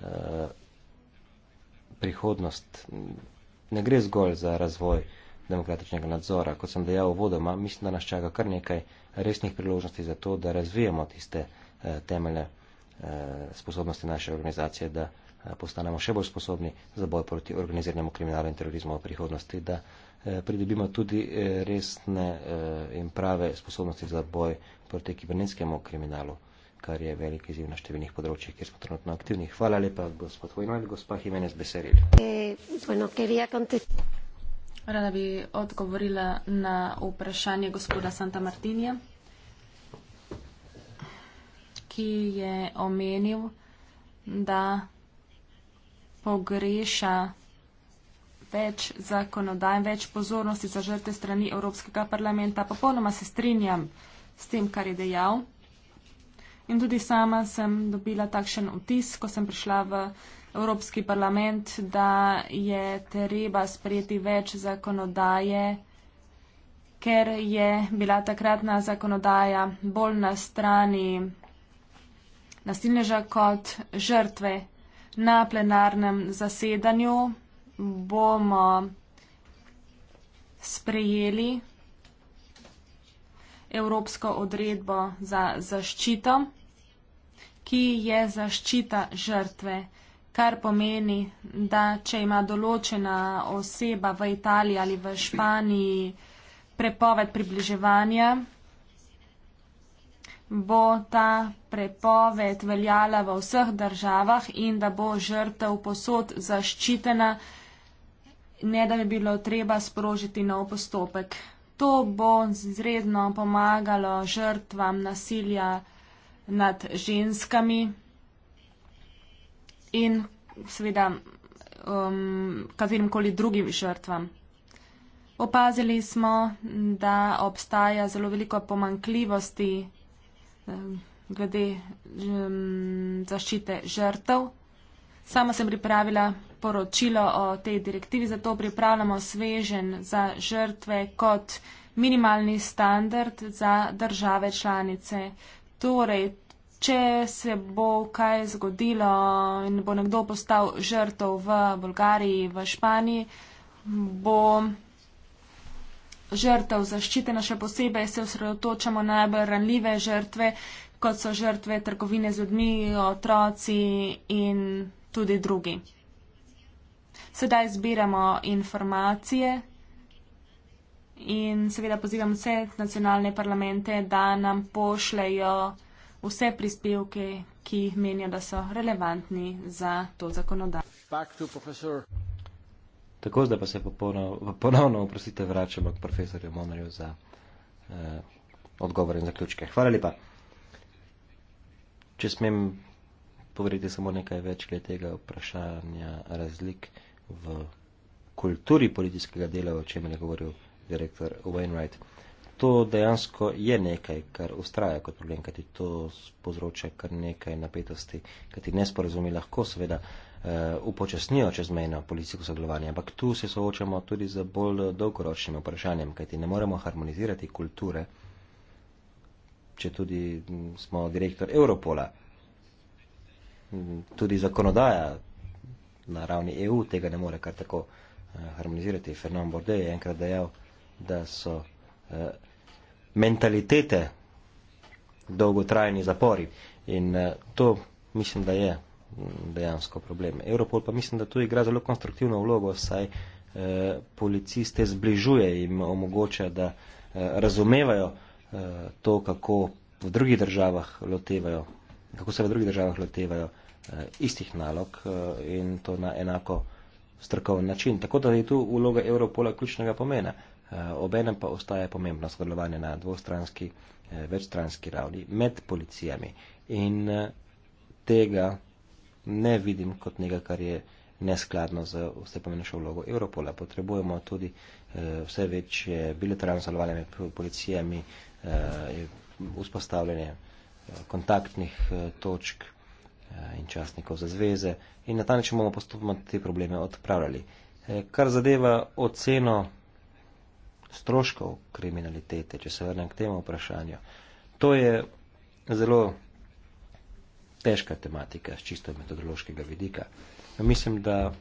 eh, prihodnost, ne gre zgolj za razvoj demokratičnega nadzora. Kot sem dejal vodoma, mislim, da nas čaka kar nekaj resnih priložnosti za to, da razvijemo tiste eh, temelje eh, sposobnosti naše organizacije, da eh, postanemo še bolj sposobni za boj proti organiziranemu kriminalu in terorizmu v prihodnosti, da eh, Eh, pridobimo tudi eh, resne eh, in prave sposobnosti za boj proti kibernetskemu kriminalu, kar je veliki izjiv na številnih področjih, kjer smo trenutno aktivni. Hvala lepa, gospod Hojnovič, gospa Jimenez Beseril. Rada bi odgovorila na vprašanje gospoda Santa Martinija, ki je omenil, da pogreša več zakonodaj, več pozornosti za žrte strani Evropskega parlamenta. Popolnoma se strinjam s tem, kar je dejal. In tudi sama sem dobila takšen vtis, ko sem prišla v Evropski parlament, da je treba sprejeti več zakonodaje, ker je bila takratna zakonodaja bolj na strani nasilneža kot žrtve. Na plenarnem zasedanju bomo sprejeli Evropsko odredbo za zaščito, ki je zaščita žrtve, kar pomeni, da če ima določena oseba v Italiji ali v Španiji prepoved približevanja, bo ta prepoved veljala v vseh državah in da bo žrtev posod zaščitena ne da bi bilo treba sprožiti nov postopek. To bo izredno pomagalo žrtvam nasilja nad ženskami in seveda um, katerim koli drugim žrtvam. Opazili smo, da obstaja zelo veliko pomankljivosti um, glede um, zaščite žrtev. Sama sem pripravila poročilo o tej direktivi, zato pripravljamo svežen za žrtve kot minimalni standard za države članice. Torej, če se bo kaj zgodilo in bo nekdo postal žrtov v Bolgariji, v Španiji, bo žrtev zaščitena še posebej, se osredotočamo najbolj ranljive žrtve, kot so žrtve trgovine z ljudmi, otroci in tudi drugi. Sedaj zbiramo informacije in seveda pozivam vse nacionalne parlamente, da nam pošlejo vse prispevke, ki menijo, da so relevantni za to zakonodajo. Tako zdaj pa se popolno, ponovno oprosite, vračamo k profesorju Monarju za eh, odgovore in zaključke. Hvala lepa. Če smem povedati samo nekaj več glede tega vprašanja razlik v kulturi političnega dela, o čem je govoril direktor Wainwright. To dejansko je nekaj, kar ustraja kot problem, kajti to povzroča kar nekaj napetosti, kajti nesporazumi lahko seveda uh, upočasnijo čezmejno politično sodelovanje, ampak tu se soočamo tudi z bolj dolgoročnim vprašanjem, kajti ne moremo harmonizirati kulture, če tudi hm, smo direktor Europola, Mhm. tudi zakonodaja na ravni EU tega ne more kar tako eh, harmonizirati. Fernand Bordet je enkrat dejal, da so eh, mentalitete dolgotrajni zapori in eh, to mislim, da je mm, dejansko problem. Europol pa mislim, da tu igra zelo konstruktivno vlogo, saj policiste zbližuje in omogoča, da razumevajo to, kako v drugih državah lotevajo, kako se v drugih državah lotevajo Eh, istih nalog eh, in to na enako strokoven način. Tako da je tu vloga Evropola ključnega pomena. Eh, obenem pa ostaje pomembno sodelovanje na dvostranski, večstranski ravni med policijami. In tega ne vidim kot nekaj, kar je neskladno z vse pomenjšo vlogo Evropola. Potrebujemo tudi vse večje bilateralno sodelovanje med policijami, vzpostavljanje kontaktnih točk, Eh, in častnikov za zveze in na ta način bomo postopoma te probleme odpravljali. Eh, kar zadeva oceno stroškov kriminalitete, če se vrnem k temu vprašanju, to je zelo težka tematika z čisto metodološkega vidika. Mislim, da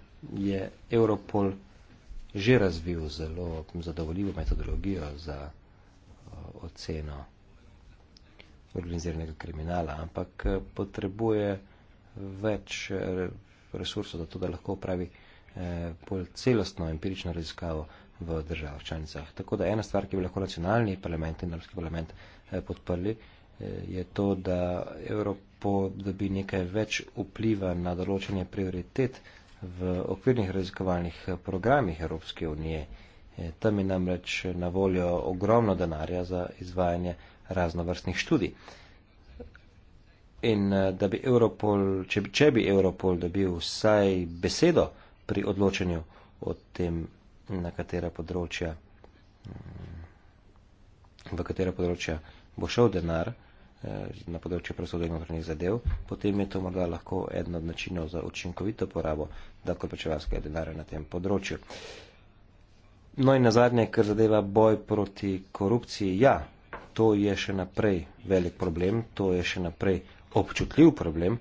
je Europol že razvil zelo zadovoljivo metodologijo za eh, oceno organiziranega kriminala, ampak potrebuje več eh, resursov, da to da lahko pravi eh, bolj celostno empirično raziskavo v državah članicah. Tako da ena stvar, ki bi lahko nacionalni parlament in Evropski parlament eh, podprli, je to, da Evropo dobi nekaj več vpliva na določenje prioritet v okvirnih raziskovalnih programih Evropske unije. Tam je namreč na voljo ogromno denarja za izvajanje raznovrstnih študij in eh, da bi Europol, če, če bi Europol dobil vsaj besedo pri odločanju o tem, na katera področja, mm, v katera področja bo šel denar, eh, na področju presode notranjih zadev, potem je to morda lahko eden od načinov za učinkovito porabo davkoplačevalskega denarja na tem področju. No in nazadnje, kar zadeva boj proti korupciji, ja, to je še naprej velik problem, to je še naprej občutljiv problem,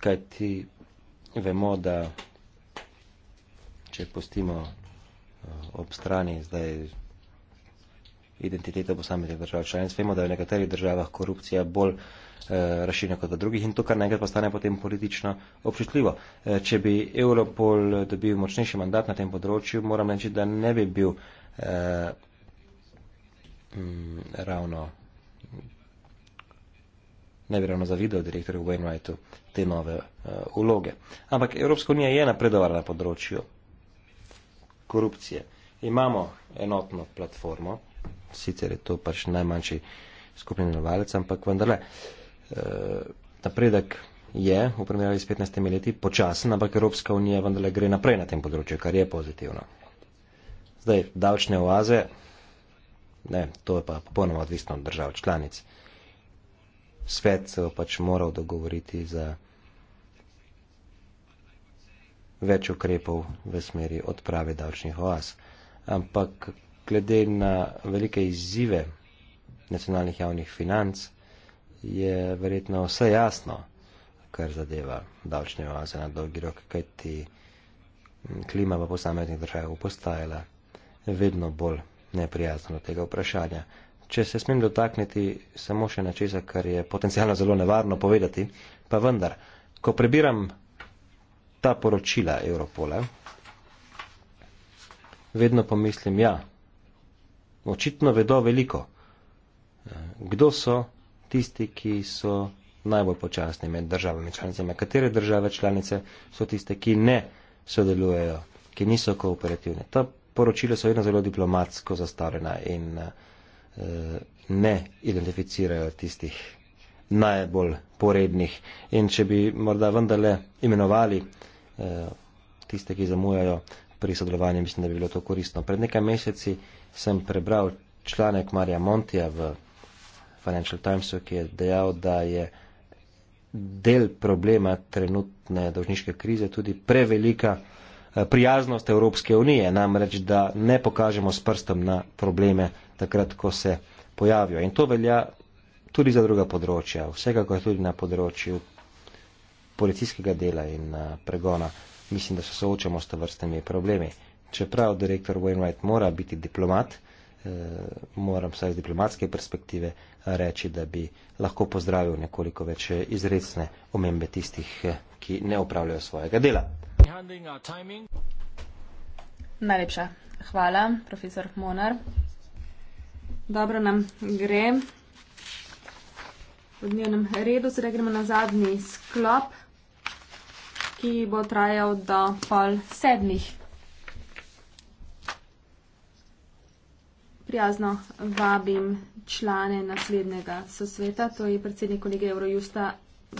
kajti vemo, da če postimo eh, ob strani zdaj identiteto posameznih držav članic, vemo, da je v nekaterih državah korupcija bolj eh, rašina kot v drugih in tukaj nekaj postane potem politično občutljivo. Eh, če bi Europol dobil močnejši mandat na tem področju, moram reči, da ne bi bil eh, m, mm, ravno ne bi ravno zavidel direktorju Wainwrightu te nove uh, eh, uloge. Ampak Evropska unija je napredovala na področju korupcije. Imamo enotno platformo, sicer je to pač najmanjši skupni novalec, ampak vendarle, uh, napredek je v primerjavi s 15 leti počasen, ampak Evropska unija vendarle gre naprej na tem področju, kar je pozitivno. Zdaj, davčne oaze, ne, to je pa popolnoma odvisno od držav članic svet se bo pač moral dogovoriti za več ukrepov v smeri odprave davčnih oaz. Ampak glede na velike izzive nacionalnih javnih financ je verjetno vse jasno, kar zadeva davčne oaze na dolgi rok, kaj ti klima v posameznih državah postajala vedno bolj neprijazno do tega vprašanja. Če se smem dotakniti samo še na česa, kar je potencijalno zelo nevarno povedati, pa vendar, ko prebiram ta poročila Europola, vedno pomislim, ja, očitno vedo veliko, eh, kdo so tisti, ki so najbolj počasni med državami članicami, katere države članice so tiste, ki ne sodelujejo, ki niso kooperativne. Ta poročila so vedno zelo diplomatsko zastavljena in uh, Eh, ne identificirajo tistih najbolj porednih. In če bi morda vendarle imenovali eh, tiste, ki zamujajo pri sodelovanju, mislim, da bi bilo to koristno. Pred nekaj meseci sem prebral članek Marija Montija v Financial Timesu, ki je dejal, da je del problema trenutne dolžniške krize tudi prevelika eh, prijaznost Evropske unije, namreč da ne pokažemo s prstom na probleme takrat, ko se pojavijo. In to velja tudi za druga področja, vsekako je tudi na področju policijskega dela in eh, pregona. Mislim, da se soočamo s to vrstnimi problemi. Čeprav direktor Wainwright mora biti diplomat, eh, moram vsaj z diplomatske perspektive reči, da bi lahko pozdravil nekoliko več eh, izredne omembe tistih, ki ne upravljajo svojega dela. Najlepša hvala, profesor Monar. Dobro nam gre v dnevnem redu, sedaj gremo na zadnji sklop, ki bo trajal do pol sedmih. Prijazno vabim člane naslednjega sosveta, to je predsednik kolege Eurojusta,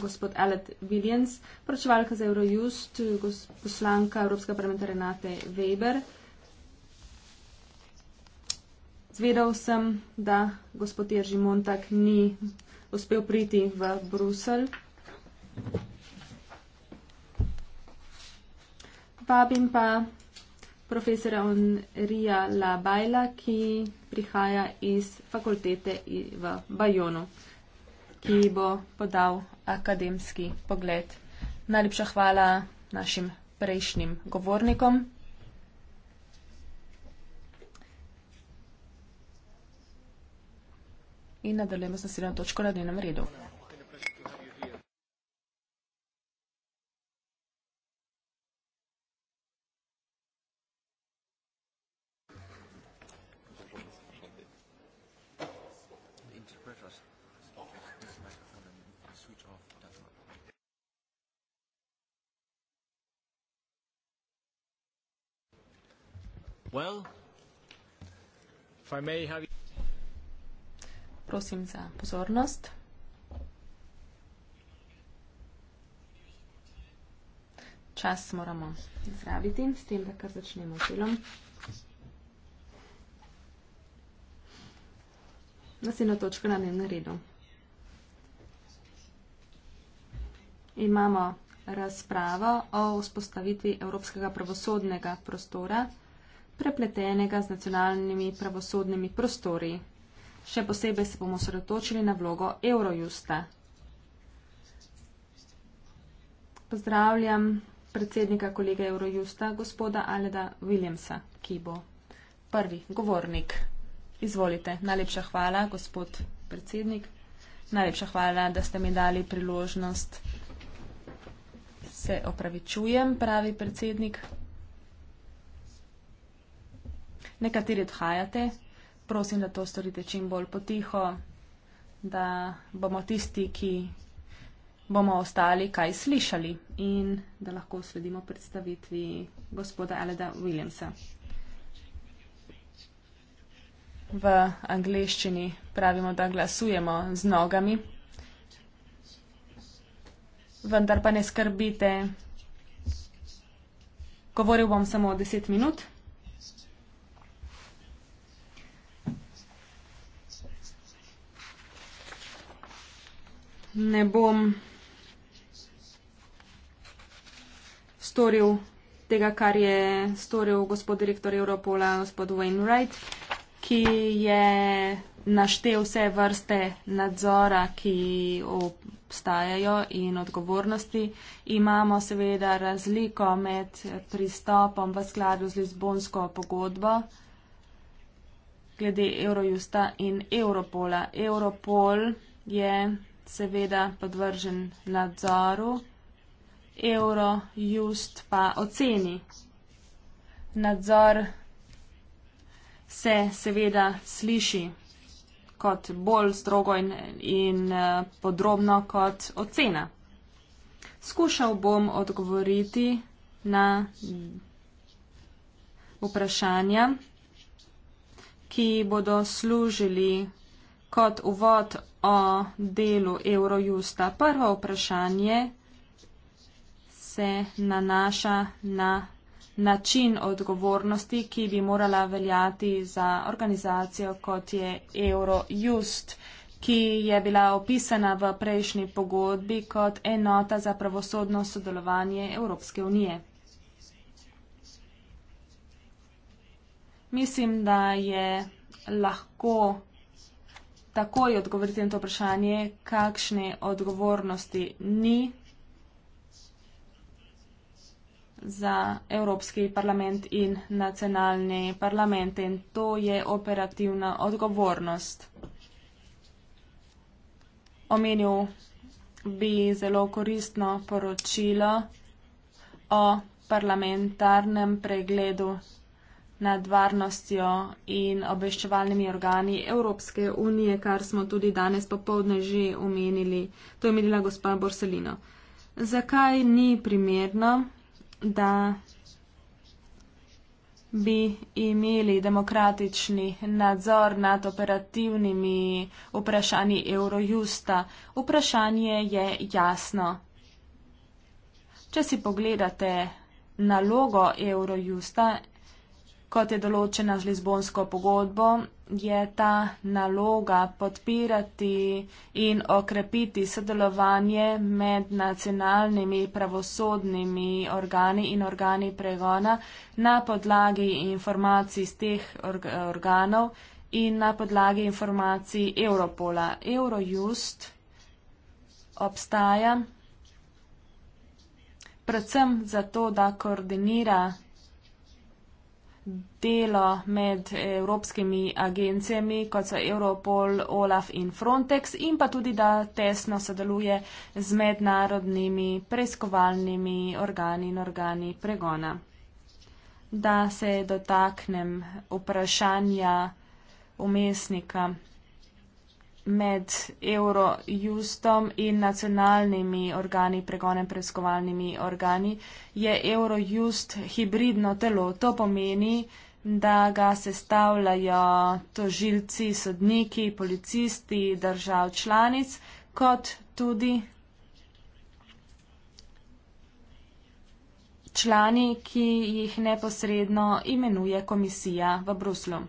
gospod Alet Williams, pročevalka za Eurojust, poslanka Evropska parlamentarna Renate Weber. Zvedel sem, da gospod Jerzy Montag ni uspel priti v Bruselj. Vabim pa profesora Onrija Labajla, ki prihaja iz fakultete v Bajonu, ki bo podal akademski pogled. Najlepša hvala našim prejšnjim govornikom. in nadaljujemo s naslednjo točko na dnevnem redu. Well, if I may have you. Prosim za pozornost. Čas moramo izrabiti s tem, da kar začnemo z delom. Naslednja točka na dnevnem redu. Imamo razpravo o vzpostavitvi Evropskega pravosodnega prostora, prepletenega z nacionalnimi pravosodnimi prostori Še posebej se bomo sredotočili na vlogo Eurojusta. Pozdravljam predsednika kolega Eurojusta, gospoda Aleda Williamsa, ki bo prvi govornik. Izvolite. Najlepša hvala, gospod predsednik. Najlepša hvala, da ste mi dali priložnost. Se opravičujem, pravi predsednik. Nekateri odhajate, prosim, da to storite čim bolj potiho, da bomo tisti, ki bomo ostali, kaj slišali in da lahko sledimo predstavitvi gospoda Aleda Williamsa. V angleščini pravimo, da glasujemo z nogami. Vendar pa ne skrbite. Govoril bom samo 10 minut. ne bom storil tega, kar je storil gospod direktor Europola, gospod Wainwright, ki je naštel vse vrste nadzora, ki obstajajo in odgovornosti. Imamo seveda razliko med pristopom v skladu z Lizbonsko pogodbo glede Eurojusta in Europola. Europol je seveda podvržen nadzoru, euro, just pa oceni. Nadzor se seveda sliši kot bolj strogo in, in eh, podrobno kot ocena. Skušal bom odgovoriti na vprašanja, ki bodo služili kot uvod o delu Eurojusta. Prvo vprašanje se nanaša na način odgovornosti, ki bi morala veljati za organizacijo, kot je Eurojust ki je bila opisana v prejšnji pogodbi kot enota za pravosodno sodelovanje Evropske unije. Mislim, da je lahko takoj odgovoriti na to vprašanje, kakšne odgovornosti ni za Evropski parlament in nacionalne parlamente. In to je operativna odgovornost. Omenil bi zelo koristno poročilo o parlamentarnem pregledu nad varnostjo in obveščevalnimi organi Evropske unije, kar smo tudi danes popovdne že omenili. To je omenila gospa Borsellino. Zakaj ni primerno, da bi imeli demokratični nadzor nad operativnimi vprašanji Eurojusta? Vprašanje je jasno. Če si pogledate nalogo Eurojusta, kot je določena z Lizbonsko pogodbo, je ta naloga podpirati in okrepiti sodelovanje med nacionalnimi pravosodnimi organi in organi pregona na podlagi informacij z teh org organov in na podlagi informacij Europola. Eurojust obstaja predvsem zato, da koordinira delo med evropskimi agencijami, kot so Europol, OLAF in Frontex, in pa tudi, da tesno sodeluje z mednarodnimi preiskovalnimi organi in organi pregona. Da se dotaknem vprašanja umestnika med Eurojustom in nacionalnimi organi, pregonem preiskovalnimi organi, je Eurojust hibridno telo. To pomeni, da ga sestavljajo tožilci, sodniki, policisti držav članic, kot tudi člani, ki jih neposredno imenuje komisija v Bruslu.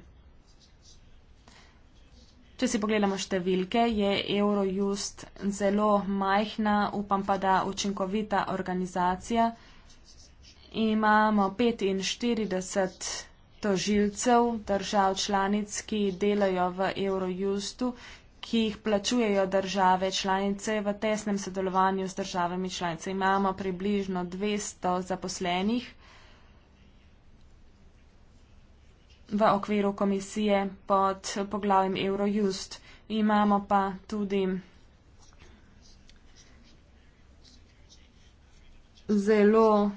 Če si pogledamo številke, je Eurojust zelo majhna, upam pa, da učinkovita organizacija. Imamo 45 tožilcev držav članic, ki delajo v Eurojustu, ki jih plačujejo države članice v tesnem sodelovanju z državami članice. Imamo približno 200 zaposlenih. v okviru komisije pod poglavjem Eurojust. Imamo pa tudi zelo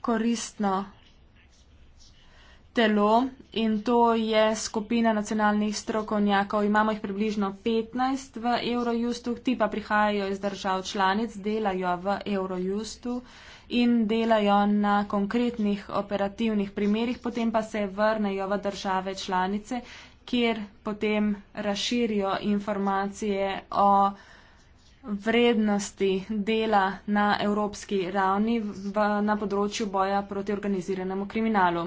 koristno telo in to je skupina nacionalnih strokovnjakov. Imamo jih približno 15 v Eurojustu, ti pa prihajajo iz držav članic, delajo v Eurojustu in delajo na konkretnih operativnih primerjih, potem pa se vrnejo v države članice, kjer potem razširijo informacije o vrednosti dela na evropski ravni v, na področju boja proti organiziranemu kriminalu.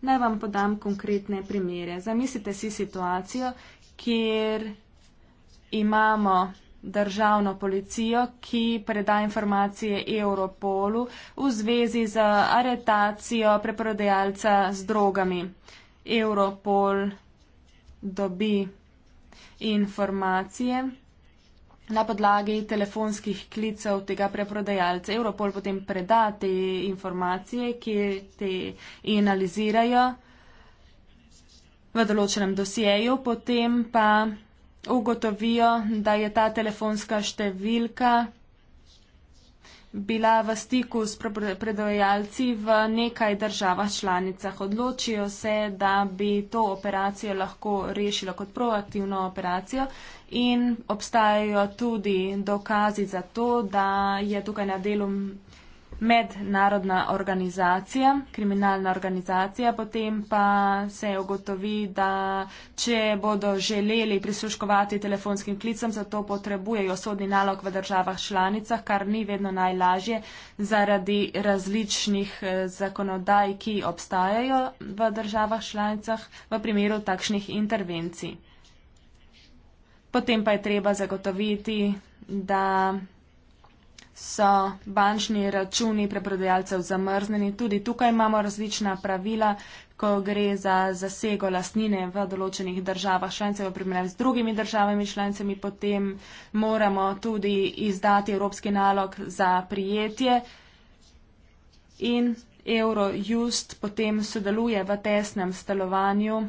Naj vam podam konkretne primere. Zamislite si situacijo, kjer imamo državno policijo, ki preda informacije Europolu v zvezi z aretacijo preprodajalca z drogami. Europol dobi informacije na podlagi telefonskih klicev tega preprodajalca. Europol potem preda te informacije, ki te analizirajo v določenem dosjeju, potem pa ugotovijo, da je ta telefonska številka bila v stiku s predvajalci v nekaj državah članicah. Odločijo se, da bi to operacijo lahko rešilo kot proaktivno operacijo in obstajajo tudi dokazi za to, da je tukaj na delu mednarodna organizacija, kriminalna organizacija, potem pa se je ugotovi, da če bodo želeli prisluškovati telefonskim klicem, zato potrebujejo sodni nalog v državah članicah, kar ni vedno najlažje zaradi različnih eh, zakonodaj, ki obstajajo v državah članicah v primeru takšnih intervencij. Potem pa je treba zagotoviti, da so bančni računi preprodajalcev zamrzneni. Tudi tukaj imamo različna pravila, ko gre za zasego lastnine v določenih državah članice, v primerjavi z drugimi državami članicami, potem moramo tudi izdati evropski nalog za prijetje. In Eurojust potem sodeluje v tesnem stalovanju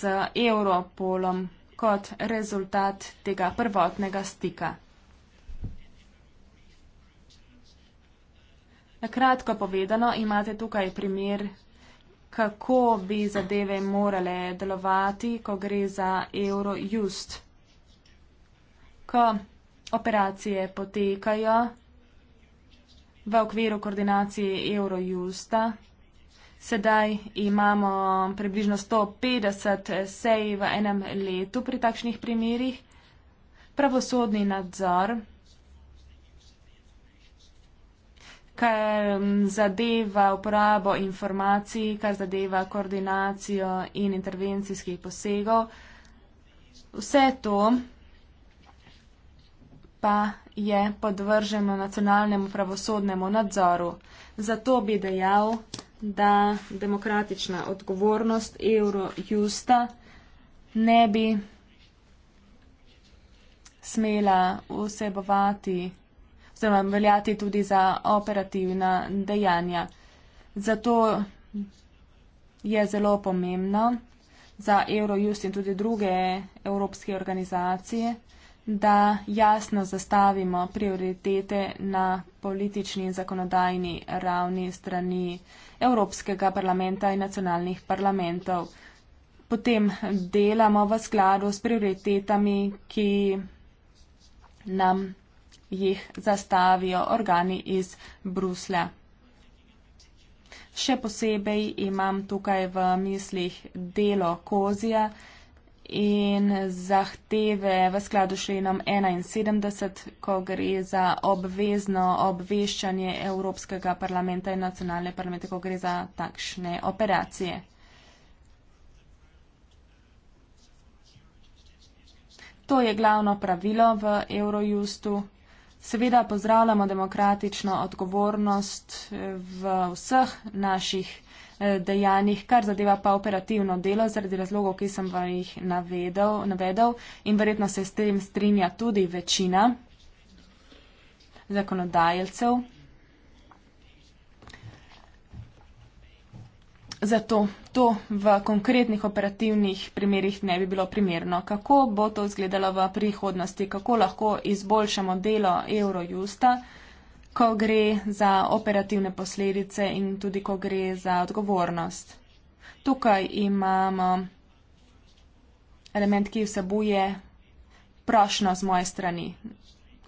z Europolom kot rezultat tega prvotnega stika. Na kratko povedano, imate tukaj primer, kako bi zadeve morale delovati, ko gre za Eurojust. Ko operacije potekajo v okviru koordinacije Eurojusta, sedaj imamo približno 150 sej v enem letu pri takšnih primerih, pravosodni nadzor. kar zadeva uporabo informacij, kar zadeva koordinacijo in intervencijskih posegov. Vse to pa je podvrženo nacionalnemu pravosodnemu nadzoru. Zato bi dejal, da demokratična odgovornost Eurojusta ne bi smela vsebovati veljati tudi za operativna dejanja. Zato je zelo pomembno za Eurojust in tudi druge evropske organizacije, da jasno zastavimo prioritete na politični in zakonodajni ravni strani Evropskega parlamenta in nacionalnih parlamentov. Potem delamo v skladu s prioritetami, ki nam jih zastavijo organi iz Bruslja. Še posebej imam tukaj v mislih delo Kozija in zahteve v skladu s členom 71, ko gre za obvezno obveščanje Evropskega parlamenta in nacionalne parlamente, ko gre za takšne operacije. To je glavno pravilo v Eurojustu Seveda pozdravljamo demokratično odgovornost eh, v vseh naših eh, dejanjih, kar zadeva pa operativno delo zaradi razlogov, ki sem vam jih navedel, navedel in verjetno se s tem strinja tudi večina zakonodajalcev. Zato to v konkretnih operativnih primerjih ne bi bilo primerno. Kako bo to izgledalo v prihodnosti, kako lahko izboljšamo delo Eurojusta, ko gre za operativne posledice in tudi ko gre za odgovornost. Tukaj imamo element, ki vsebuje prošnjo z moje strani.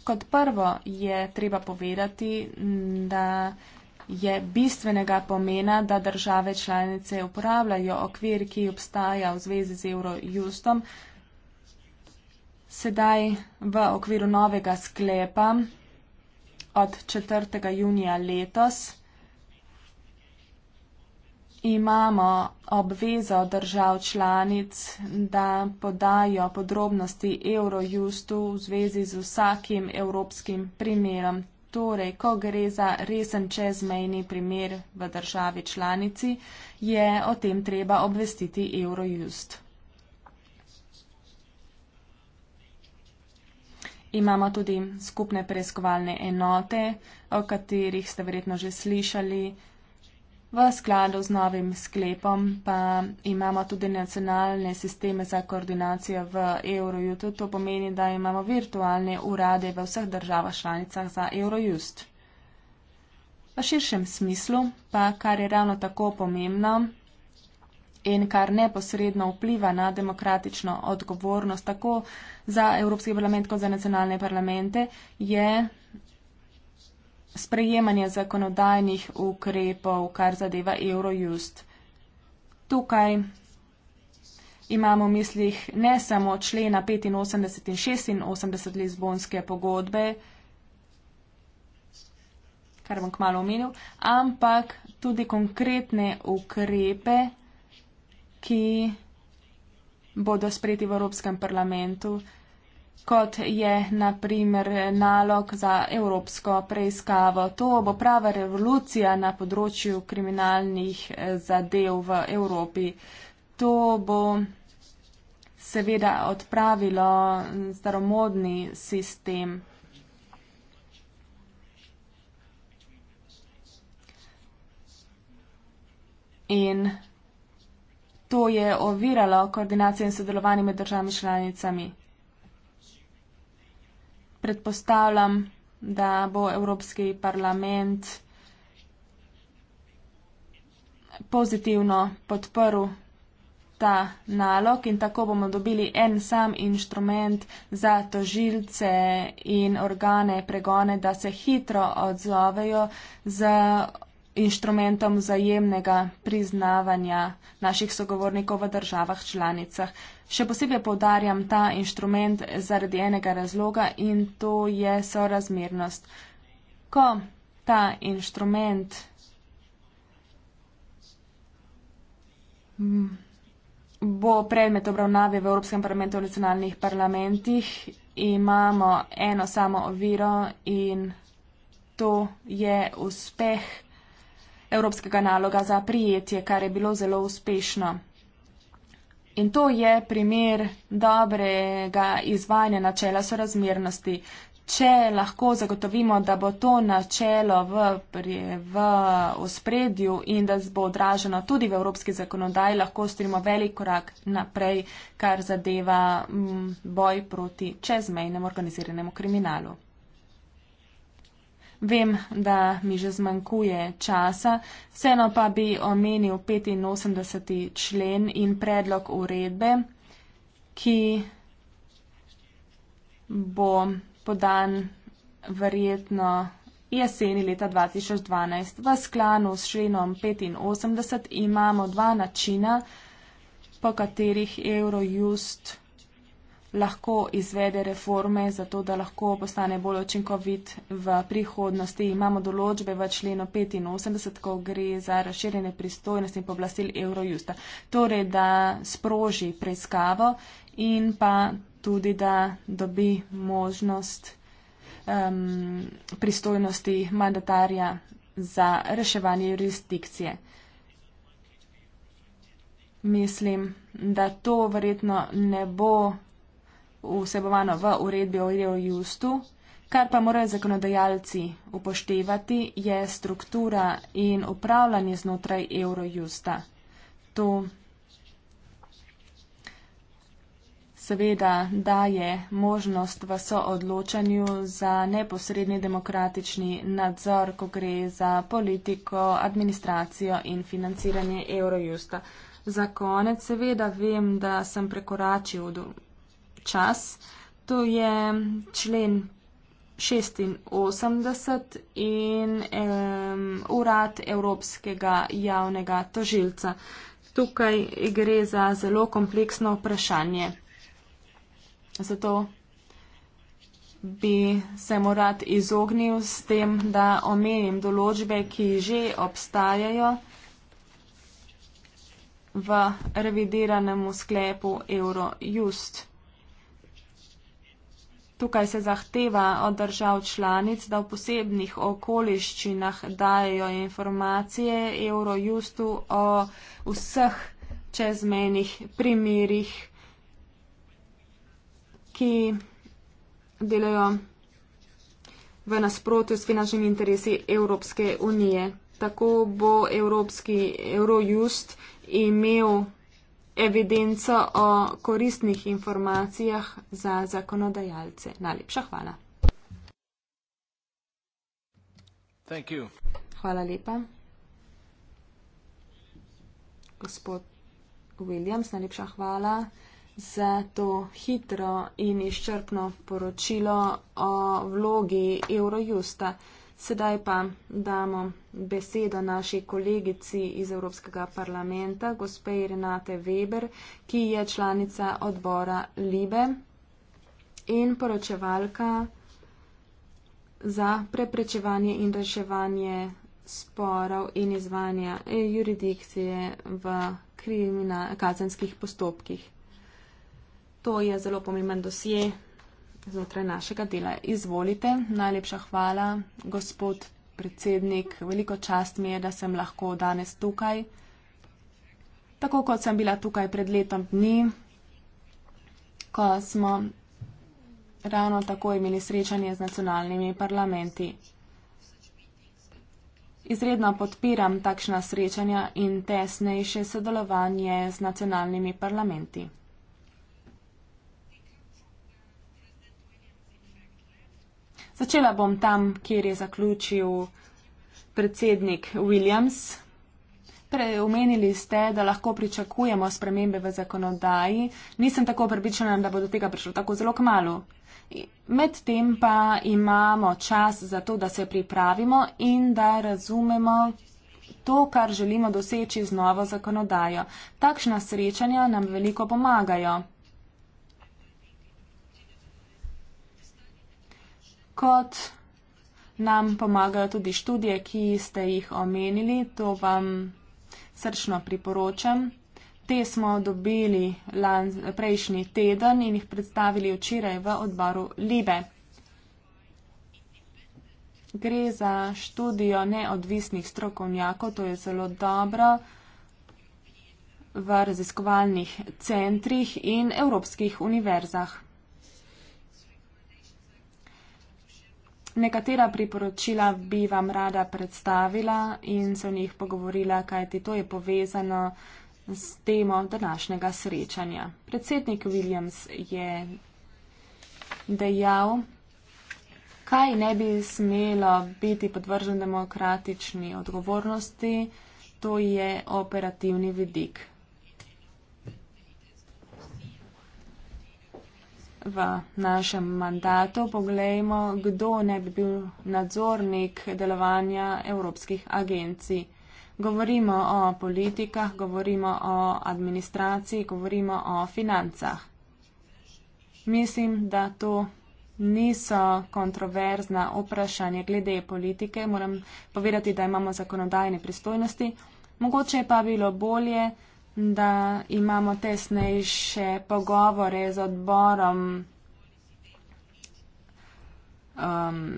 Kot prvo je treba povedati, da je bistvenega pomena, da države članice uporabljajo okvir, ki obstaja v zvezi z Eurojustom. Sedaj v okviru novega sklepa od 4. junija letos imamo obvezo držav članic, da podajo podrobnosti Eurojustu v zvezi z vsakim evropskim primerom. Torej, ko gre za resen čezmejni primer v državi članici, je o tem treba obvestiti Eurojust. Imamo tudi skupne preiskovalne enote, o katerih ste verjetno že slišali, V skladu z novim sklepom pa imamo tudi nacionalne sisteme za koordinacijo v Eurojutu. To pomeni, da imamo virtualne urade v vseh državah članicah za Eurojust. V širšem smislu pa, kar je ravno tako pomembno in kar neposredno vpliva na demokratično odgovornost tako za Evropski parlament kot za nacionalne parlamente, je sprejemanje zakonodajnih ukrepov, kar zadeva Eurojust. Tukaj imamo v mislih ne samo člena 85 in 86 Lizbonske pogodbe, kar bom kmalo omenil, ampak tudi konkretne ukrepe, ki bodo spreti v Evropskem parlamentu kot je na primer nalog za evropsko preiskavo. To bo prava revolucija na področju kriminalnih eh, zadev v Evropi. To bo seveda odpravilo mm, staromodni sistem. In to je oviralo koordinacijo in sodelovanje med državami članicami predpostavljam, da bo Evropski parlament pozitivno podprl ta nalog in tako bomo dobili en sam inštrument za tožilce in organe pregone, da se hitro odzovejo z inštrumentom zajemnega priznavanja naših sogovornikov v državah članicah. Še posebej povdarjam ta inštrument zaradi enega razloga in to je sorazmernost. Ko ta inštrument mm, bo predmet obravnave v Evropskem parlamentu in nacionalnih parlamentih, imamo eno samo oviro in to je uspeh evropskega naloga za prijetje, kar je bilo zelo uspešno. In to je primer dobrega izvajanja načela sorazmernosti. Če lahko zagotovimo, da bo to načelo v, v ospredju in da bo odraženo tudi v evropski zakonodaji, lahko strimo velik korak naprej, kar zadeva mm, boj proti čezmejnemu organiziranemu kriminalu. Vem, da mi že zmanjkuje časa, vseeno pa bi omenil 85. člen in predlog uredbe, ki bo podan verjetno jeseni leta 2012. V sklanu s členom 85 imamo dva načina, po katerih Eurojust lahko izvede reforme, zato da lahko postane bolj očinkovit v prihodnosti. Imamo določbe v členu 85, ko gre za razširjene pristojnosti in poblastil Eurojusta. Torej, da sproži preiskavo in pa tudi, da dobi možnost um, pristojnosti mandatarja za reševanje jurisdikcije. Mislim, da to verjetno ne bo vsebovano v uredbi o Eurojustu. Kar pa morajo zakonodajalci upoštevati, je struktura in upravljanje znotraj Eurojusta. To seveda daje možnost v soodločanju za neposredni demokratični nadzor, ko gre za politiko, administracijo in financiranje Eurojusta. Za konec seveda vem, da sem prekoračil čas. To je člen 86 in um, urad Evropskega javnega tožilca. Tukaj gre za zelo kompleksno vprašanje. Zato bi se morat izognil s tem, da omenim določbe, ki že obstajajo v revidiranem sklepu Eurojust. Tukaj se zahteva od držav članic, da v posebnih okoliščinah dajo informacije Eurojustu o vseh čezmenih primirih, ki delajo v nasprotju s finančnimi interesi Evropske unije. Tako bo Evropski Eurojust imel evidenco o koristnih informacijah za zakonodajalce. Najlepša hvala. Hvala lepa. Gospod Williams, najlepša hvala za to hitro in izčrpno poročilo o vlogi Eurojusta. Sedaj pa damo besedo naši kolegici iz Evropskega parlamenta, gospe Renate Weber, ki je članica odbora Libe in poročevalka za preprečevanje in reševanje sporov in izvanja eh, juridikcije v kazenskih postopkih. To je zelo pomemben dosje znotraj našega dela. Izvolite, najlepša hvala, gospod predsednik. Veliko čast mi je, da sem lahko danes tukaj. Tako kot sem bila tukaj pred letom dni, ko smo ravno tako imeli srečanje z nacionalnimi parlamenti. Izredno podpiram takšna srečanja in tesnejše sodelovanje z nacionalnimi parlamenti. Začela bom tam, kjer je zaključil predsednik Williams. Preomenili ste, da lahko pričakujemo spremembe v zakonodaji. Nisem tako prepričana, da bo do tega prišlo tako zelo k malu. Medtem pa imamo čas za to, da se pripravimo in da razumemo to, kar želimo doseči z novo zakonodajo. Takšna srečanja nam veliko pomagajo. kot nam pomagajo tudi študije, ki ste jih omenili, to vam srčno priporočam. Te smo dobili prejšnji teden in jih predstavili včeraj v odboru Libe. Gre za študijo neodvisnih strokovnjakov, to je zelo dobro v raziskovalnih centrih in evropskih univerzah. Nekatera priporočila bi vam rada predstavila in se v njih pogovorila, kajti to je povezano s temo današnjega srečanja. Predsednik Williams je dejal, kaj ne bi smelo biti podvržen demokratični odgovornosti, to je operativni vidik. v našem mandatu. Poglejmo, kdo ne bi bil nadzornik delovanja evropskih agencij. Govorimo o politikah, govorimo o administraciji, govorimo o financah. Mislim, da to niso kontroverzna vprašanja glede politike. Moram povedati, da imamo zakonodajne pristojnosti. Mogoče pa bilo bolje, da imamo tesnejše pogovore z odborom, um,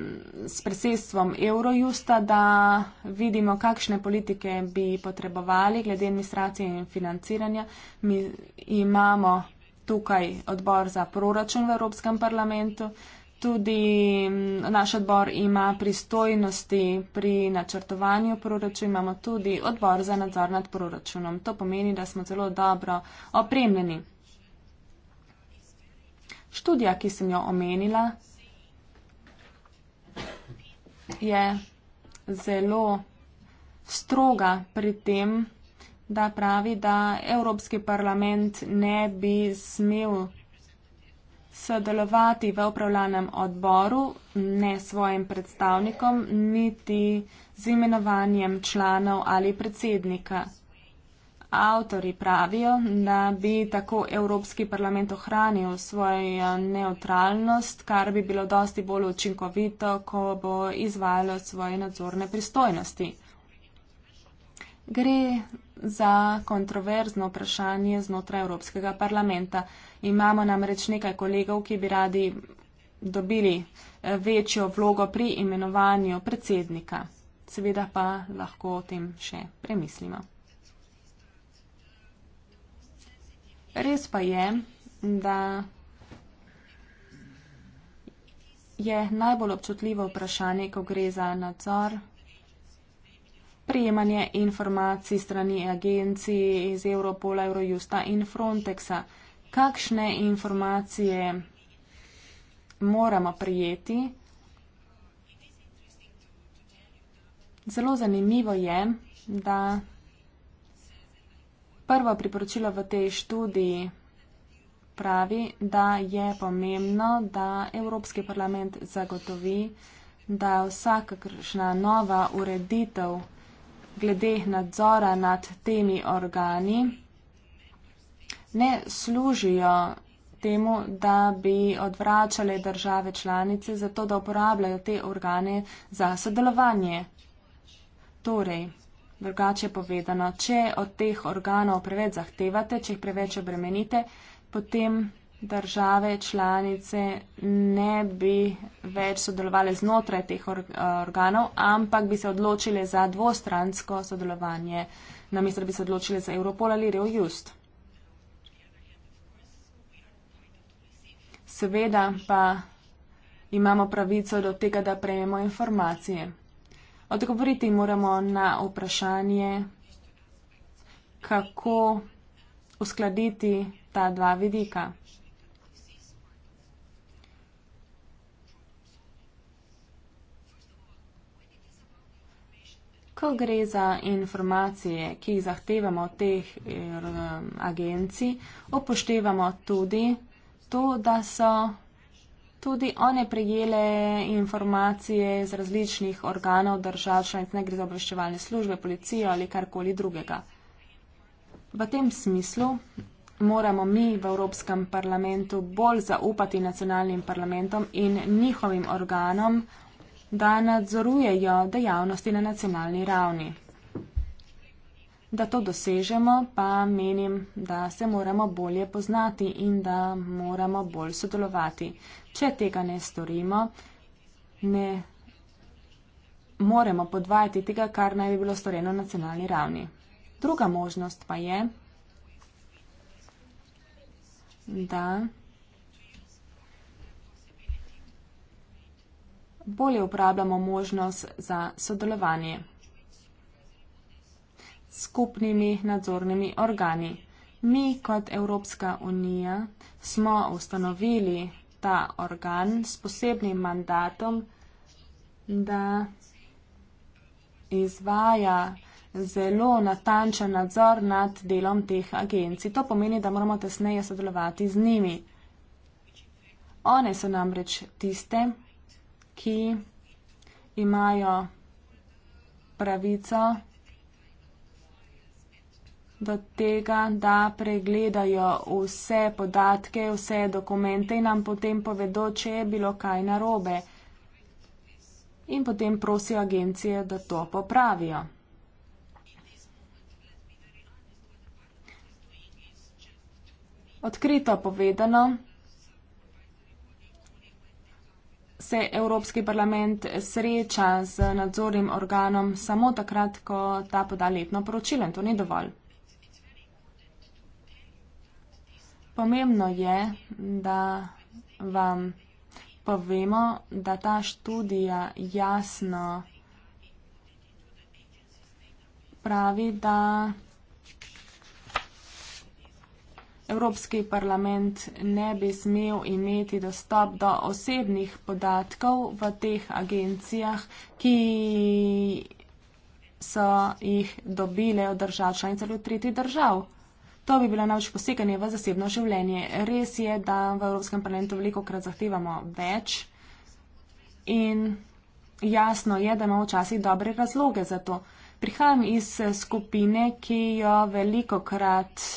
s predsedstvom Eurojusta, da vidimo, kakšne politike bi potrebovali glede administracije in financiranja. Mi imamo tukaj odbor za proračun v Evropskem parlamentu tudi mm, naš odbor ima pristojnosti pri načrtovanju proračuna, imamo tudi odbor za nadzor nad proračunom. To pomeni, da smo zelo dobro opremljeni. Študija, ki sem jo omenila, je zelo stroga pri tem, da pravi, da Evropski parlament ne bi smel sodelovati v upravljanem odboru, ne s svojim predstavnikom, niti z imenovanjem članov ali predsednika. Avtori pravijo, da bi tako Evropski parlament ohranil svojo neutralnost, kar bi bilo dosti bolj učinkovito, ko bo izvajalo svoje nadzorne pristojnosti. Gre za kontroverzno vprašanje znotraj Evropskega parlamenta. Imamo namreč nekaj kolegov, ki bi radi dobili eh, večjo vlogo pri imenovanju predsednika. Seveda pa lahko o tem še premislimo. Res pa je, da je najbolj občutljivo vprašanje, ko gre za nadzor prijemanje informacij strani agencij iz Europola, Eurojusta in Frontexa. Kakšne informacije moramo prijeti? Zelo zanimivo je, da prvo priporočilo v tej študiji pravi, da je pomembno, da Evropski parlament zagotovi, da vsakakršna nova ureditev glede nadzora nad temi organi ne služijo temu, da bi odvračale države članice za to, da uporabljajo te organe za sodelovanje. Torej, drugače povedano, če od teh organov preveč zahtevate, če jih preveč obremenite, potem države članice ne bi več sodelovali znotraj teh organov, ampak bi se odločili za dvostransko sodelovanje, namesto da bi se odločili za Europol ali Reojust. Seveda pa imamo pravico do tega, da prejemo informacije. Odgovoriti moramo na vprašanje, kako uskladiti ta dva vidika. Ko gre za informacije, ki jih zahtevamo od teh er, um, agencij, upoštevamo tudi to, da so tudi one prijele informacije iz različnih organov držav, članic ne gre za obveščevalne službe, policijo ali karkoli drugega. V tem smislu moramo mi v Evropskem parlamentu bolj zaupati nacionalnim parlamentom in njihovim organom, da nadzorujejo dejavnosti na nacionalni ravni. Da to dosežemo, pa menim, da se moramo bolje poznati in da moramo bolj sodelovati. Če tega ne storimo, ne moremo podvajati tega, kar naj bi bilo storjeno na nacionalni ravni. Druga možnost pa je, da bolje uporabljamo možnost za sodelovanje. Skupnimi nadzornimi organi. Mi kot Evropska unija smo ustanovili ta organ s posebnim mandatom, da izvaja zelo natančen nadzor nad delom teh agencij. To pomeni, da moramo tesneje sodelovati z njimi. One so namreč tiste, ki so ki imajo pravico do tega, da pregledajo vse podatke, vse dokumente in nam potem povedo, če je bilo kaj narobe. In potem prosijo agencije, da to popravijo. Odkrito povedano, se Evropski parlament sreča z nadzornim organom samo takrat, ko ta poda letno poročilo in to ni dovolj. Pomembno je, da vam povemo, da ta študija jasno pravi, da Evropski parlament ne bi smel imeti dostop do osebnih podatkov v teh agencijah, ki so jih dobile od držav članic ali od tretjih držav. To bi bilo največ poseganje v zasebno življenje. Res je, da v Evropskem parlamentu veliko krat zahtevamo več in jasno je, da imamo včasih dobre razloge za to. Prihajam iz skupine, ki jo veliko krat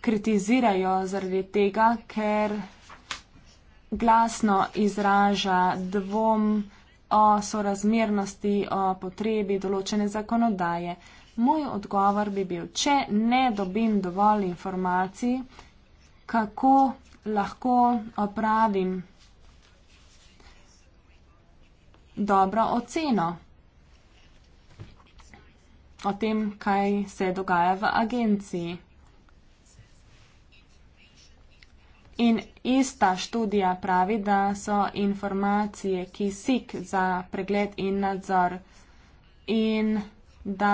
kritizirajo zaradi tega, ker glasno izraža dvom o sorazmernosti, o potrebi določene zakonodaje. Moj odgovor bi bil, če ne dobim dovolj informacij, kako lahko opravim dobro oceno o tem, kaj se dogaja v agenciji. In ista študija pravi, da so informacije, ki sik za pregled in nadzor in da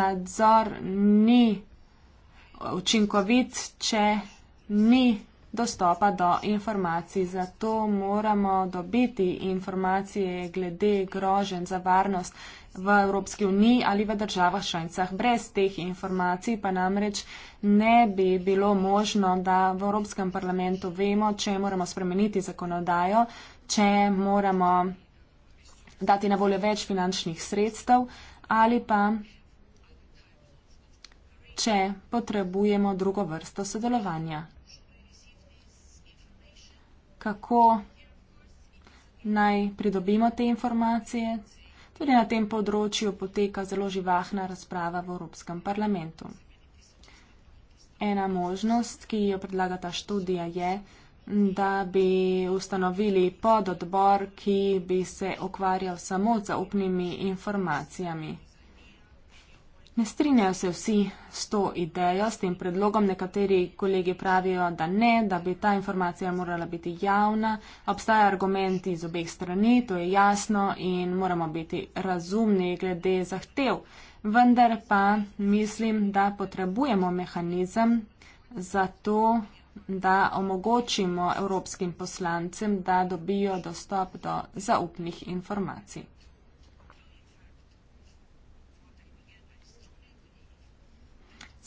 nadzor ni učinkovit, če ni dostopa do informacij. Zato moramo dobiti informacije glede grožen za varnost v Evropski uniji ali v državah šencah. Brez teh informacij pa namreč ne bi bilo možno, da v Evropskem parlamentu vemo, če moramo spremeniti zakonodajo, če moramo dati na voljo več finančnih sredstev ali pa če potrebujemo drugo vrsto sodelovanja. Kako naj pridobimo te informacije, Tudi na tem področju poteka zelo živahna razprava v Evropskem parlamentu. Ena možnost, ki jo predlaga ta študija, je, da bi ustanovili pododbor, ki bi se ukvarjal samo z zaupnimi informacijami. Ne strinjajo se vsi s to idejo, s tem predlogom. Nekateri kolegi pravijo, da ne, da bi ta informacija morala biti javna. Obstaja argument iz obeh strani, to je jasno in moramo biti razumni glede zahtev. Vendar pa mislim, da potrebujemo mehanizem za to, da omogočimo evropskim poslancem, da dobijo dostop do zaupnih informacij.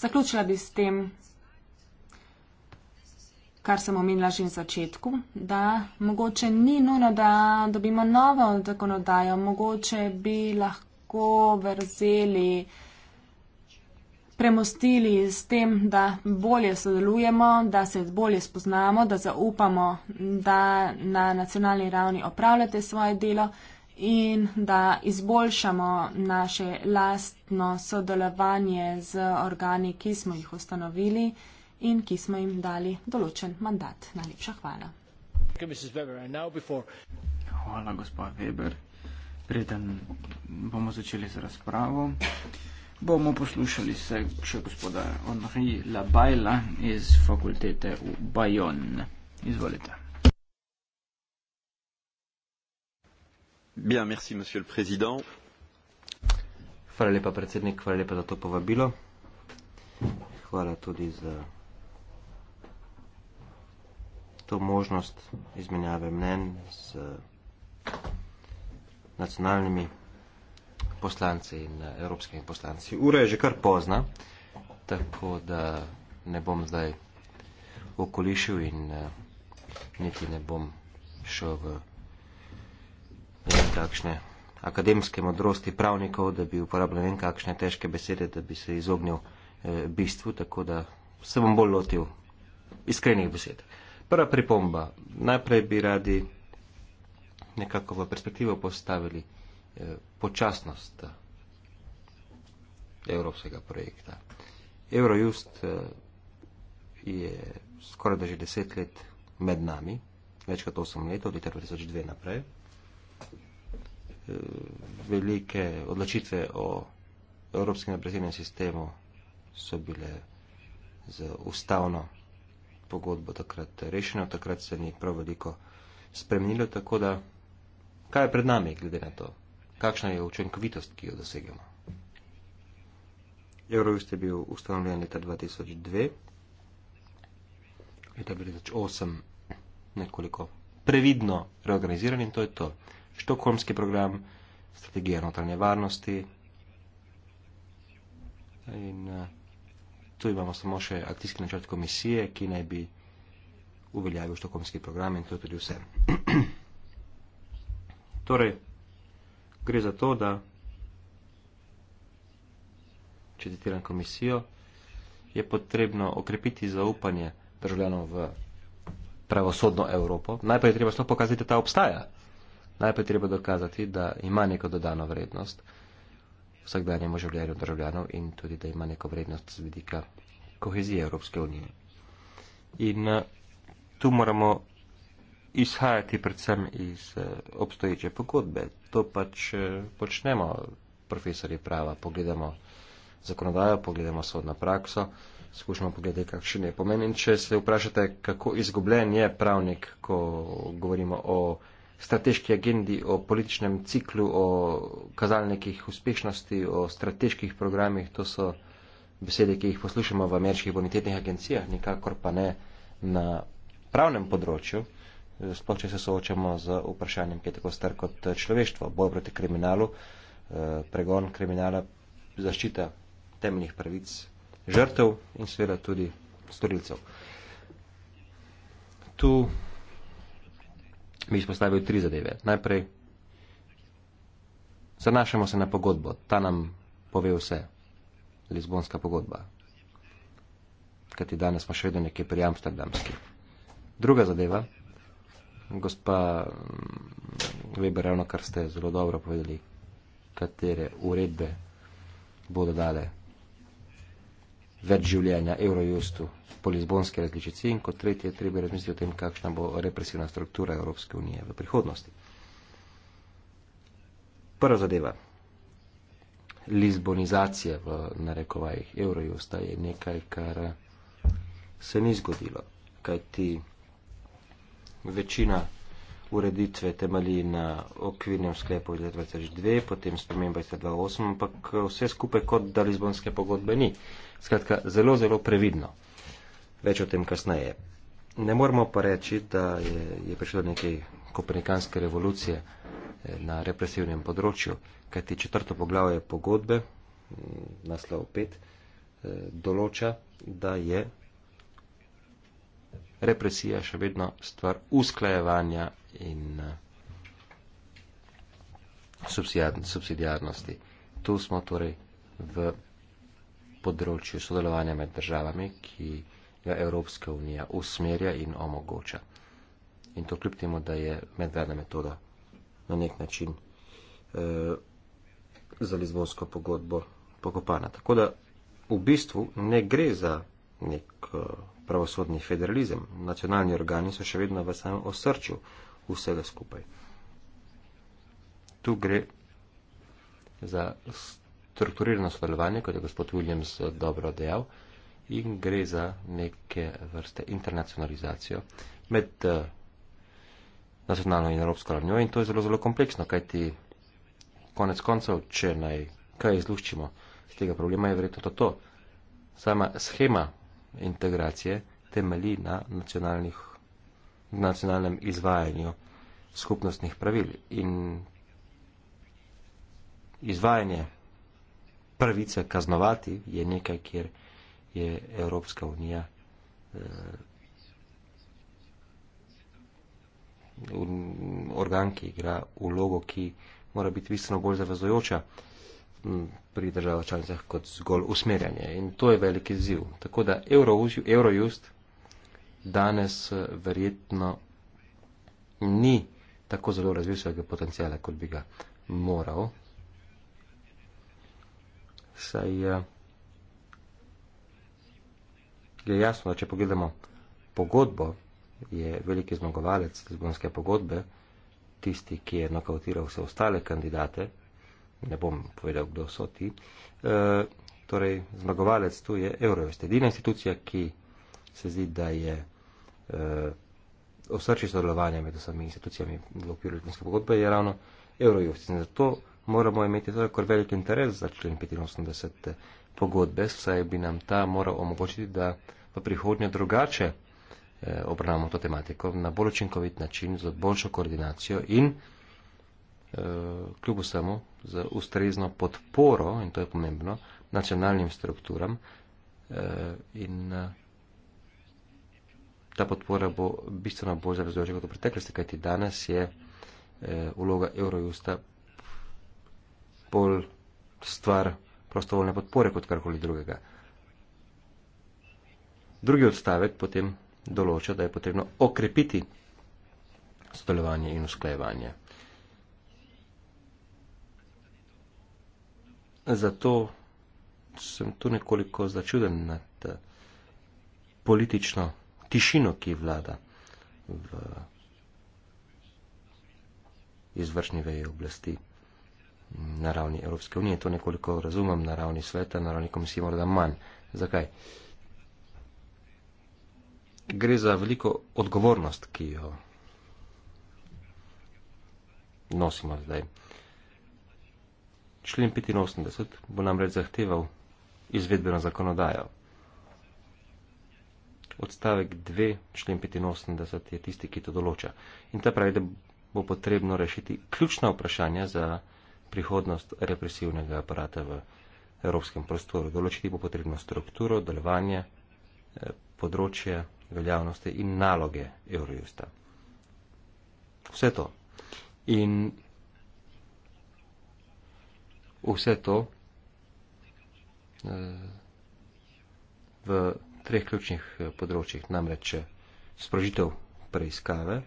Zaključila bi s tem, kar sem omenila že na začetku, da mogoče ni nujno, da dobimo novo zakonodajo, mogoče bi lahko vrzeli, premostili s tem, da bolje sodelujemo, da se bolje spoznamo, da zaupamo, da na nacionalni ravni opravljate svoje delo in da izboljšamo naše lastno sodelovanje z organi, ki smo jih ustanovili in ki smo jim dali določen mandat. Najlepša hvala. Hvala, gospa Weber. Preden bomo začeli z razpravo, bomo poslušali se še gospoda Henri Labajla iz fakultete v Bajon. Izvolite. Bien, merci, monsieur le président. Hvala lepa, predsednik, hvala lepa za to povabilo. Hvala tudi za to možnost izmenjave mnen z nacionalnimi poslanci in eh, evropskimi poslanci. Ura je že kar pozna, tako da ne bom zdaj okolišil in eh, niti ne bom šel v ne vem kakšne akademske modrosti pravnikov, da bi uporabljal ne vem kakšne težke besede, da bi se izognil eh, bistvu, tako da se bom bolj lotil iskrenih besed. Prva pripomba. Najprej bi radi nekako v perspektivo postavili eh, počasnost eh, evropskega projekta. Eurojust eh, je skoraj da že deset let med nami, več kot osem let, od leta 2002 naprej velike odločitve o evropskem napredenem sistemu so bile z ustavno pogodbo takrat rešeno, takrat se ni prav veliko spremenilo, tako da kaj je pred nami, glede na to? Kakšna je učinkovitost, ki jo dosegamo? Eurojust je bil ustanovljen leta 2002, leta 2008 nekoliko previdno reorganiziran in to je to štokholmski program, strategija notranje varnosti. In uh, tu imamo samo še akcijski načrt komisije, ki naj bi uveljavil štokholmski program in to je tudi vse. torej, gre za to, da, če citiram komisijo, je potrebno okrepiti zaupanje državljanov v pravosodno Evropo. Najprej je treba sploh pokazati, da ta obstaja. Najprej treba dokazati, da ima neko dodano vrednost vsakdanjemu življenju državljanov in tudi, da ima neko vrednost z vidika kohezije Evropske unije. In eh, tu moramo izhajati predvsem iz eh, obstoječe pogodbe. To pač eh, počnemo, profesori prava, pogledamo zakonodajo, pogledamo sodno prakso, skušamo pogledati, kakšen je pomen. In če se vprašate, kako izgubljen je pravnik, ko govorimo o strateški agendi, o političnem ciklu, o kazalnikih uspešnosti, o strateških programih, to so besede, ki jih poslušamo v ameriških bonitetnih agencijah, nikakor pa ne na pravnem področju, sploh če se soočamo z vprašanjem, ki je tako star kot človeštvo, boj proti kriminalu, eh, pregon kriminala, zaščita temeljnih pravic žrtev in seveda tudi storilcev. Tu mi izpostavil tri zadeve. Najprej, zanašamo se na pogodbo, ta nam pove vse, Lizbonska pogodba, kajti danes smo še vedno nekje pri Amsterdamski. Druga zadeva, gospa mm, Weber, ravno kar ste zelo dobro povedali, katere uredbe bodo dale več življenja, Eurojustu, po Lizbonski različici in kot tretje treba razmisliti o tem, kakšna bo represivna struktura Evropske unije v prihodnosti. Prva zadeva. Lizbonizacija v narekovajih Eurojusta je nekaj, kar se ni zgodilo, kajti večina ureditve temelji na okvirnem sklepu iz leta 2002, potem sprememba iz leta 2008, ampak eh, vse skupaj kot da Lizbonske pogodbe ni. Skratka, zelo, zelo previdno. Več o tem kasneje. Ne moramo pa reči, da je, je prišlo do neke kopernikanske revolucije eh, na represivnem področju, kajti četrto poglavje pogodbe, mm, naslov 5, eh, določa, da je represija še vedno stvar usklajevanja in eh, subsidijarnosti. Tu smo torej v področju sodelovanja med državami, ki ga Evropska unija usmerja in omogoča. In to kljub temu, da je medvedna metoda na nek način eh, za Lizbonsko pogodbo pokopana. Tako da v bistvu ne gre za nek eh, pravosodni federalizem. Nacionalni organi so še vedno v samem osrčju vsega skupaj. Tu gre za strukturirano sodelovanje, kot je gospod Williams dobro dejal, in gre za neke vrste internacionalizacijo med eh, nacionalno in evropsko ravnjo in to je zelo, zelo kompleksno, kajti konec koncev, če naj kaj izluščimo z tega problema, je verjetno to to. Sama schema integracije temelji na nacionalnih v nacionalnem izvajanju skupnostnih pravil. In izvajanje prvice kaznovati je nekaj, kjer je Evropska unija eh, organ, ki igra vlogo, ki mora biti bistveno bolj zavezojoča mm, pri državah članicah kot zgolj usmerjanje. In to je veliki ziv. Tako da Eurojust Euro danes eh, verjetno ni tako zelo razvijega potencijala, kot bi ga moral. Saj eh, je jasno, da če pogledamo pogodbo, je veliki zmagovalec Lizbonske pogodbe, tisti, ki je nokautiral vse ostale kandidate, ne bom povedal, kdo so ti, e, torej zmagovalec tu je Eurovest, edina institucija, ki se zdi, da je uh, eh, osrči sodelovanja med vsemi institucijami v okviru ljudinske pogodbe je ravno Eurojust. In zato moramo imeti torej velik interes za člen 85. Eh, pogodbe, saj bi nam ta moral omogočiti, da v prihodnje drugače uh, eh, obravnamo to tematiko na bolj učinkovit način, z boljšo koordinacijo in kljub vsemu z ustrezno podporo, in to je pomembno, nacionalnim strukturam in ta podpora bo bistveno bolj zavezujoča kot v preteklosti, kajti danes je eh, vloga Eurojusta bolj stvar prostovoljne podpore kot karkoli drugega. Drugi odstavek potem določa, da je potrebno okrepiti sodelovanje in usklajevanje. Zato sem tu nekoliko začuden nad eh, politično tišino, ki vlada v izvršni veji oblasti na ravni Evropske unije. To nekoliko razumem na ravni sveta, na ravni komisije morda manj. Zakaj? Gre za veliko odgovornost, ki jo nosimo zdaj. Člen 85 bo namreč zahteval izvedbeno zakonodajo odstavek 2, člen 85 je tisti, ki to določa. In ta pravi, da bo potrebno rešiti ključna vprašanja za prihodnost represivnega aparata v evropskem prostoru. Določiti bo potrebno strukturo, delovanje, eh, področje veljavnosti in naloge Eurojusta. Vse to. In vse to eh, v treh ključnih eh, področjih, namreč eh, sprožitev preiskave,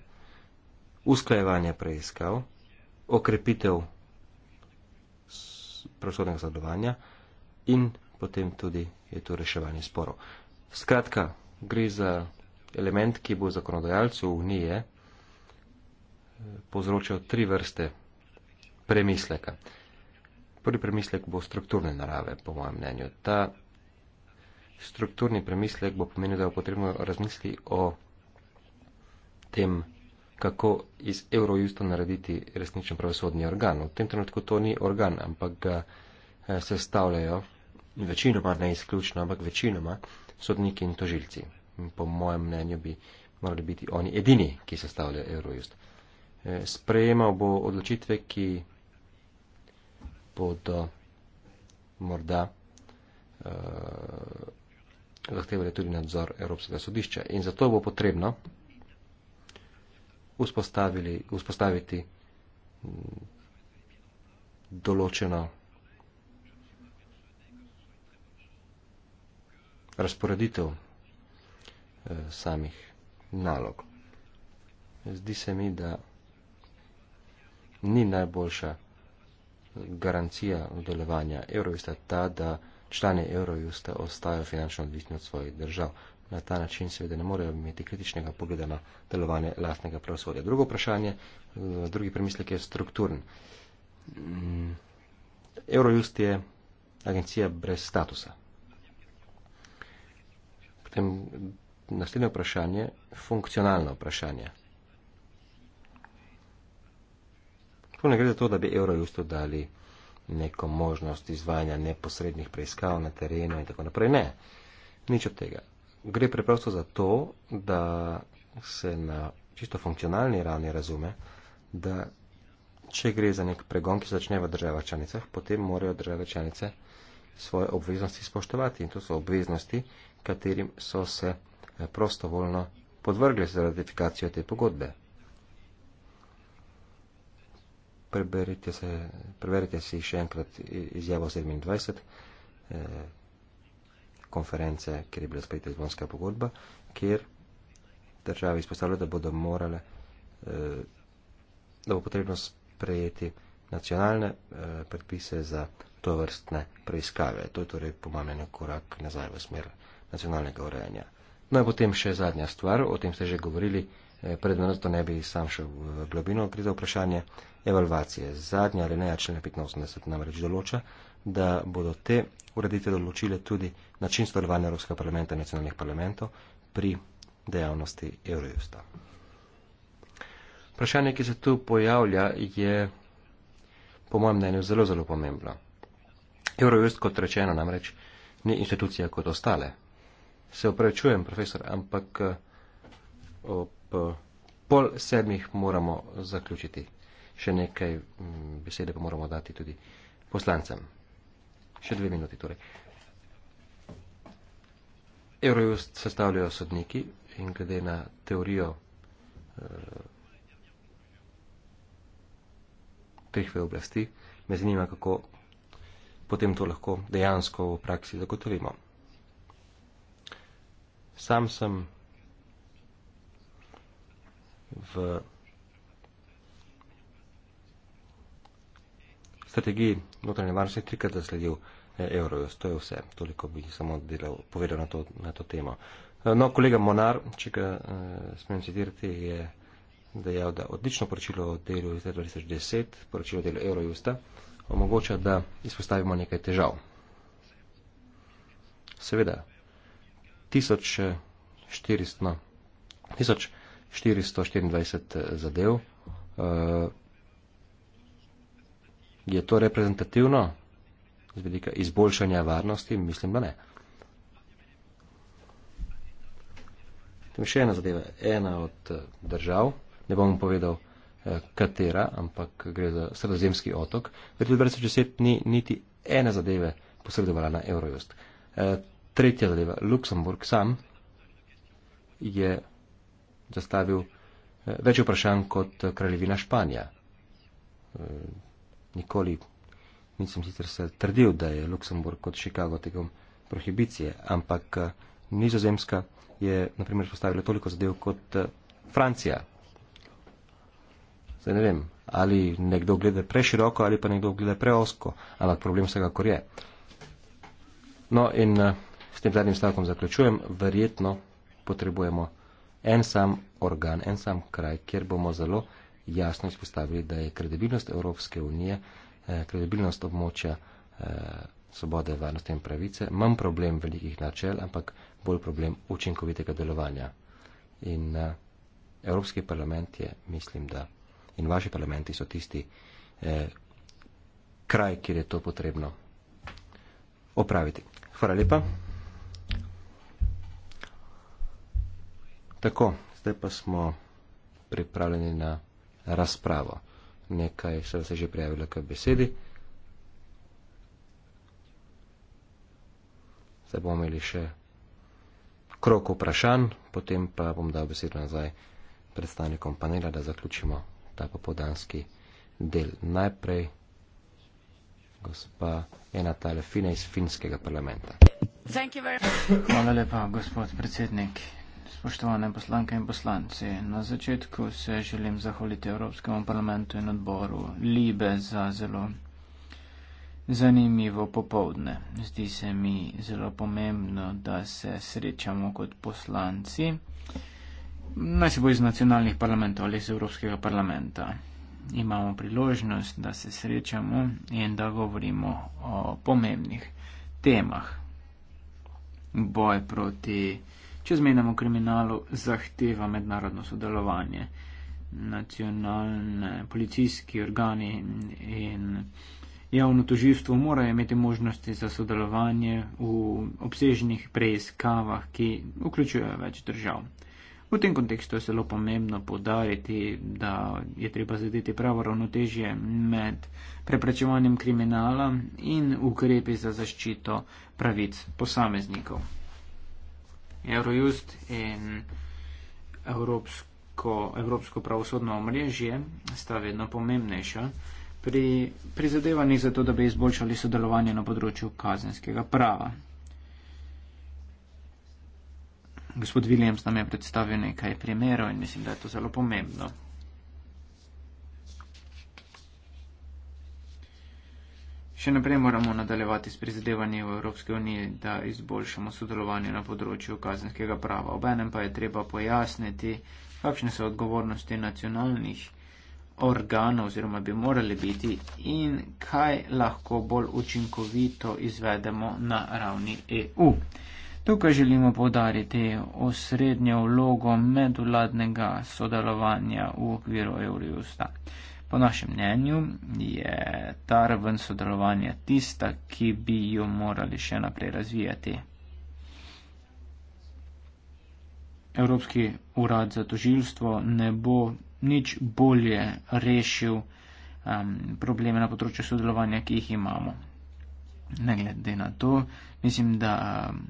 usklajevanje preiskav, okrepitev pravsodnega zadovanja in potem tudi je to reševanje sporov. Skratka, gre za element, ki bo zakonodajalcu Unije eh, povzročal tri vrste premisleka. Prvi premislek bo strukturne narave, po mojem mnenju. Ta strukturni premislek bo pomenil, da bo potrebno razmisli o tem, kako iz Eurojusta narediti resničen pravosodni organ. V tem trenutku to ni organ, ampak ga eh, sestavljajo večinoma, ne izključno, ampak večinoma sodniki in tožilci. Po mojem mnenju bi morali biti oni edini, ki sestavljajo Eurojust. Eh, sprejemal bo odločitve, ki bodo morda eh, zahtevali tudi nadzor Evropskega sodišča. In zato bo potrebno vzpostaviti mm, določeno razporeditev eh, samih nalog. Zdi se mi, da ni najboljša garancija delovanja Eurovista ta, da člani Eurojusta ostajo finančno odvisni od svojih držav. Na ta način seveda ne morejo imeti kritičnega pogleda na delovanje lastnega pravosodja. Drugo vprašanje, eh, drugi premislek je strukturen. Mm, Eurojust je agencija brez statusa. Potem naslednje vprašanje, funkcionalno vprašanje. Tu ne gre za to, da bi Eurojustu dali neko možnost izvajanja neposrednih preiskav na terenu in tako naprej. Ne, nič od tega. Gre preprosto za to, da se na čisto funkcionalni ravni razume, da če gre za nek pregon, ki se začne v državah članicah, potem morajo države članice svoje obveznosti spoštovati. In to so obveznosti, katerim so se eh, prostovoljno podvrgli za ratifikacijo te pogodbe. preberite se, preverite si še enkrat izjavo 27 eh, konference, kjer je bila sprejeta izbonska pogodba, kjer države izpostavljajo, da bodo morale, eh, da bo potrebno sprejeti nacionalne eh, predpise za to vrstne preiskave. To je torej pomamljeno korak nazaj v smer nacionalnega urejanja. No in potem še zadnja stvar, o tem ste že govorili, eh, Eh, Predno zato ne bi sam šel v globino, gre za vprašanje evalvacije. Zadnja ali neja člena 85 namreč določa, da bodo te ureditve določile tudi način sodelovanja Evropskega parlamenta in nacionalnih parlamentov pri dejavnosti Eurojusta. Vprašanje, ki se tu pojavlja, je po mojem mnenju zelo, zelo pomembno. Eurojust, kot rečeno, namreč ni institucija kot ostale. Se upravičujem, profesor, ampak eh, Eh, pol sedmih moramo zaključiti. Še nekaj mm, besede pa moramo dati tudi poslancem. Še dve minuti torej. Eurojust sestavljajo sodniki in glede na teorijo teh ve oblasti, me zanima, kako potem to lahko dejansko v praksi zagotovimo. Sam sem v strategiji notranje varnosti trikrat zasledil eh, Eurojust. To je vse. Toliko bi samo delal, povedal na to, na to temo. Eh, no, kolega Monar, če ga uh, smem citirati, je dejal, da odlično poročilo o delu iz 2010, poročilo o delu Eurojusta, omogoča, da izpostavimo nekaj težav. Seveda, 1400, 1400, 424 eh, zadev. Eh, je to reprezentativno z vidika izboljšanja varnosti? Mislim, da ne. Tem še ena zadeva. Ena od eh, držav, ne bom povedal katera, ampak gre za sredozemski otok, v 2010 ni niti ene zadeve posredovala na Eurojust. Tretja zadeva, Luksemburg sam je zastavil eh, več vprašanj kot eh, kraljevina Španija. Eh, nikoli nisem sicer se trdil, da je Luksemburg kot Chicago tekom prohibicije, ampak nizozemska je naprimer postavila toliko zadev kot Francija. Zdaj ne vem, ali nekdo gleda preširoko ali pa nekdo gleda preosko, ampak problem vsega kor je. No in s tem zadnjim stavkom zaključujem, verjetno potrebujemo en sam organ, en sam kraj, kjer bomo zelo jasno izpostavili, da je kredibilnost Evropske unije, eh, kredibilnost območja eh, svobode, varnosti in pravice, manj problem velikih načel, ampak bolj problem učinkovitega delovanja. In eh, Evropski parlament je, mislim, da in vaši parlamenti so tisti kraj, kjer je to potrebno opraviti. Hvala lepa. Tako, zdaj pa smo pripravljeni na razpravo. Nekaj se je že prijavilo k besedi. Zdaj bomo imeli še krok vprašanj, potem pa bom dal besedo nazaj predstavnikom panela, da zaključimo ta popodanski del. Najprej gospa Ena Talefina iz finskega parlamenta. Hvala lepa, gospod predsednik spoštovane poslanke in poslanci. Na začetku se želim zahvaliti Evropskemu parlamentu in odboru Libe za zelo zanimivo popovdne. Zdi se mi zelo pomembno, da se srečamo kot poslanci, naj se bo iz nacionalnih parlamentov ali iz Evropskega parlamenta. Imamo priložnost, da se srečamo in da govorimo o pomembnih temah. Boj proti čezmejnemu kriminalu zahteva mednarodno sodelovanje. Nacionalne policijski organi in javno toživstvo morajo imeti možnosti za sodelovanje v obsežnih preiskavah, ki vključujejo več držav. V tem kontekstu je zelo pomembno podariti, da je treba zadeti pravo ravnotežje med preprečevanjem kriminala in ukrepi za zaščito pravic posameznikov. Eurojust in Evropsko, Evropsko pravosodno omrežje sta vedno pomembnejša pri prizadevanjih za to, da bi izboljšali sodelovanje na področju kazenskega prava. Gospod Williams nam je predstavil nekaj primerov in mislim, da je to zelo pomembno. Še naprej moramo nadaljevati s prizadevanji v Evropske unije, da izboljšamo sodelovanje na področju kazenskega prava. Obenem pa je treba pojasniti, kakšne so odgovornosti nacionalnih organov oziroma bi morali biti in kaj lahko bolj učinkovito izvedemo na ravni EU. Tukaj želimo podariti osrednjo vlogo medvladnega sodelovanja v okviru Eurojusta. Po našem mnenju je ta raven sodelovanja tista, ki bi jo morali še naprej razvijati. Evropski urad za tožilstvo ne bo nič bolje rešil um, probleme na področju sodelovanja, ki jih imamo. Ne glede na to, mislim, da um,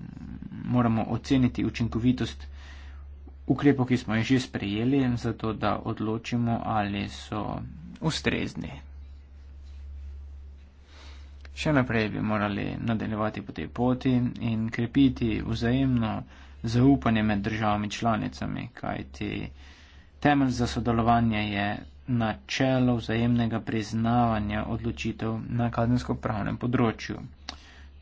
moramo oceniti učinkovitost ukrepov, ki smo jih že sprejeli, zato da odločimo, ali so ustrezni. Še naprej bi morali nadaljevati po tej poti in krepiti vzajemno zaupanje med državami članicami, kajti temelj za sodelovanje je načelo vzajemnega priznavanja odločitev na kazensko pravnem področju.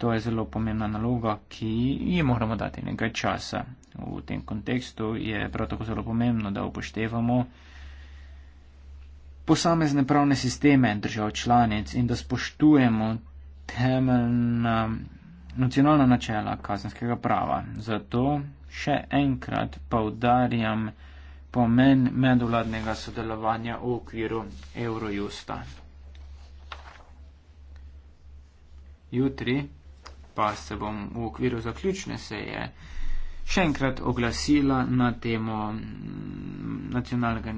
To je zelo pomembna naloga, ki ji moramo dati nekaj časa. V tem kontekstu je prav tako zelo pomembno, da upoštevamo, posamezne pravne sisteme držav članic in da spoštujemo temeljna nacionalna načela kazenskega prava. Zato še enkrat povdarjam pomen medvladnega sodelovanja v okviru Eurojusta. Jutri pa se bom v okviru zaključne seje še enkrat oglasila na temo mm, nacionalnega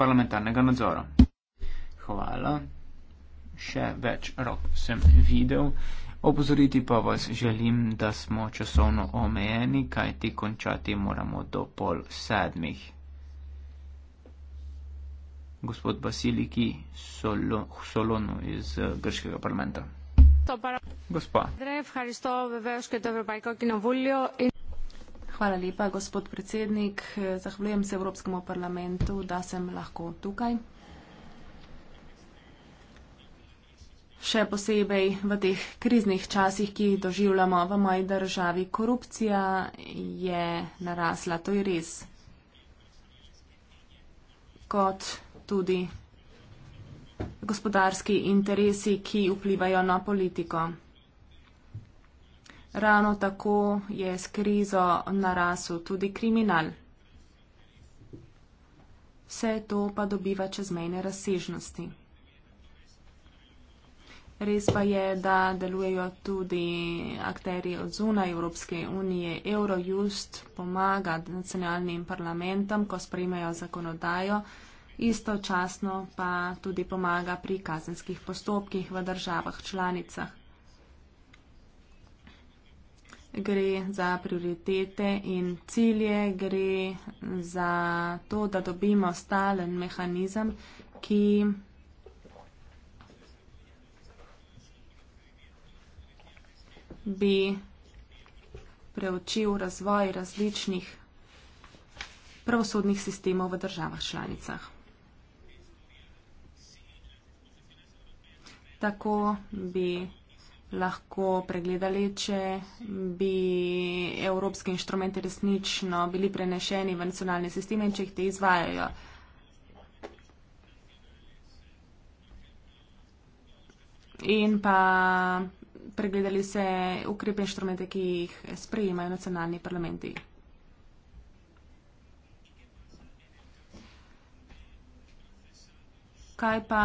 parlamentarnega nadzora. Hvala. Še več rok sem videl. Opozoriti pa vas želim, da smo časovno omejeni, kajti končati moramo do pol sedmih. Gospod Basiliki Solonu iz Grškega parlamenta. Gospa. Hvala lepa, gospod predsednik. Zahvaljujem se Evropskemu parlamentu, da sem lahko tukaj. Še posebej v teh kriznih časih, ki jih doživljamo v moji državi, korupcija je narasla, to je res. Kot tudi gospodarski interesi, ki vplivajo na politiko. Ravno tako je s krizo narasel tudi kriminal. Vse to pa dobiva čezmejne razsežnosti. Res pa je, da delujejo tudi akteri od zunaj Evropske unije. Eurojust pomaga nacionalnim parlamentom, ko sprejmejo zakonodajo, istočasno pa tudi pomaga pri kazenskih postopkih v državah članicah gre za prioritete in cilje, gre za to, da dobimo stalen mehanizem, ki bi preučil razvoj različnih pravosodnih sistemov v državah članicah. Tako bi lahko pregledali, če bi evropski inštrumenti resnično bili prenešeni v nacionalne sisteme in če jih te izvajajo. In pa pregledali se ukrepe inštrumente, ki jih sprejemajo nacionalni parlamenti. Kaj pa,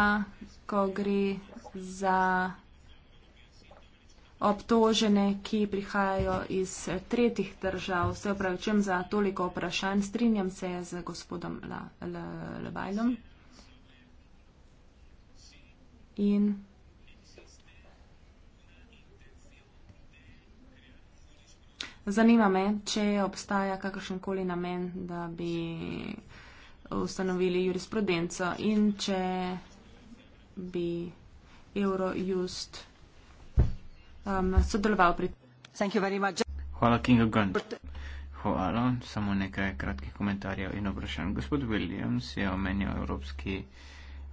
ko gre za obtožene, ki prihajajo iz tretjih držav. Se upravičujem za toliko vprašanj. Strinjam se z gospodom Levajlom. In zanima me, če obstaja kakršenkoli namen, da bi ustanovili jurisprudenco in če bi Eurojust Um, sodeloval pri. Hvala, King of Guns. Hvala, samo nekaj kratkih komentarjev in vprašanj. Gospod Williams je omenil evropski,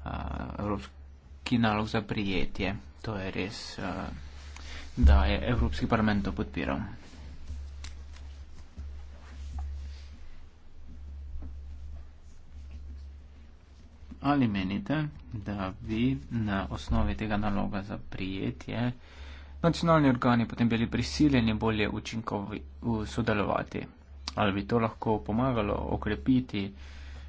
uh, evropski nalog za prijetje. To je res, uh, da je Evropski parlament to podpiral. Ali menite, da bi na osnovi tega naloga za prijetje nacionalni organi potem bili prisiljeni bolje učinkovi sodelovati. Ali bi to lahko pomagalo okrepiti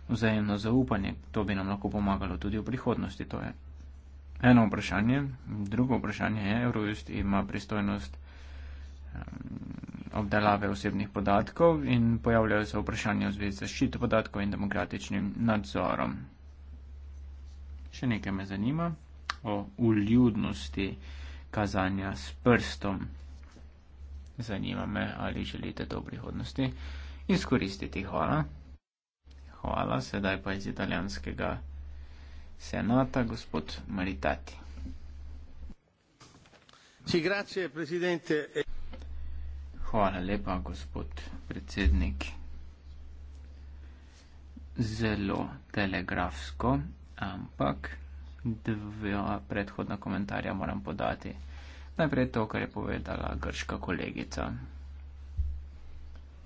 vzajemno zaupanje, to bi nam lahko pomagalo tudi v prihodnosti. To je eno vprašanje. Drugo vprašanje je, Eurojust ima pristojnost ehm, obdelave osebnih podatkov in pojavljajo se vprašanja v zvezi z zaščito podatkov in demokratičnim nadzorom. Še nekaj me zanima o uljudnosti. Uh, kazanja s prstom. Zanima me, ali želite do prihodnosti izkoristiti. Hvala. Hvala, sedaj pa iz italijanskega senata, gospod Maritati. Hvala lepa, gospod predsednik. Zelo telegrafsko, ampak dva predhodna komentarja moram podati. Najprej to, kar je povedala grška kolegica.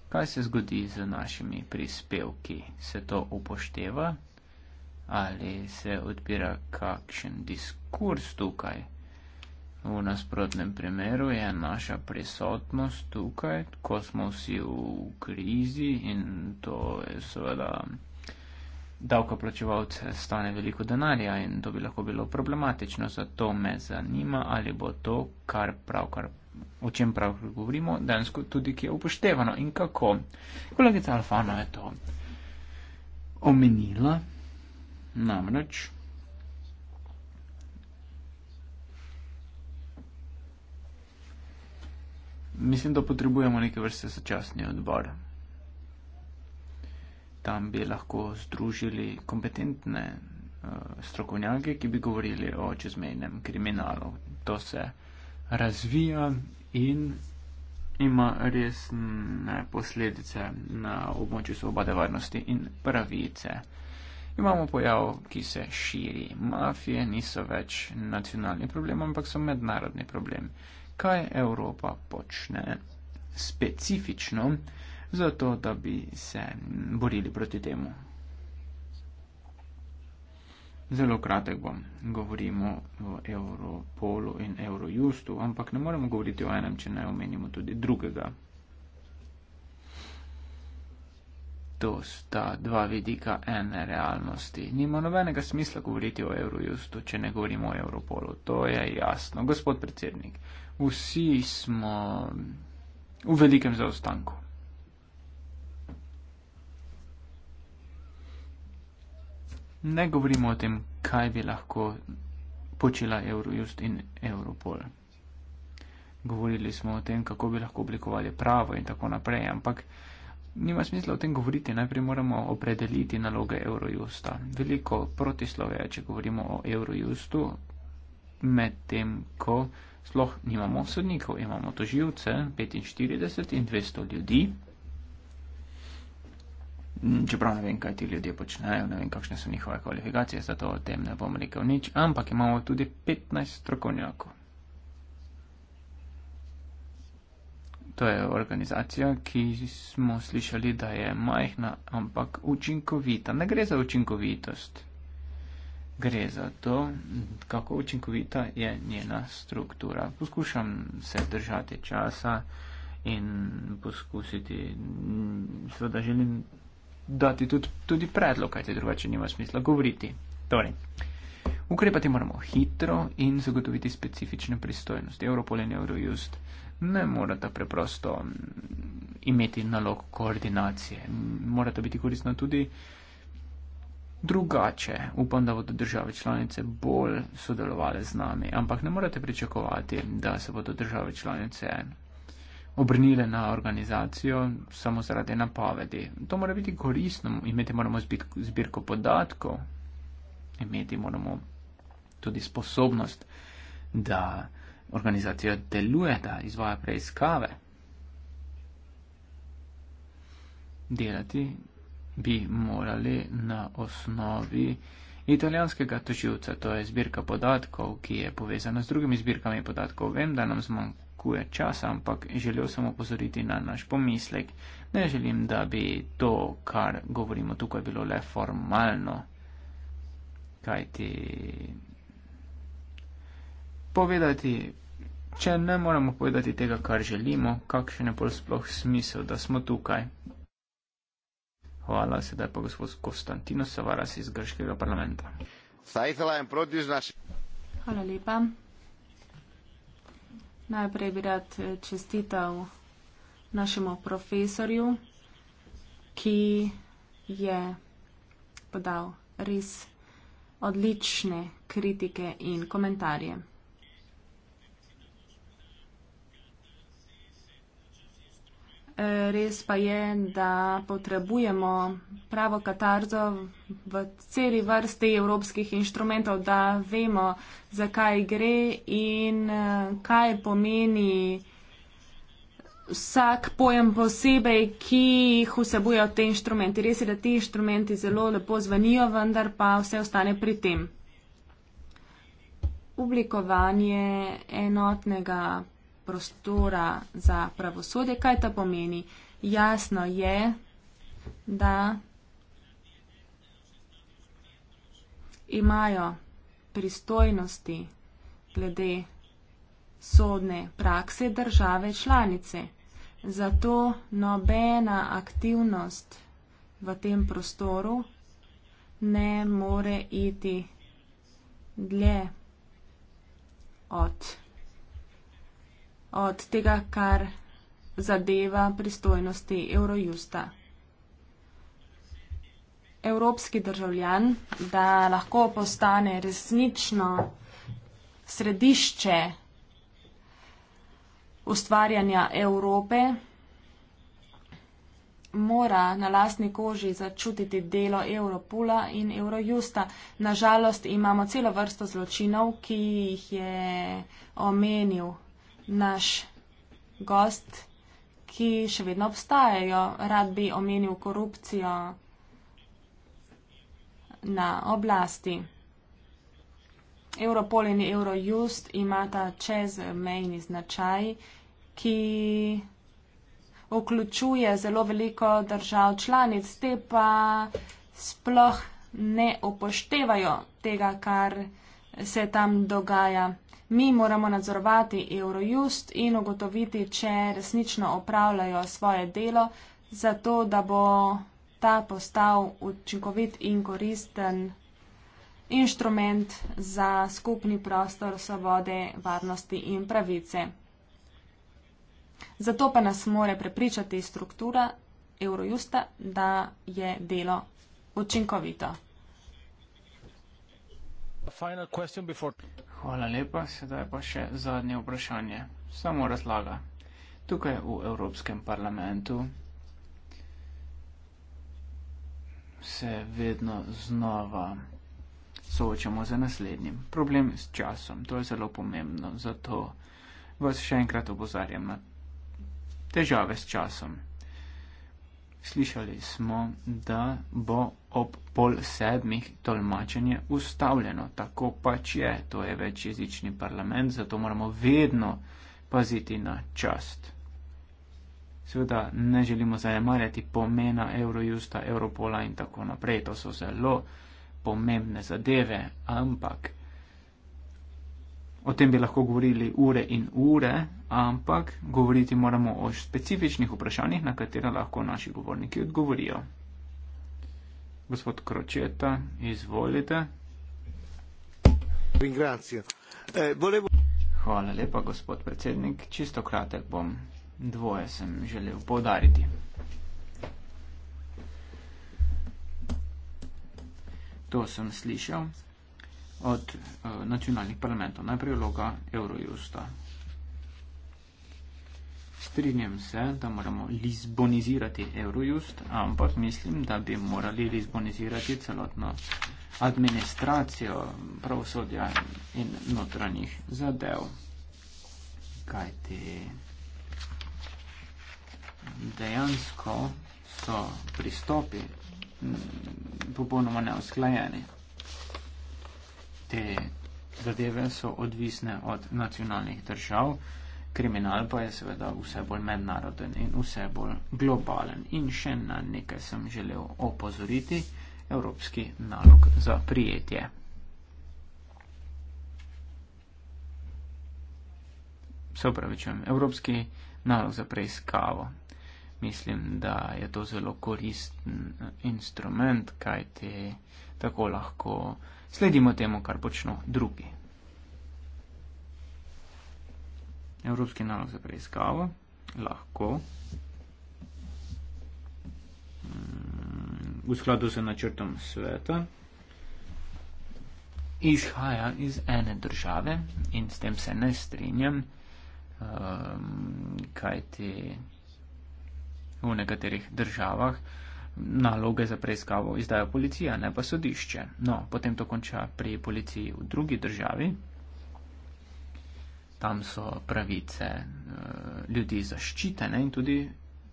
Kaj se zgodi z našimi prispevki? Se to upošteva? Ali se odpira kakšen diskurs tukaj? V nasprotnem primeru je naša prisotnost tukaj, ko smo vsi v krizi in to je seveda davkoplačevalce stane veliko denarja in to bi lahko bilo problematično, zato me zanima, ali bo to, kar pravkar, o čem pravkar govorimo, dansko tudi ki je upoštevano in kako. Kolegica Alfano je to omenila, namreč. Mislim, da potrebujemo neke vrste začasni odbor tam bi lahko združili kompetentne uh, strokovnjake, ki bi govorili o čezmejnem kriminalu. To se razvija in ima resne posledice na območju svobode varnosti in pravice. Imamo pojav, ki se širi. Mafije niso več nacionalni problem, ampak so mednarodni problem. Kaj Evropa počne specifično? zato da bi se borili proti temu. Zelo kratek bom. Govorimo o Europolu in Eurojustu, ampak ne moremo govoriti o enem, če ne omenimo tudi drugega. To sta dva vidika ene realnosti. Nima nobenega smisla govoriti o Eurojustu, če ne govorimo o Europolu. To je jasno. Gospod predsednik, vsi smo v velikem zaostanku. ne govorimo o tem, kaj bi lahko počela Eurojust in Europol. Govorili smo o tem, kako bi lahko oblikovali pravo in tako naprej, ampak nima smisla o tem govoriti. Najprej moramo opredeliti naloge Eurojusta. Veliko protisloveje, če govorimo o Eurojustu, medtem ko sploh nimamo sodnikov, imamo toživce 45 in 200 ljudi. Mm, čeprav ne vem, kaj ti ljudje počnejo, ne vem, kakšne so njihove kvalifikacije, zato o tem ne bom rekel nič, ampak imamo tudi 15 strokovnjakov. To je organizacija, ki smo slišali, da je majhna, ampak učinkovita. Ne gre za učinkovitost. Gre za to, kako učinkovita je njena struktura. Poskušam se držati časa in poskusiti, mm, seveda želim dati tudi, tudi predlog, kajti drugače nima smisla govoriti. Torej, ukrepati moramo hitro in zagotoviti specifične pristojnosti. Europol in Eurojust ne morata preprosto mm, imeti nalog koordinacije, morata biti koristna tudi drugače. Upam, da bodo države članice bolj sodelovali z nami, ampak ne morate pričakovati, da se bodo države članice obrnile na organizacijo samo zaradi napovedi. To mora biti korisno, imeti moramo zbirko podatkov, imeti moramo tudi sposobnost, da organizacija deluje, da izvaja preiskave. Delati bi morali na osnovi italijanskega toživca, to je zbirka podatkov, ki je povezana z drugimi zbirkami podatkov. Vem, da nam zmanjka narekuje čas, ampak želel sem opozoriti na naš pomislek. Ne želim, da bi to, kar govorimo tukaj, bilo le formalno, kajti povedati, če ne moramo povedati tega, kar želimo, kakšen je pol sploh smisel, da smo tukaj. Hvala, sedaj pa gospod Konstantinos Savaras iz Grškega parlamenta. Hvala lepa. Najprej bi rad eh, čestital našemu profesorju, ki je podal res odlične kritike in komentarje. res pa je, da potrebujemo pravo katarzo v celi vrsti evropskih inštrumentov, da vemo, zakaj gre in eh, kaj pomeni vsak pojem posebej, ki jih vsebujejo te inštrumenti. Res je, da ti inštrumenti zelo lepo zvenijo, vendar pa vse ostane pri tem. Oblikovanje enotnega prostora za pravosodje. Kaj to pomeni? Jasno je, da imajo pristojnosti glede sodne prakse države članice. Zato nobena aktivnost v tem prostoru ne more iti dlje od od tega, kar zadeva pristojnosti Eurojusta. Evropski državljan, da lahko postane resnično središče ustvarjanja Evrope, mora na lastni koži začutiti delo Europula in Eurojusta. Nažalost imamo celo vrsto zločinov, ki jih je omenil naš gost, ki še vedno obstajajo. Rad bi omenil korupcijo na oblasti. Europol in Eurojust imata čezmejni značaj, ki vključuje zelo veliko držav članic, te pa sploh ne upoštevajo tega, kar se tam dogaja. Mi moramo nadzorovati Eurojust in ugotoviti, če resnično opravljajo svoje delo, zato da bo ta postal učinkovit in koristen inštrument za skupni prostor svobode, varnosti in pravice. Zato pa nas more prepričati struktura Eurojusta, da je delo učinkovito. Final question before... Hvala lepa, sedaj pa še zadnje vprašanje. Samo razlaga. Tukaj v Evropskem parlamentu se vedno znova soočamo z naslednjim. Problem s časom, to je zelo pomembno, zato vas še enkrat opozarjam na težave s časom. Slišali smo, da bo ob pol sedmih tolmačenje ustavljeno. Tako pač je, to je večjezični parlament, zato moramo vedno paziti na čast. Seveda ne želimo zanemarjati pomena Eurojusta, Europola in tako naprej, to so zelo pomembne zadeve, ampak o tem bi lahko govorili ure in ure, ampak govoriti moramo o specifičnih vprašanjih, na katera lahko naši govorniki odgovorijo. Gospod Kročeta, izvolite. Eh, Hvala lepa, gospod predsednik. Čisto kratek bom. Dvoje sem želel povdariti. To sem slišal od uh, nacionalnih parlamentov. Najprej vloga Eurojusta. Strinjam se, da moramo lizbonizirati Eurojust, ampak mislim, da bi morali lizbonizirati celotno administracijo pravosodja in notranjih zadev. Kaj ti dejansko so pristopi popolnoma neusklajeni. Te zadeve so odvisne od nacionalnih držav kriminal pa je seveda vse bolj mednaroden in vse bolj globalen. In še na nekaj sem želel opozoriti, evropski nalog za prijetje. Se upravičujem, evropski nalog za preiskavo. Mislim, da je to zelo koristen eh, instrument, kaj te tako lahko sledimo temu, kar počno drugi. Evropski nalog za preiskavo lahko mm, v skladu z načrtom sveta izhaja iz ene države in s tem se ne strinjam, um, kajti v nekaterih državah naloge za preiskavo izdaja policija, ne pa sodišče. No, potem to konča pri policiji v drugi državi tam so pravice uh, ljudi zaščitene in tudi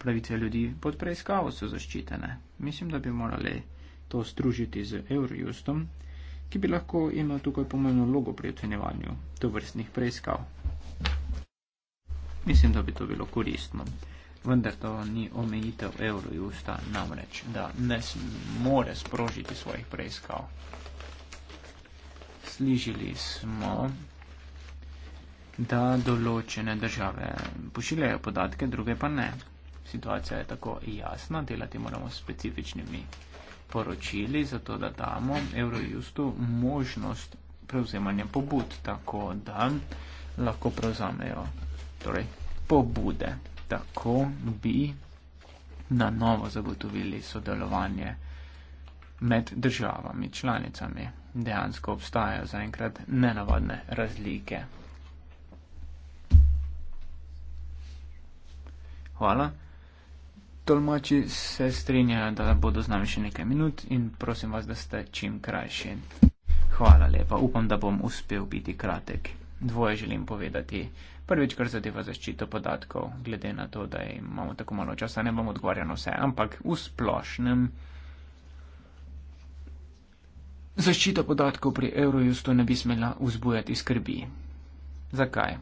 pravice ljudi pod preiskavo so zaščitene. Mislim, da bi morali to združiti z Eurojustom, ki bi lahko imel tukaj pomembno logo pri ocenjevanju to vrstnih preiskav. Mislim, da bi to bilo koristno. Vendar to ni omejitev Eurojusta, namreč, da ne more sprožiti svojih preiskav. Slišali smo, da določene države pošiljajo podatke, druge pa ne. Situacija je tako jasna, delati moramo s specifičnimi poročili, zato da damo Eurojustu možnost prevzemanja pobud, tako da lahko prevzamejo torej, pobude, tako bi na novo zagotovili sodelovanje med državami, članicami. Dejansko obstajajo zaenkrat nenavadne razlike. Hvala. Tolmači se strinjajo, da bodo z nami še nekaj minut in prosim vas, da ste čim krajši. Hvala lepa, upam, da bom uspel biti kratek. Dvoje želim povedati. Prvič, kar zadeva zaščito podatkov, glede na to, da imamo tako malo časa, ne bom odgovarjal vse, ampak v splošnem. Zaščita podatkov pri Eurojustu ne bi smela vzbujati skrbi. Zakaj?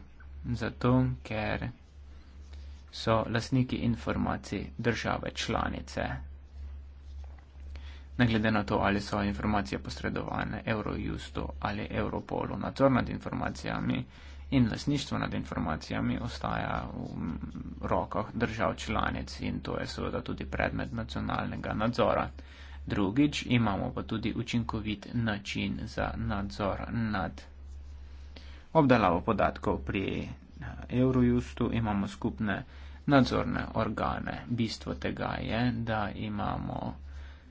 Zato, ker so lasniki informacij države članice. Ne glede na to, ali so informacije posredovane Eurojustu ali Europolu, nadzor nad informacijami in lasništvo nad informacijami ostaja v rokah držav članic in to je seveda tudi predmet nacionalnega nadzora. Drugič, imamo pa tudi učinkovit način za nadzor nad obdelavo podatkov pri eh, Eurojustu, imamo skupne nadzorne organe. Bistvo tega je, da imamo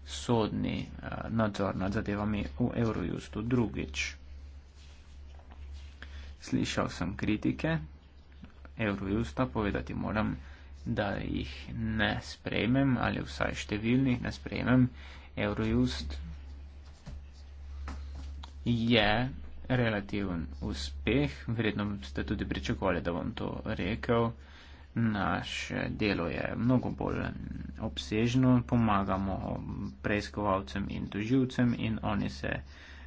sodni eh, nadzor nad zadevami v Eurojustu drugič. Slišal sem kritike Eurojusta, povedati moram, da jih ne sprejmem ali vsaj številnih ne sprejmem. Eurojust je relativen uspeh, verjetno ste tudi pričakovali, da bom to rekel. Naše delo je mnogo bolj obsežno, pomagamo preiskovalcem in doživcem in oni se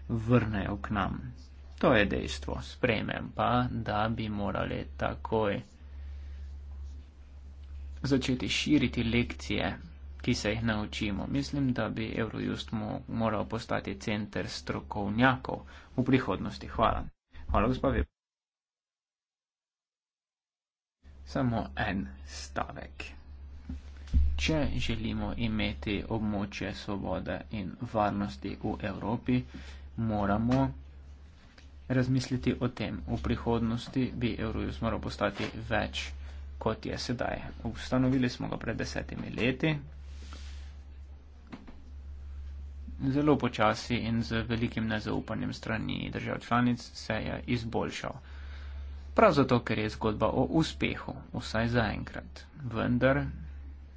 vrnejo k nam. To je dejstvo. Spremem pa, da bi morali takoj začeti širiti lekcije, ki se jih naučimo. Mislim, da bi Eurojust moral postati center strokovnjakov v prihodnosti. Hvala. Hvala, gospod Vip. samo en stavek. Če želimo imeti območje svobode in varnosti v Evropi, moramo razmisliti o tem. V prihodnosti bi Eurojust moral postati več, kot je sedaj. Ustanovili smo ga pred desetimi leti. Zelo počasi in z velikim nezaupanjem strani držav članic se je izboljšal prav zato, ker je zgodba o uspehu, vsaj zaenkrat. Vendar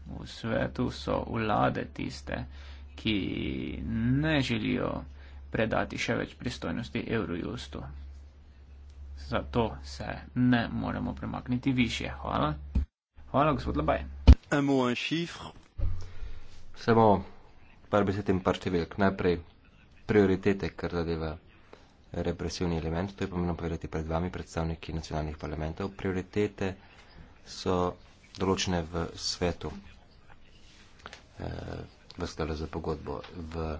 v svetu so vlade tiste, ki ne želijo predati še več pristojnosti Eurojustu. Zato se ne moremo premakniti više. Hvala. Hvala, gospod Labaj. Samo par besed in par številk. Najprej prioritete, kar zadeva represivni element, to je pomembno povedati pred vami, predstavniki nacionalnih parlamentov. Prioritete so določene v svetu, eh, v skladu za pogodbo. V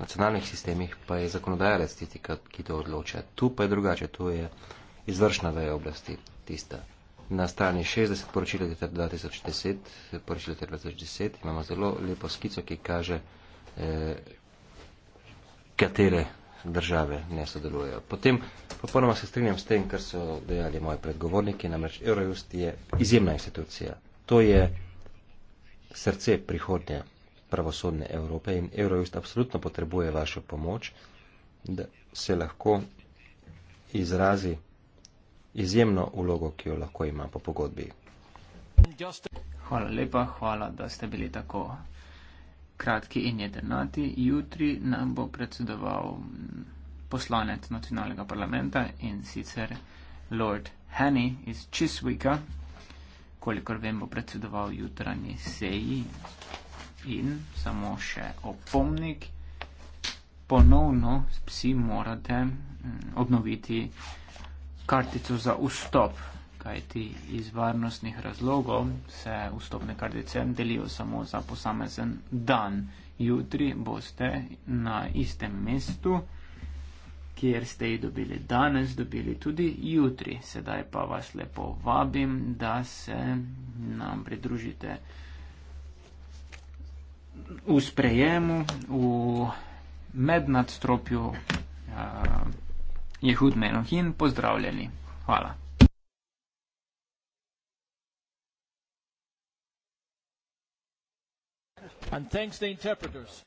nacionalnih sistemih pa je zakonodajalec tisti, ki to odloča. Tu pa je drugače, tu je izvršna veja oblasti tista. Na strani 60 poročila leta 2010, poročila leta 2010 imamo zelo lepo skico, ki kaže, eh, katere države ne sodelujejo. Potem popolnoma se strinjam s tem, kar so dejali moji predgovorniki, namreč Eurojust je izjemna institucija. To je srce prihodnje pravosodne Evrope in Eurojust absolutno potrebuje vašo pomoč, da se lahko izrazi izjemno vlogo, ki jo lahko ima po pogodbi. Hvala lepa, hvala, da ste bili tako kratki in jedrnati. Jutri nam bo predsedoval poslanec nacionalnega parlamenta in sicer Lord Hanny iz Chiswicka, kolikor vem, bo predsedoval jutranji seji. In samo še opomnik, ponovno si morate mm, obnoviti kartico za vstop kajti iz varnostnih razlogov se vstopne kartice delijo samo za posamezen dan. Jutri boste na istem mestu, kjer ste jih dobili danes, dobili tudi jutri. Sedaj pa vas lepo vabim, da se nam pridružite v sprejemu v mednadstropju uh, Jehud Menohin. Pozdravljeni. Hvala. and thanks the interpreters.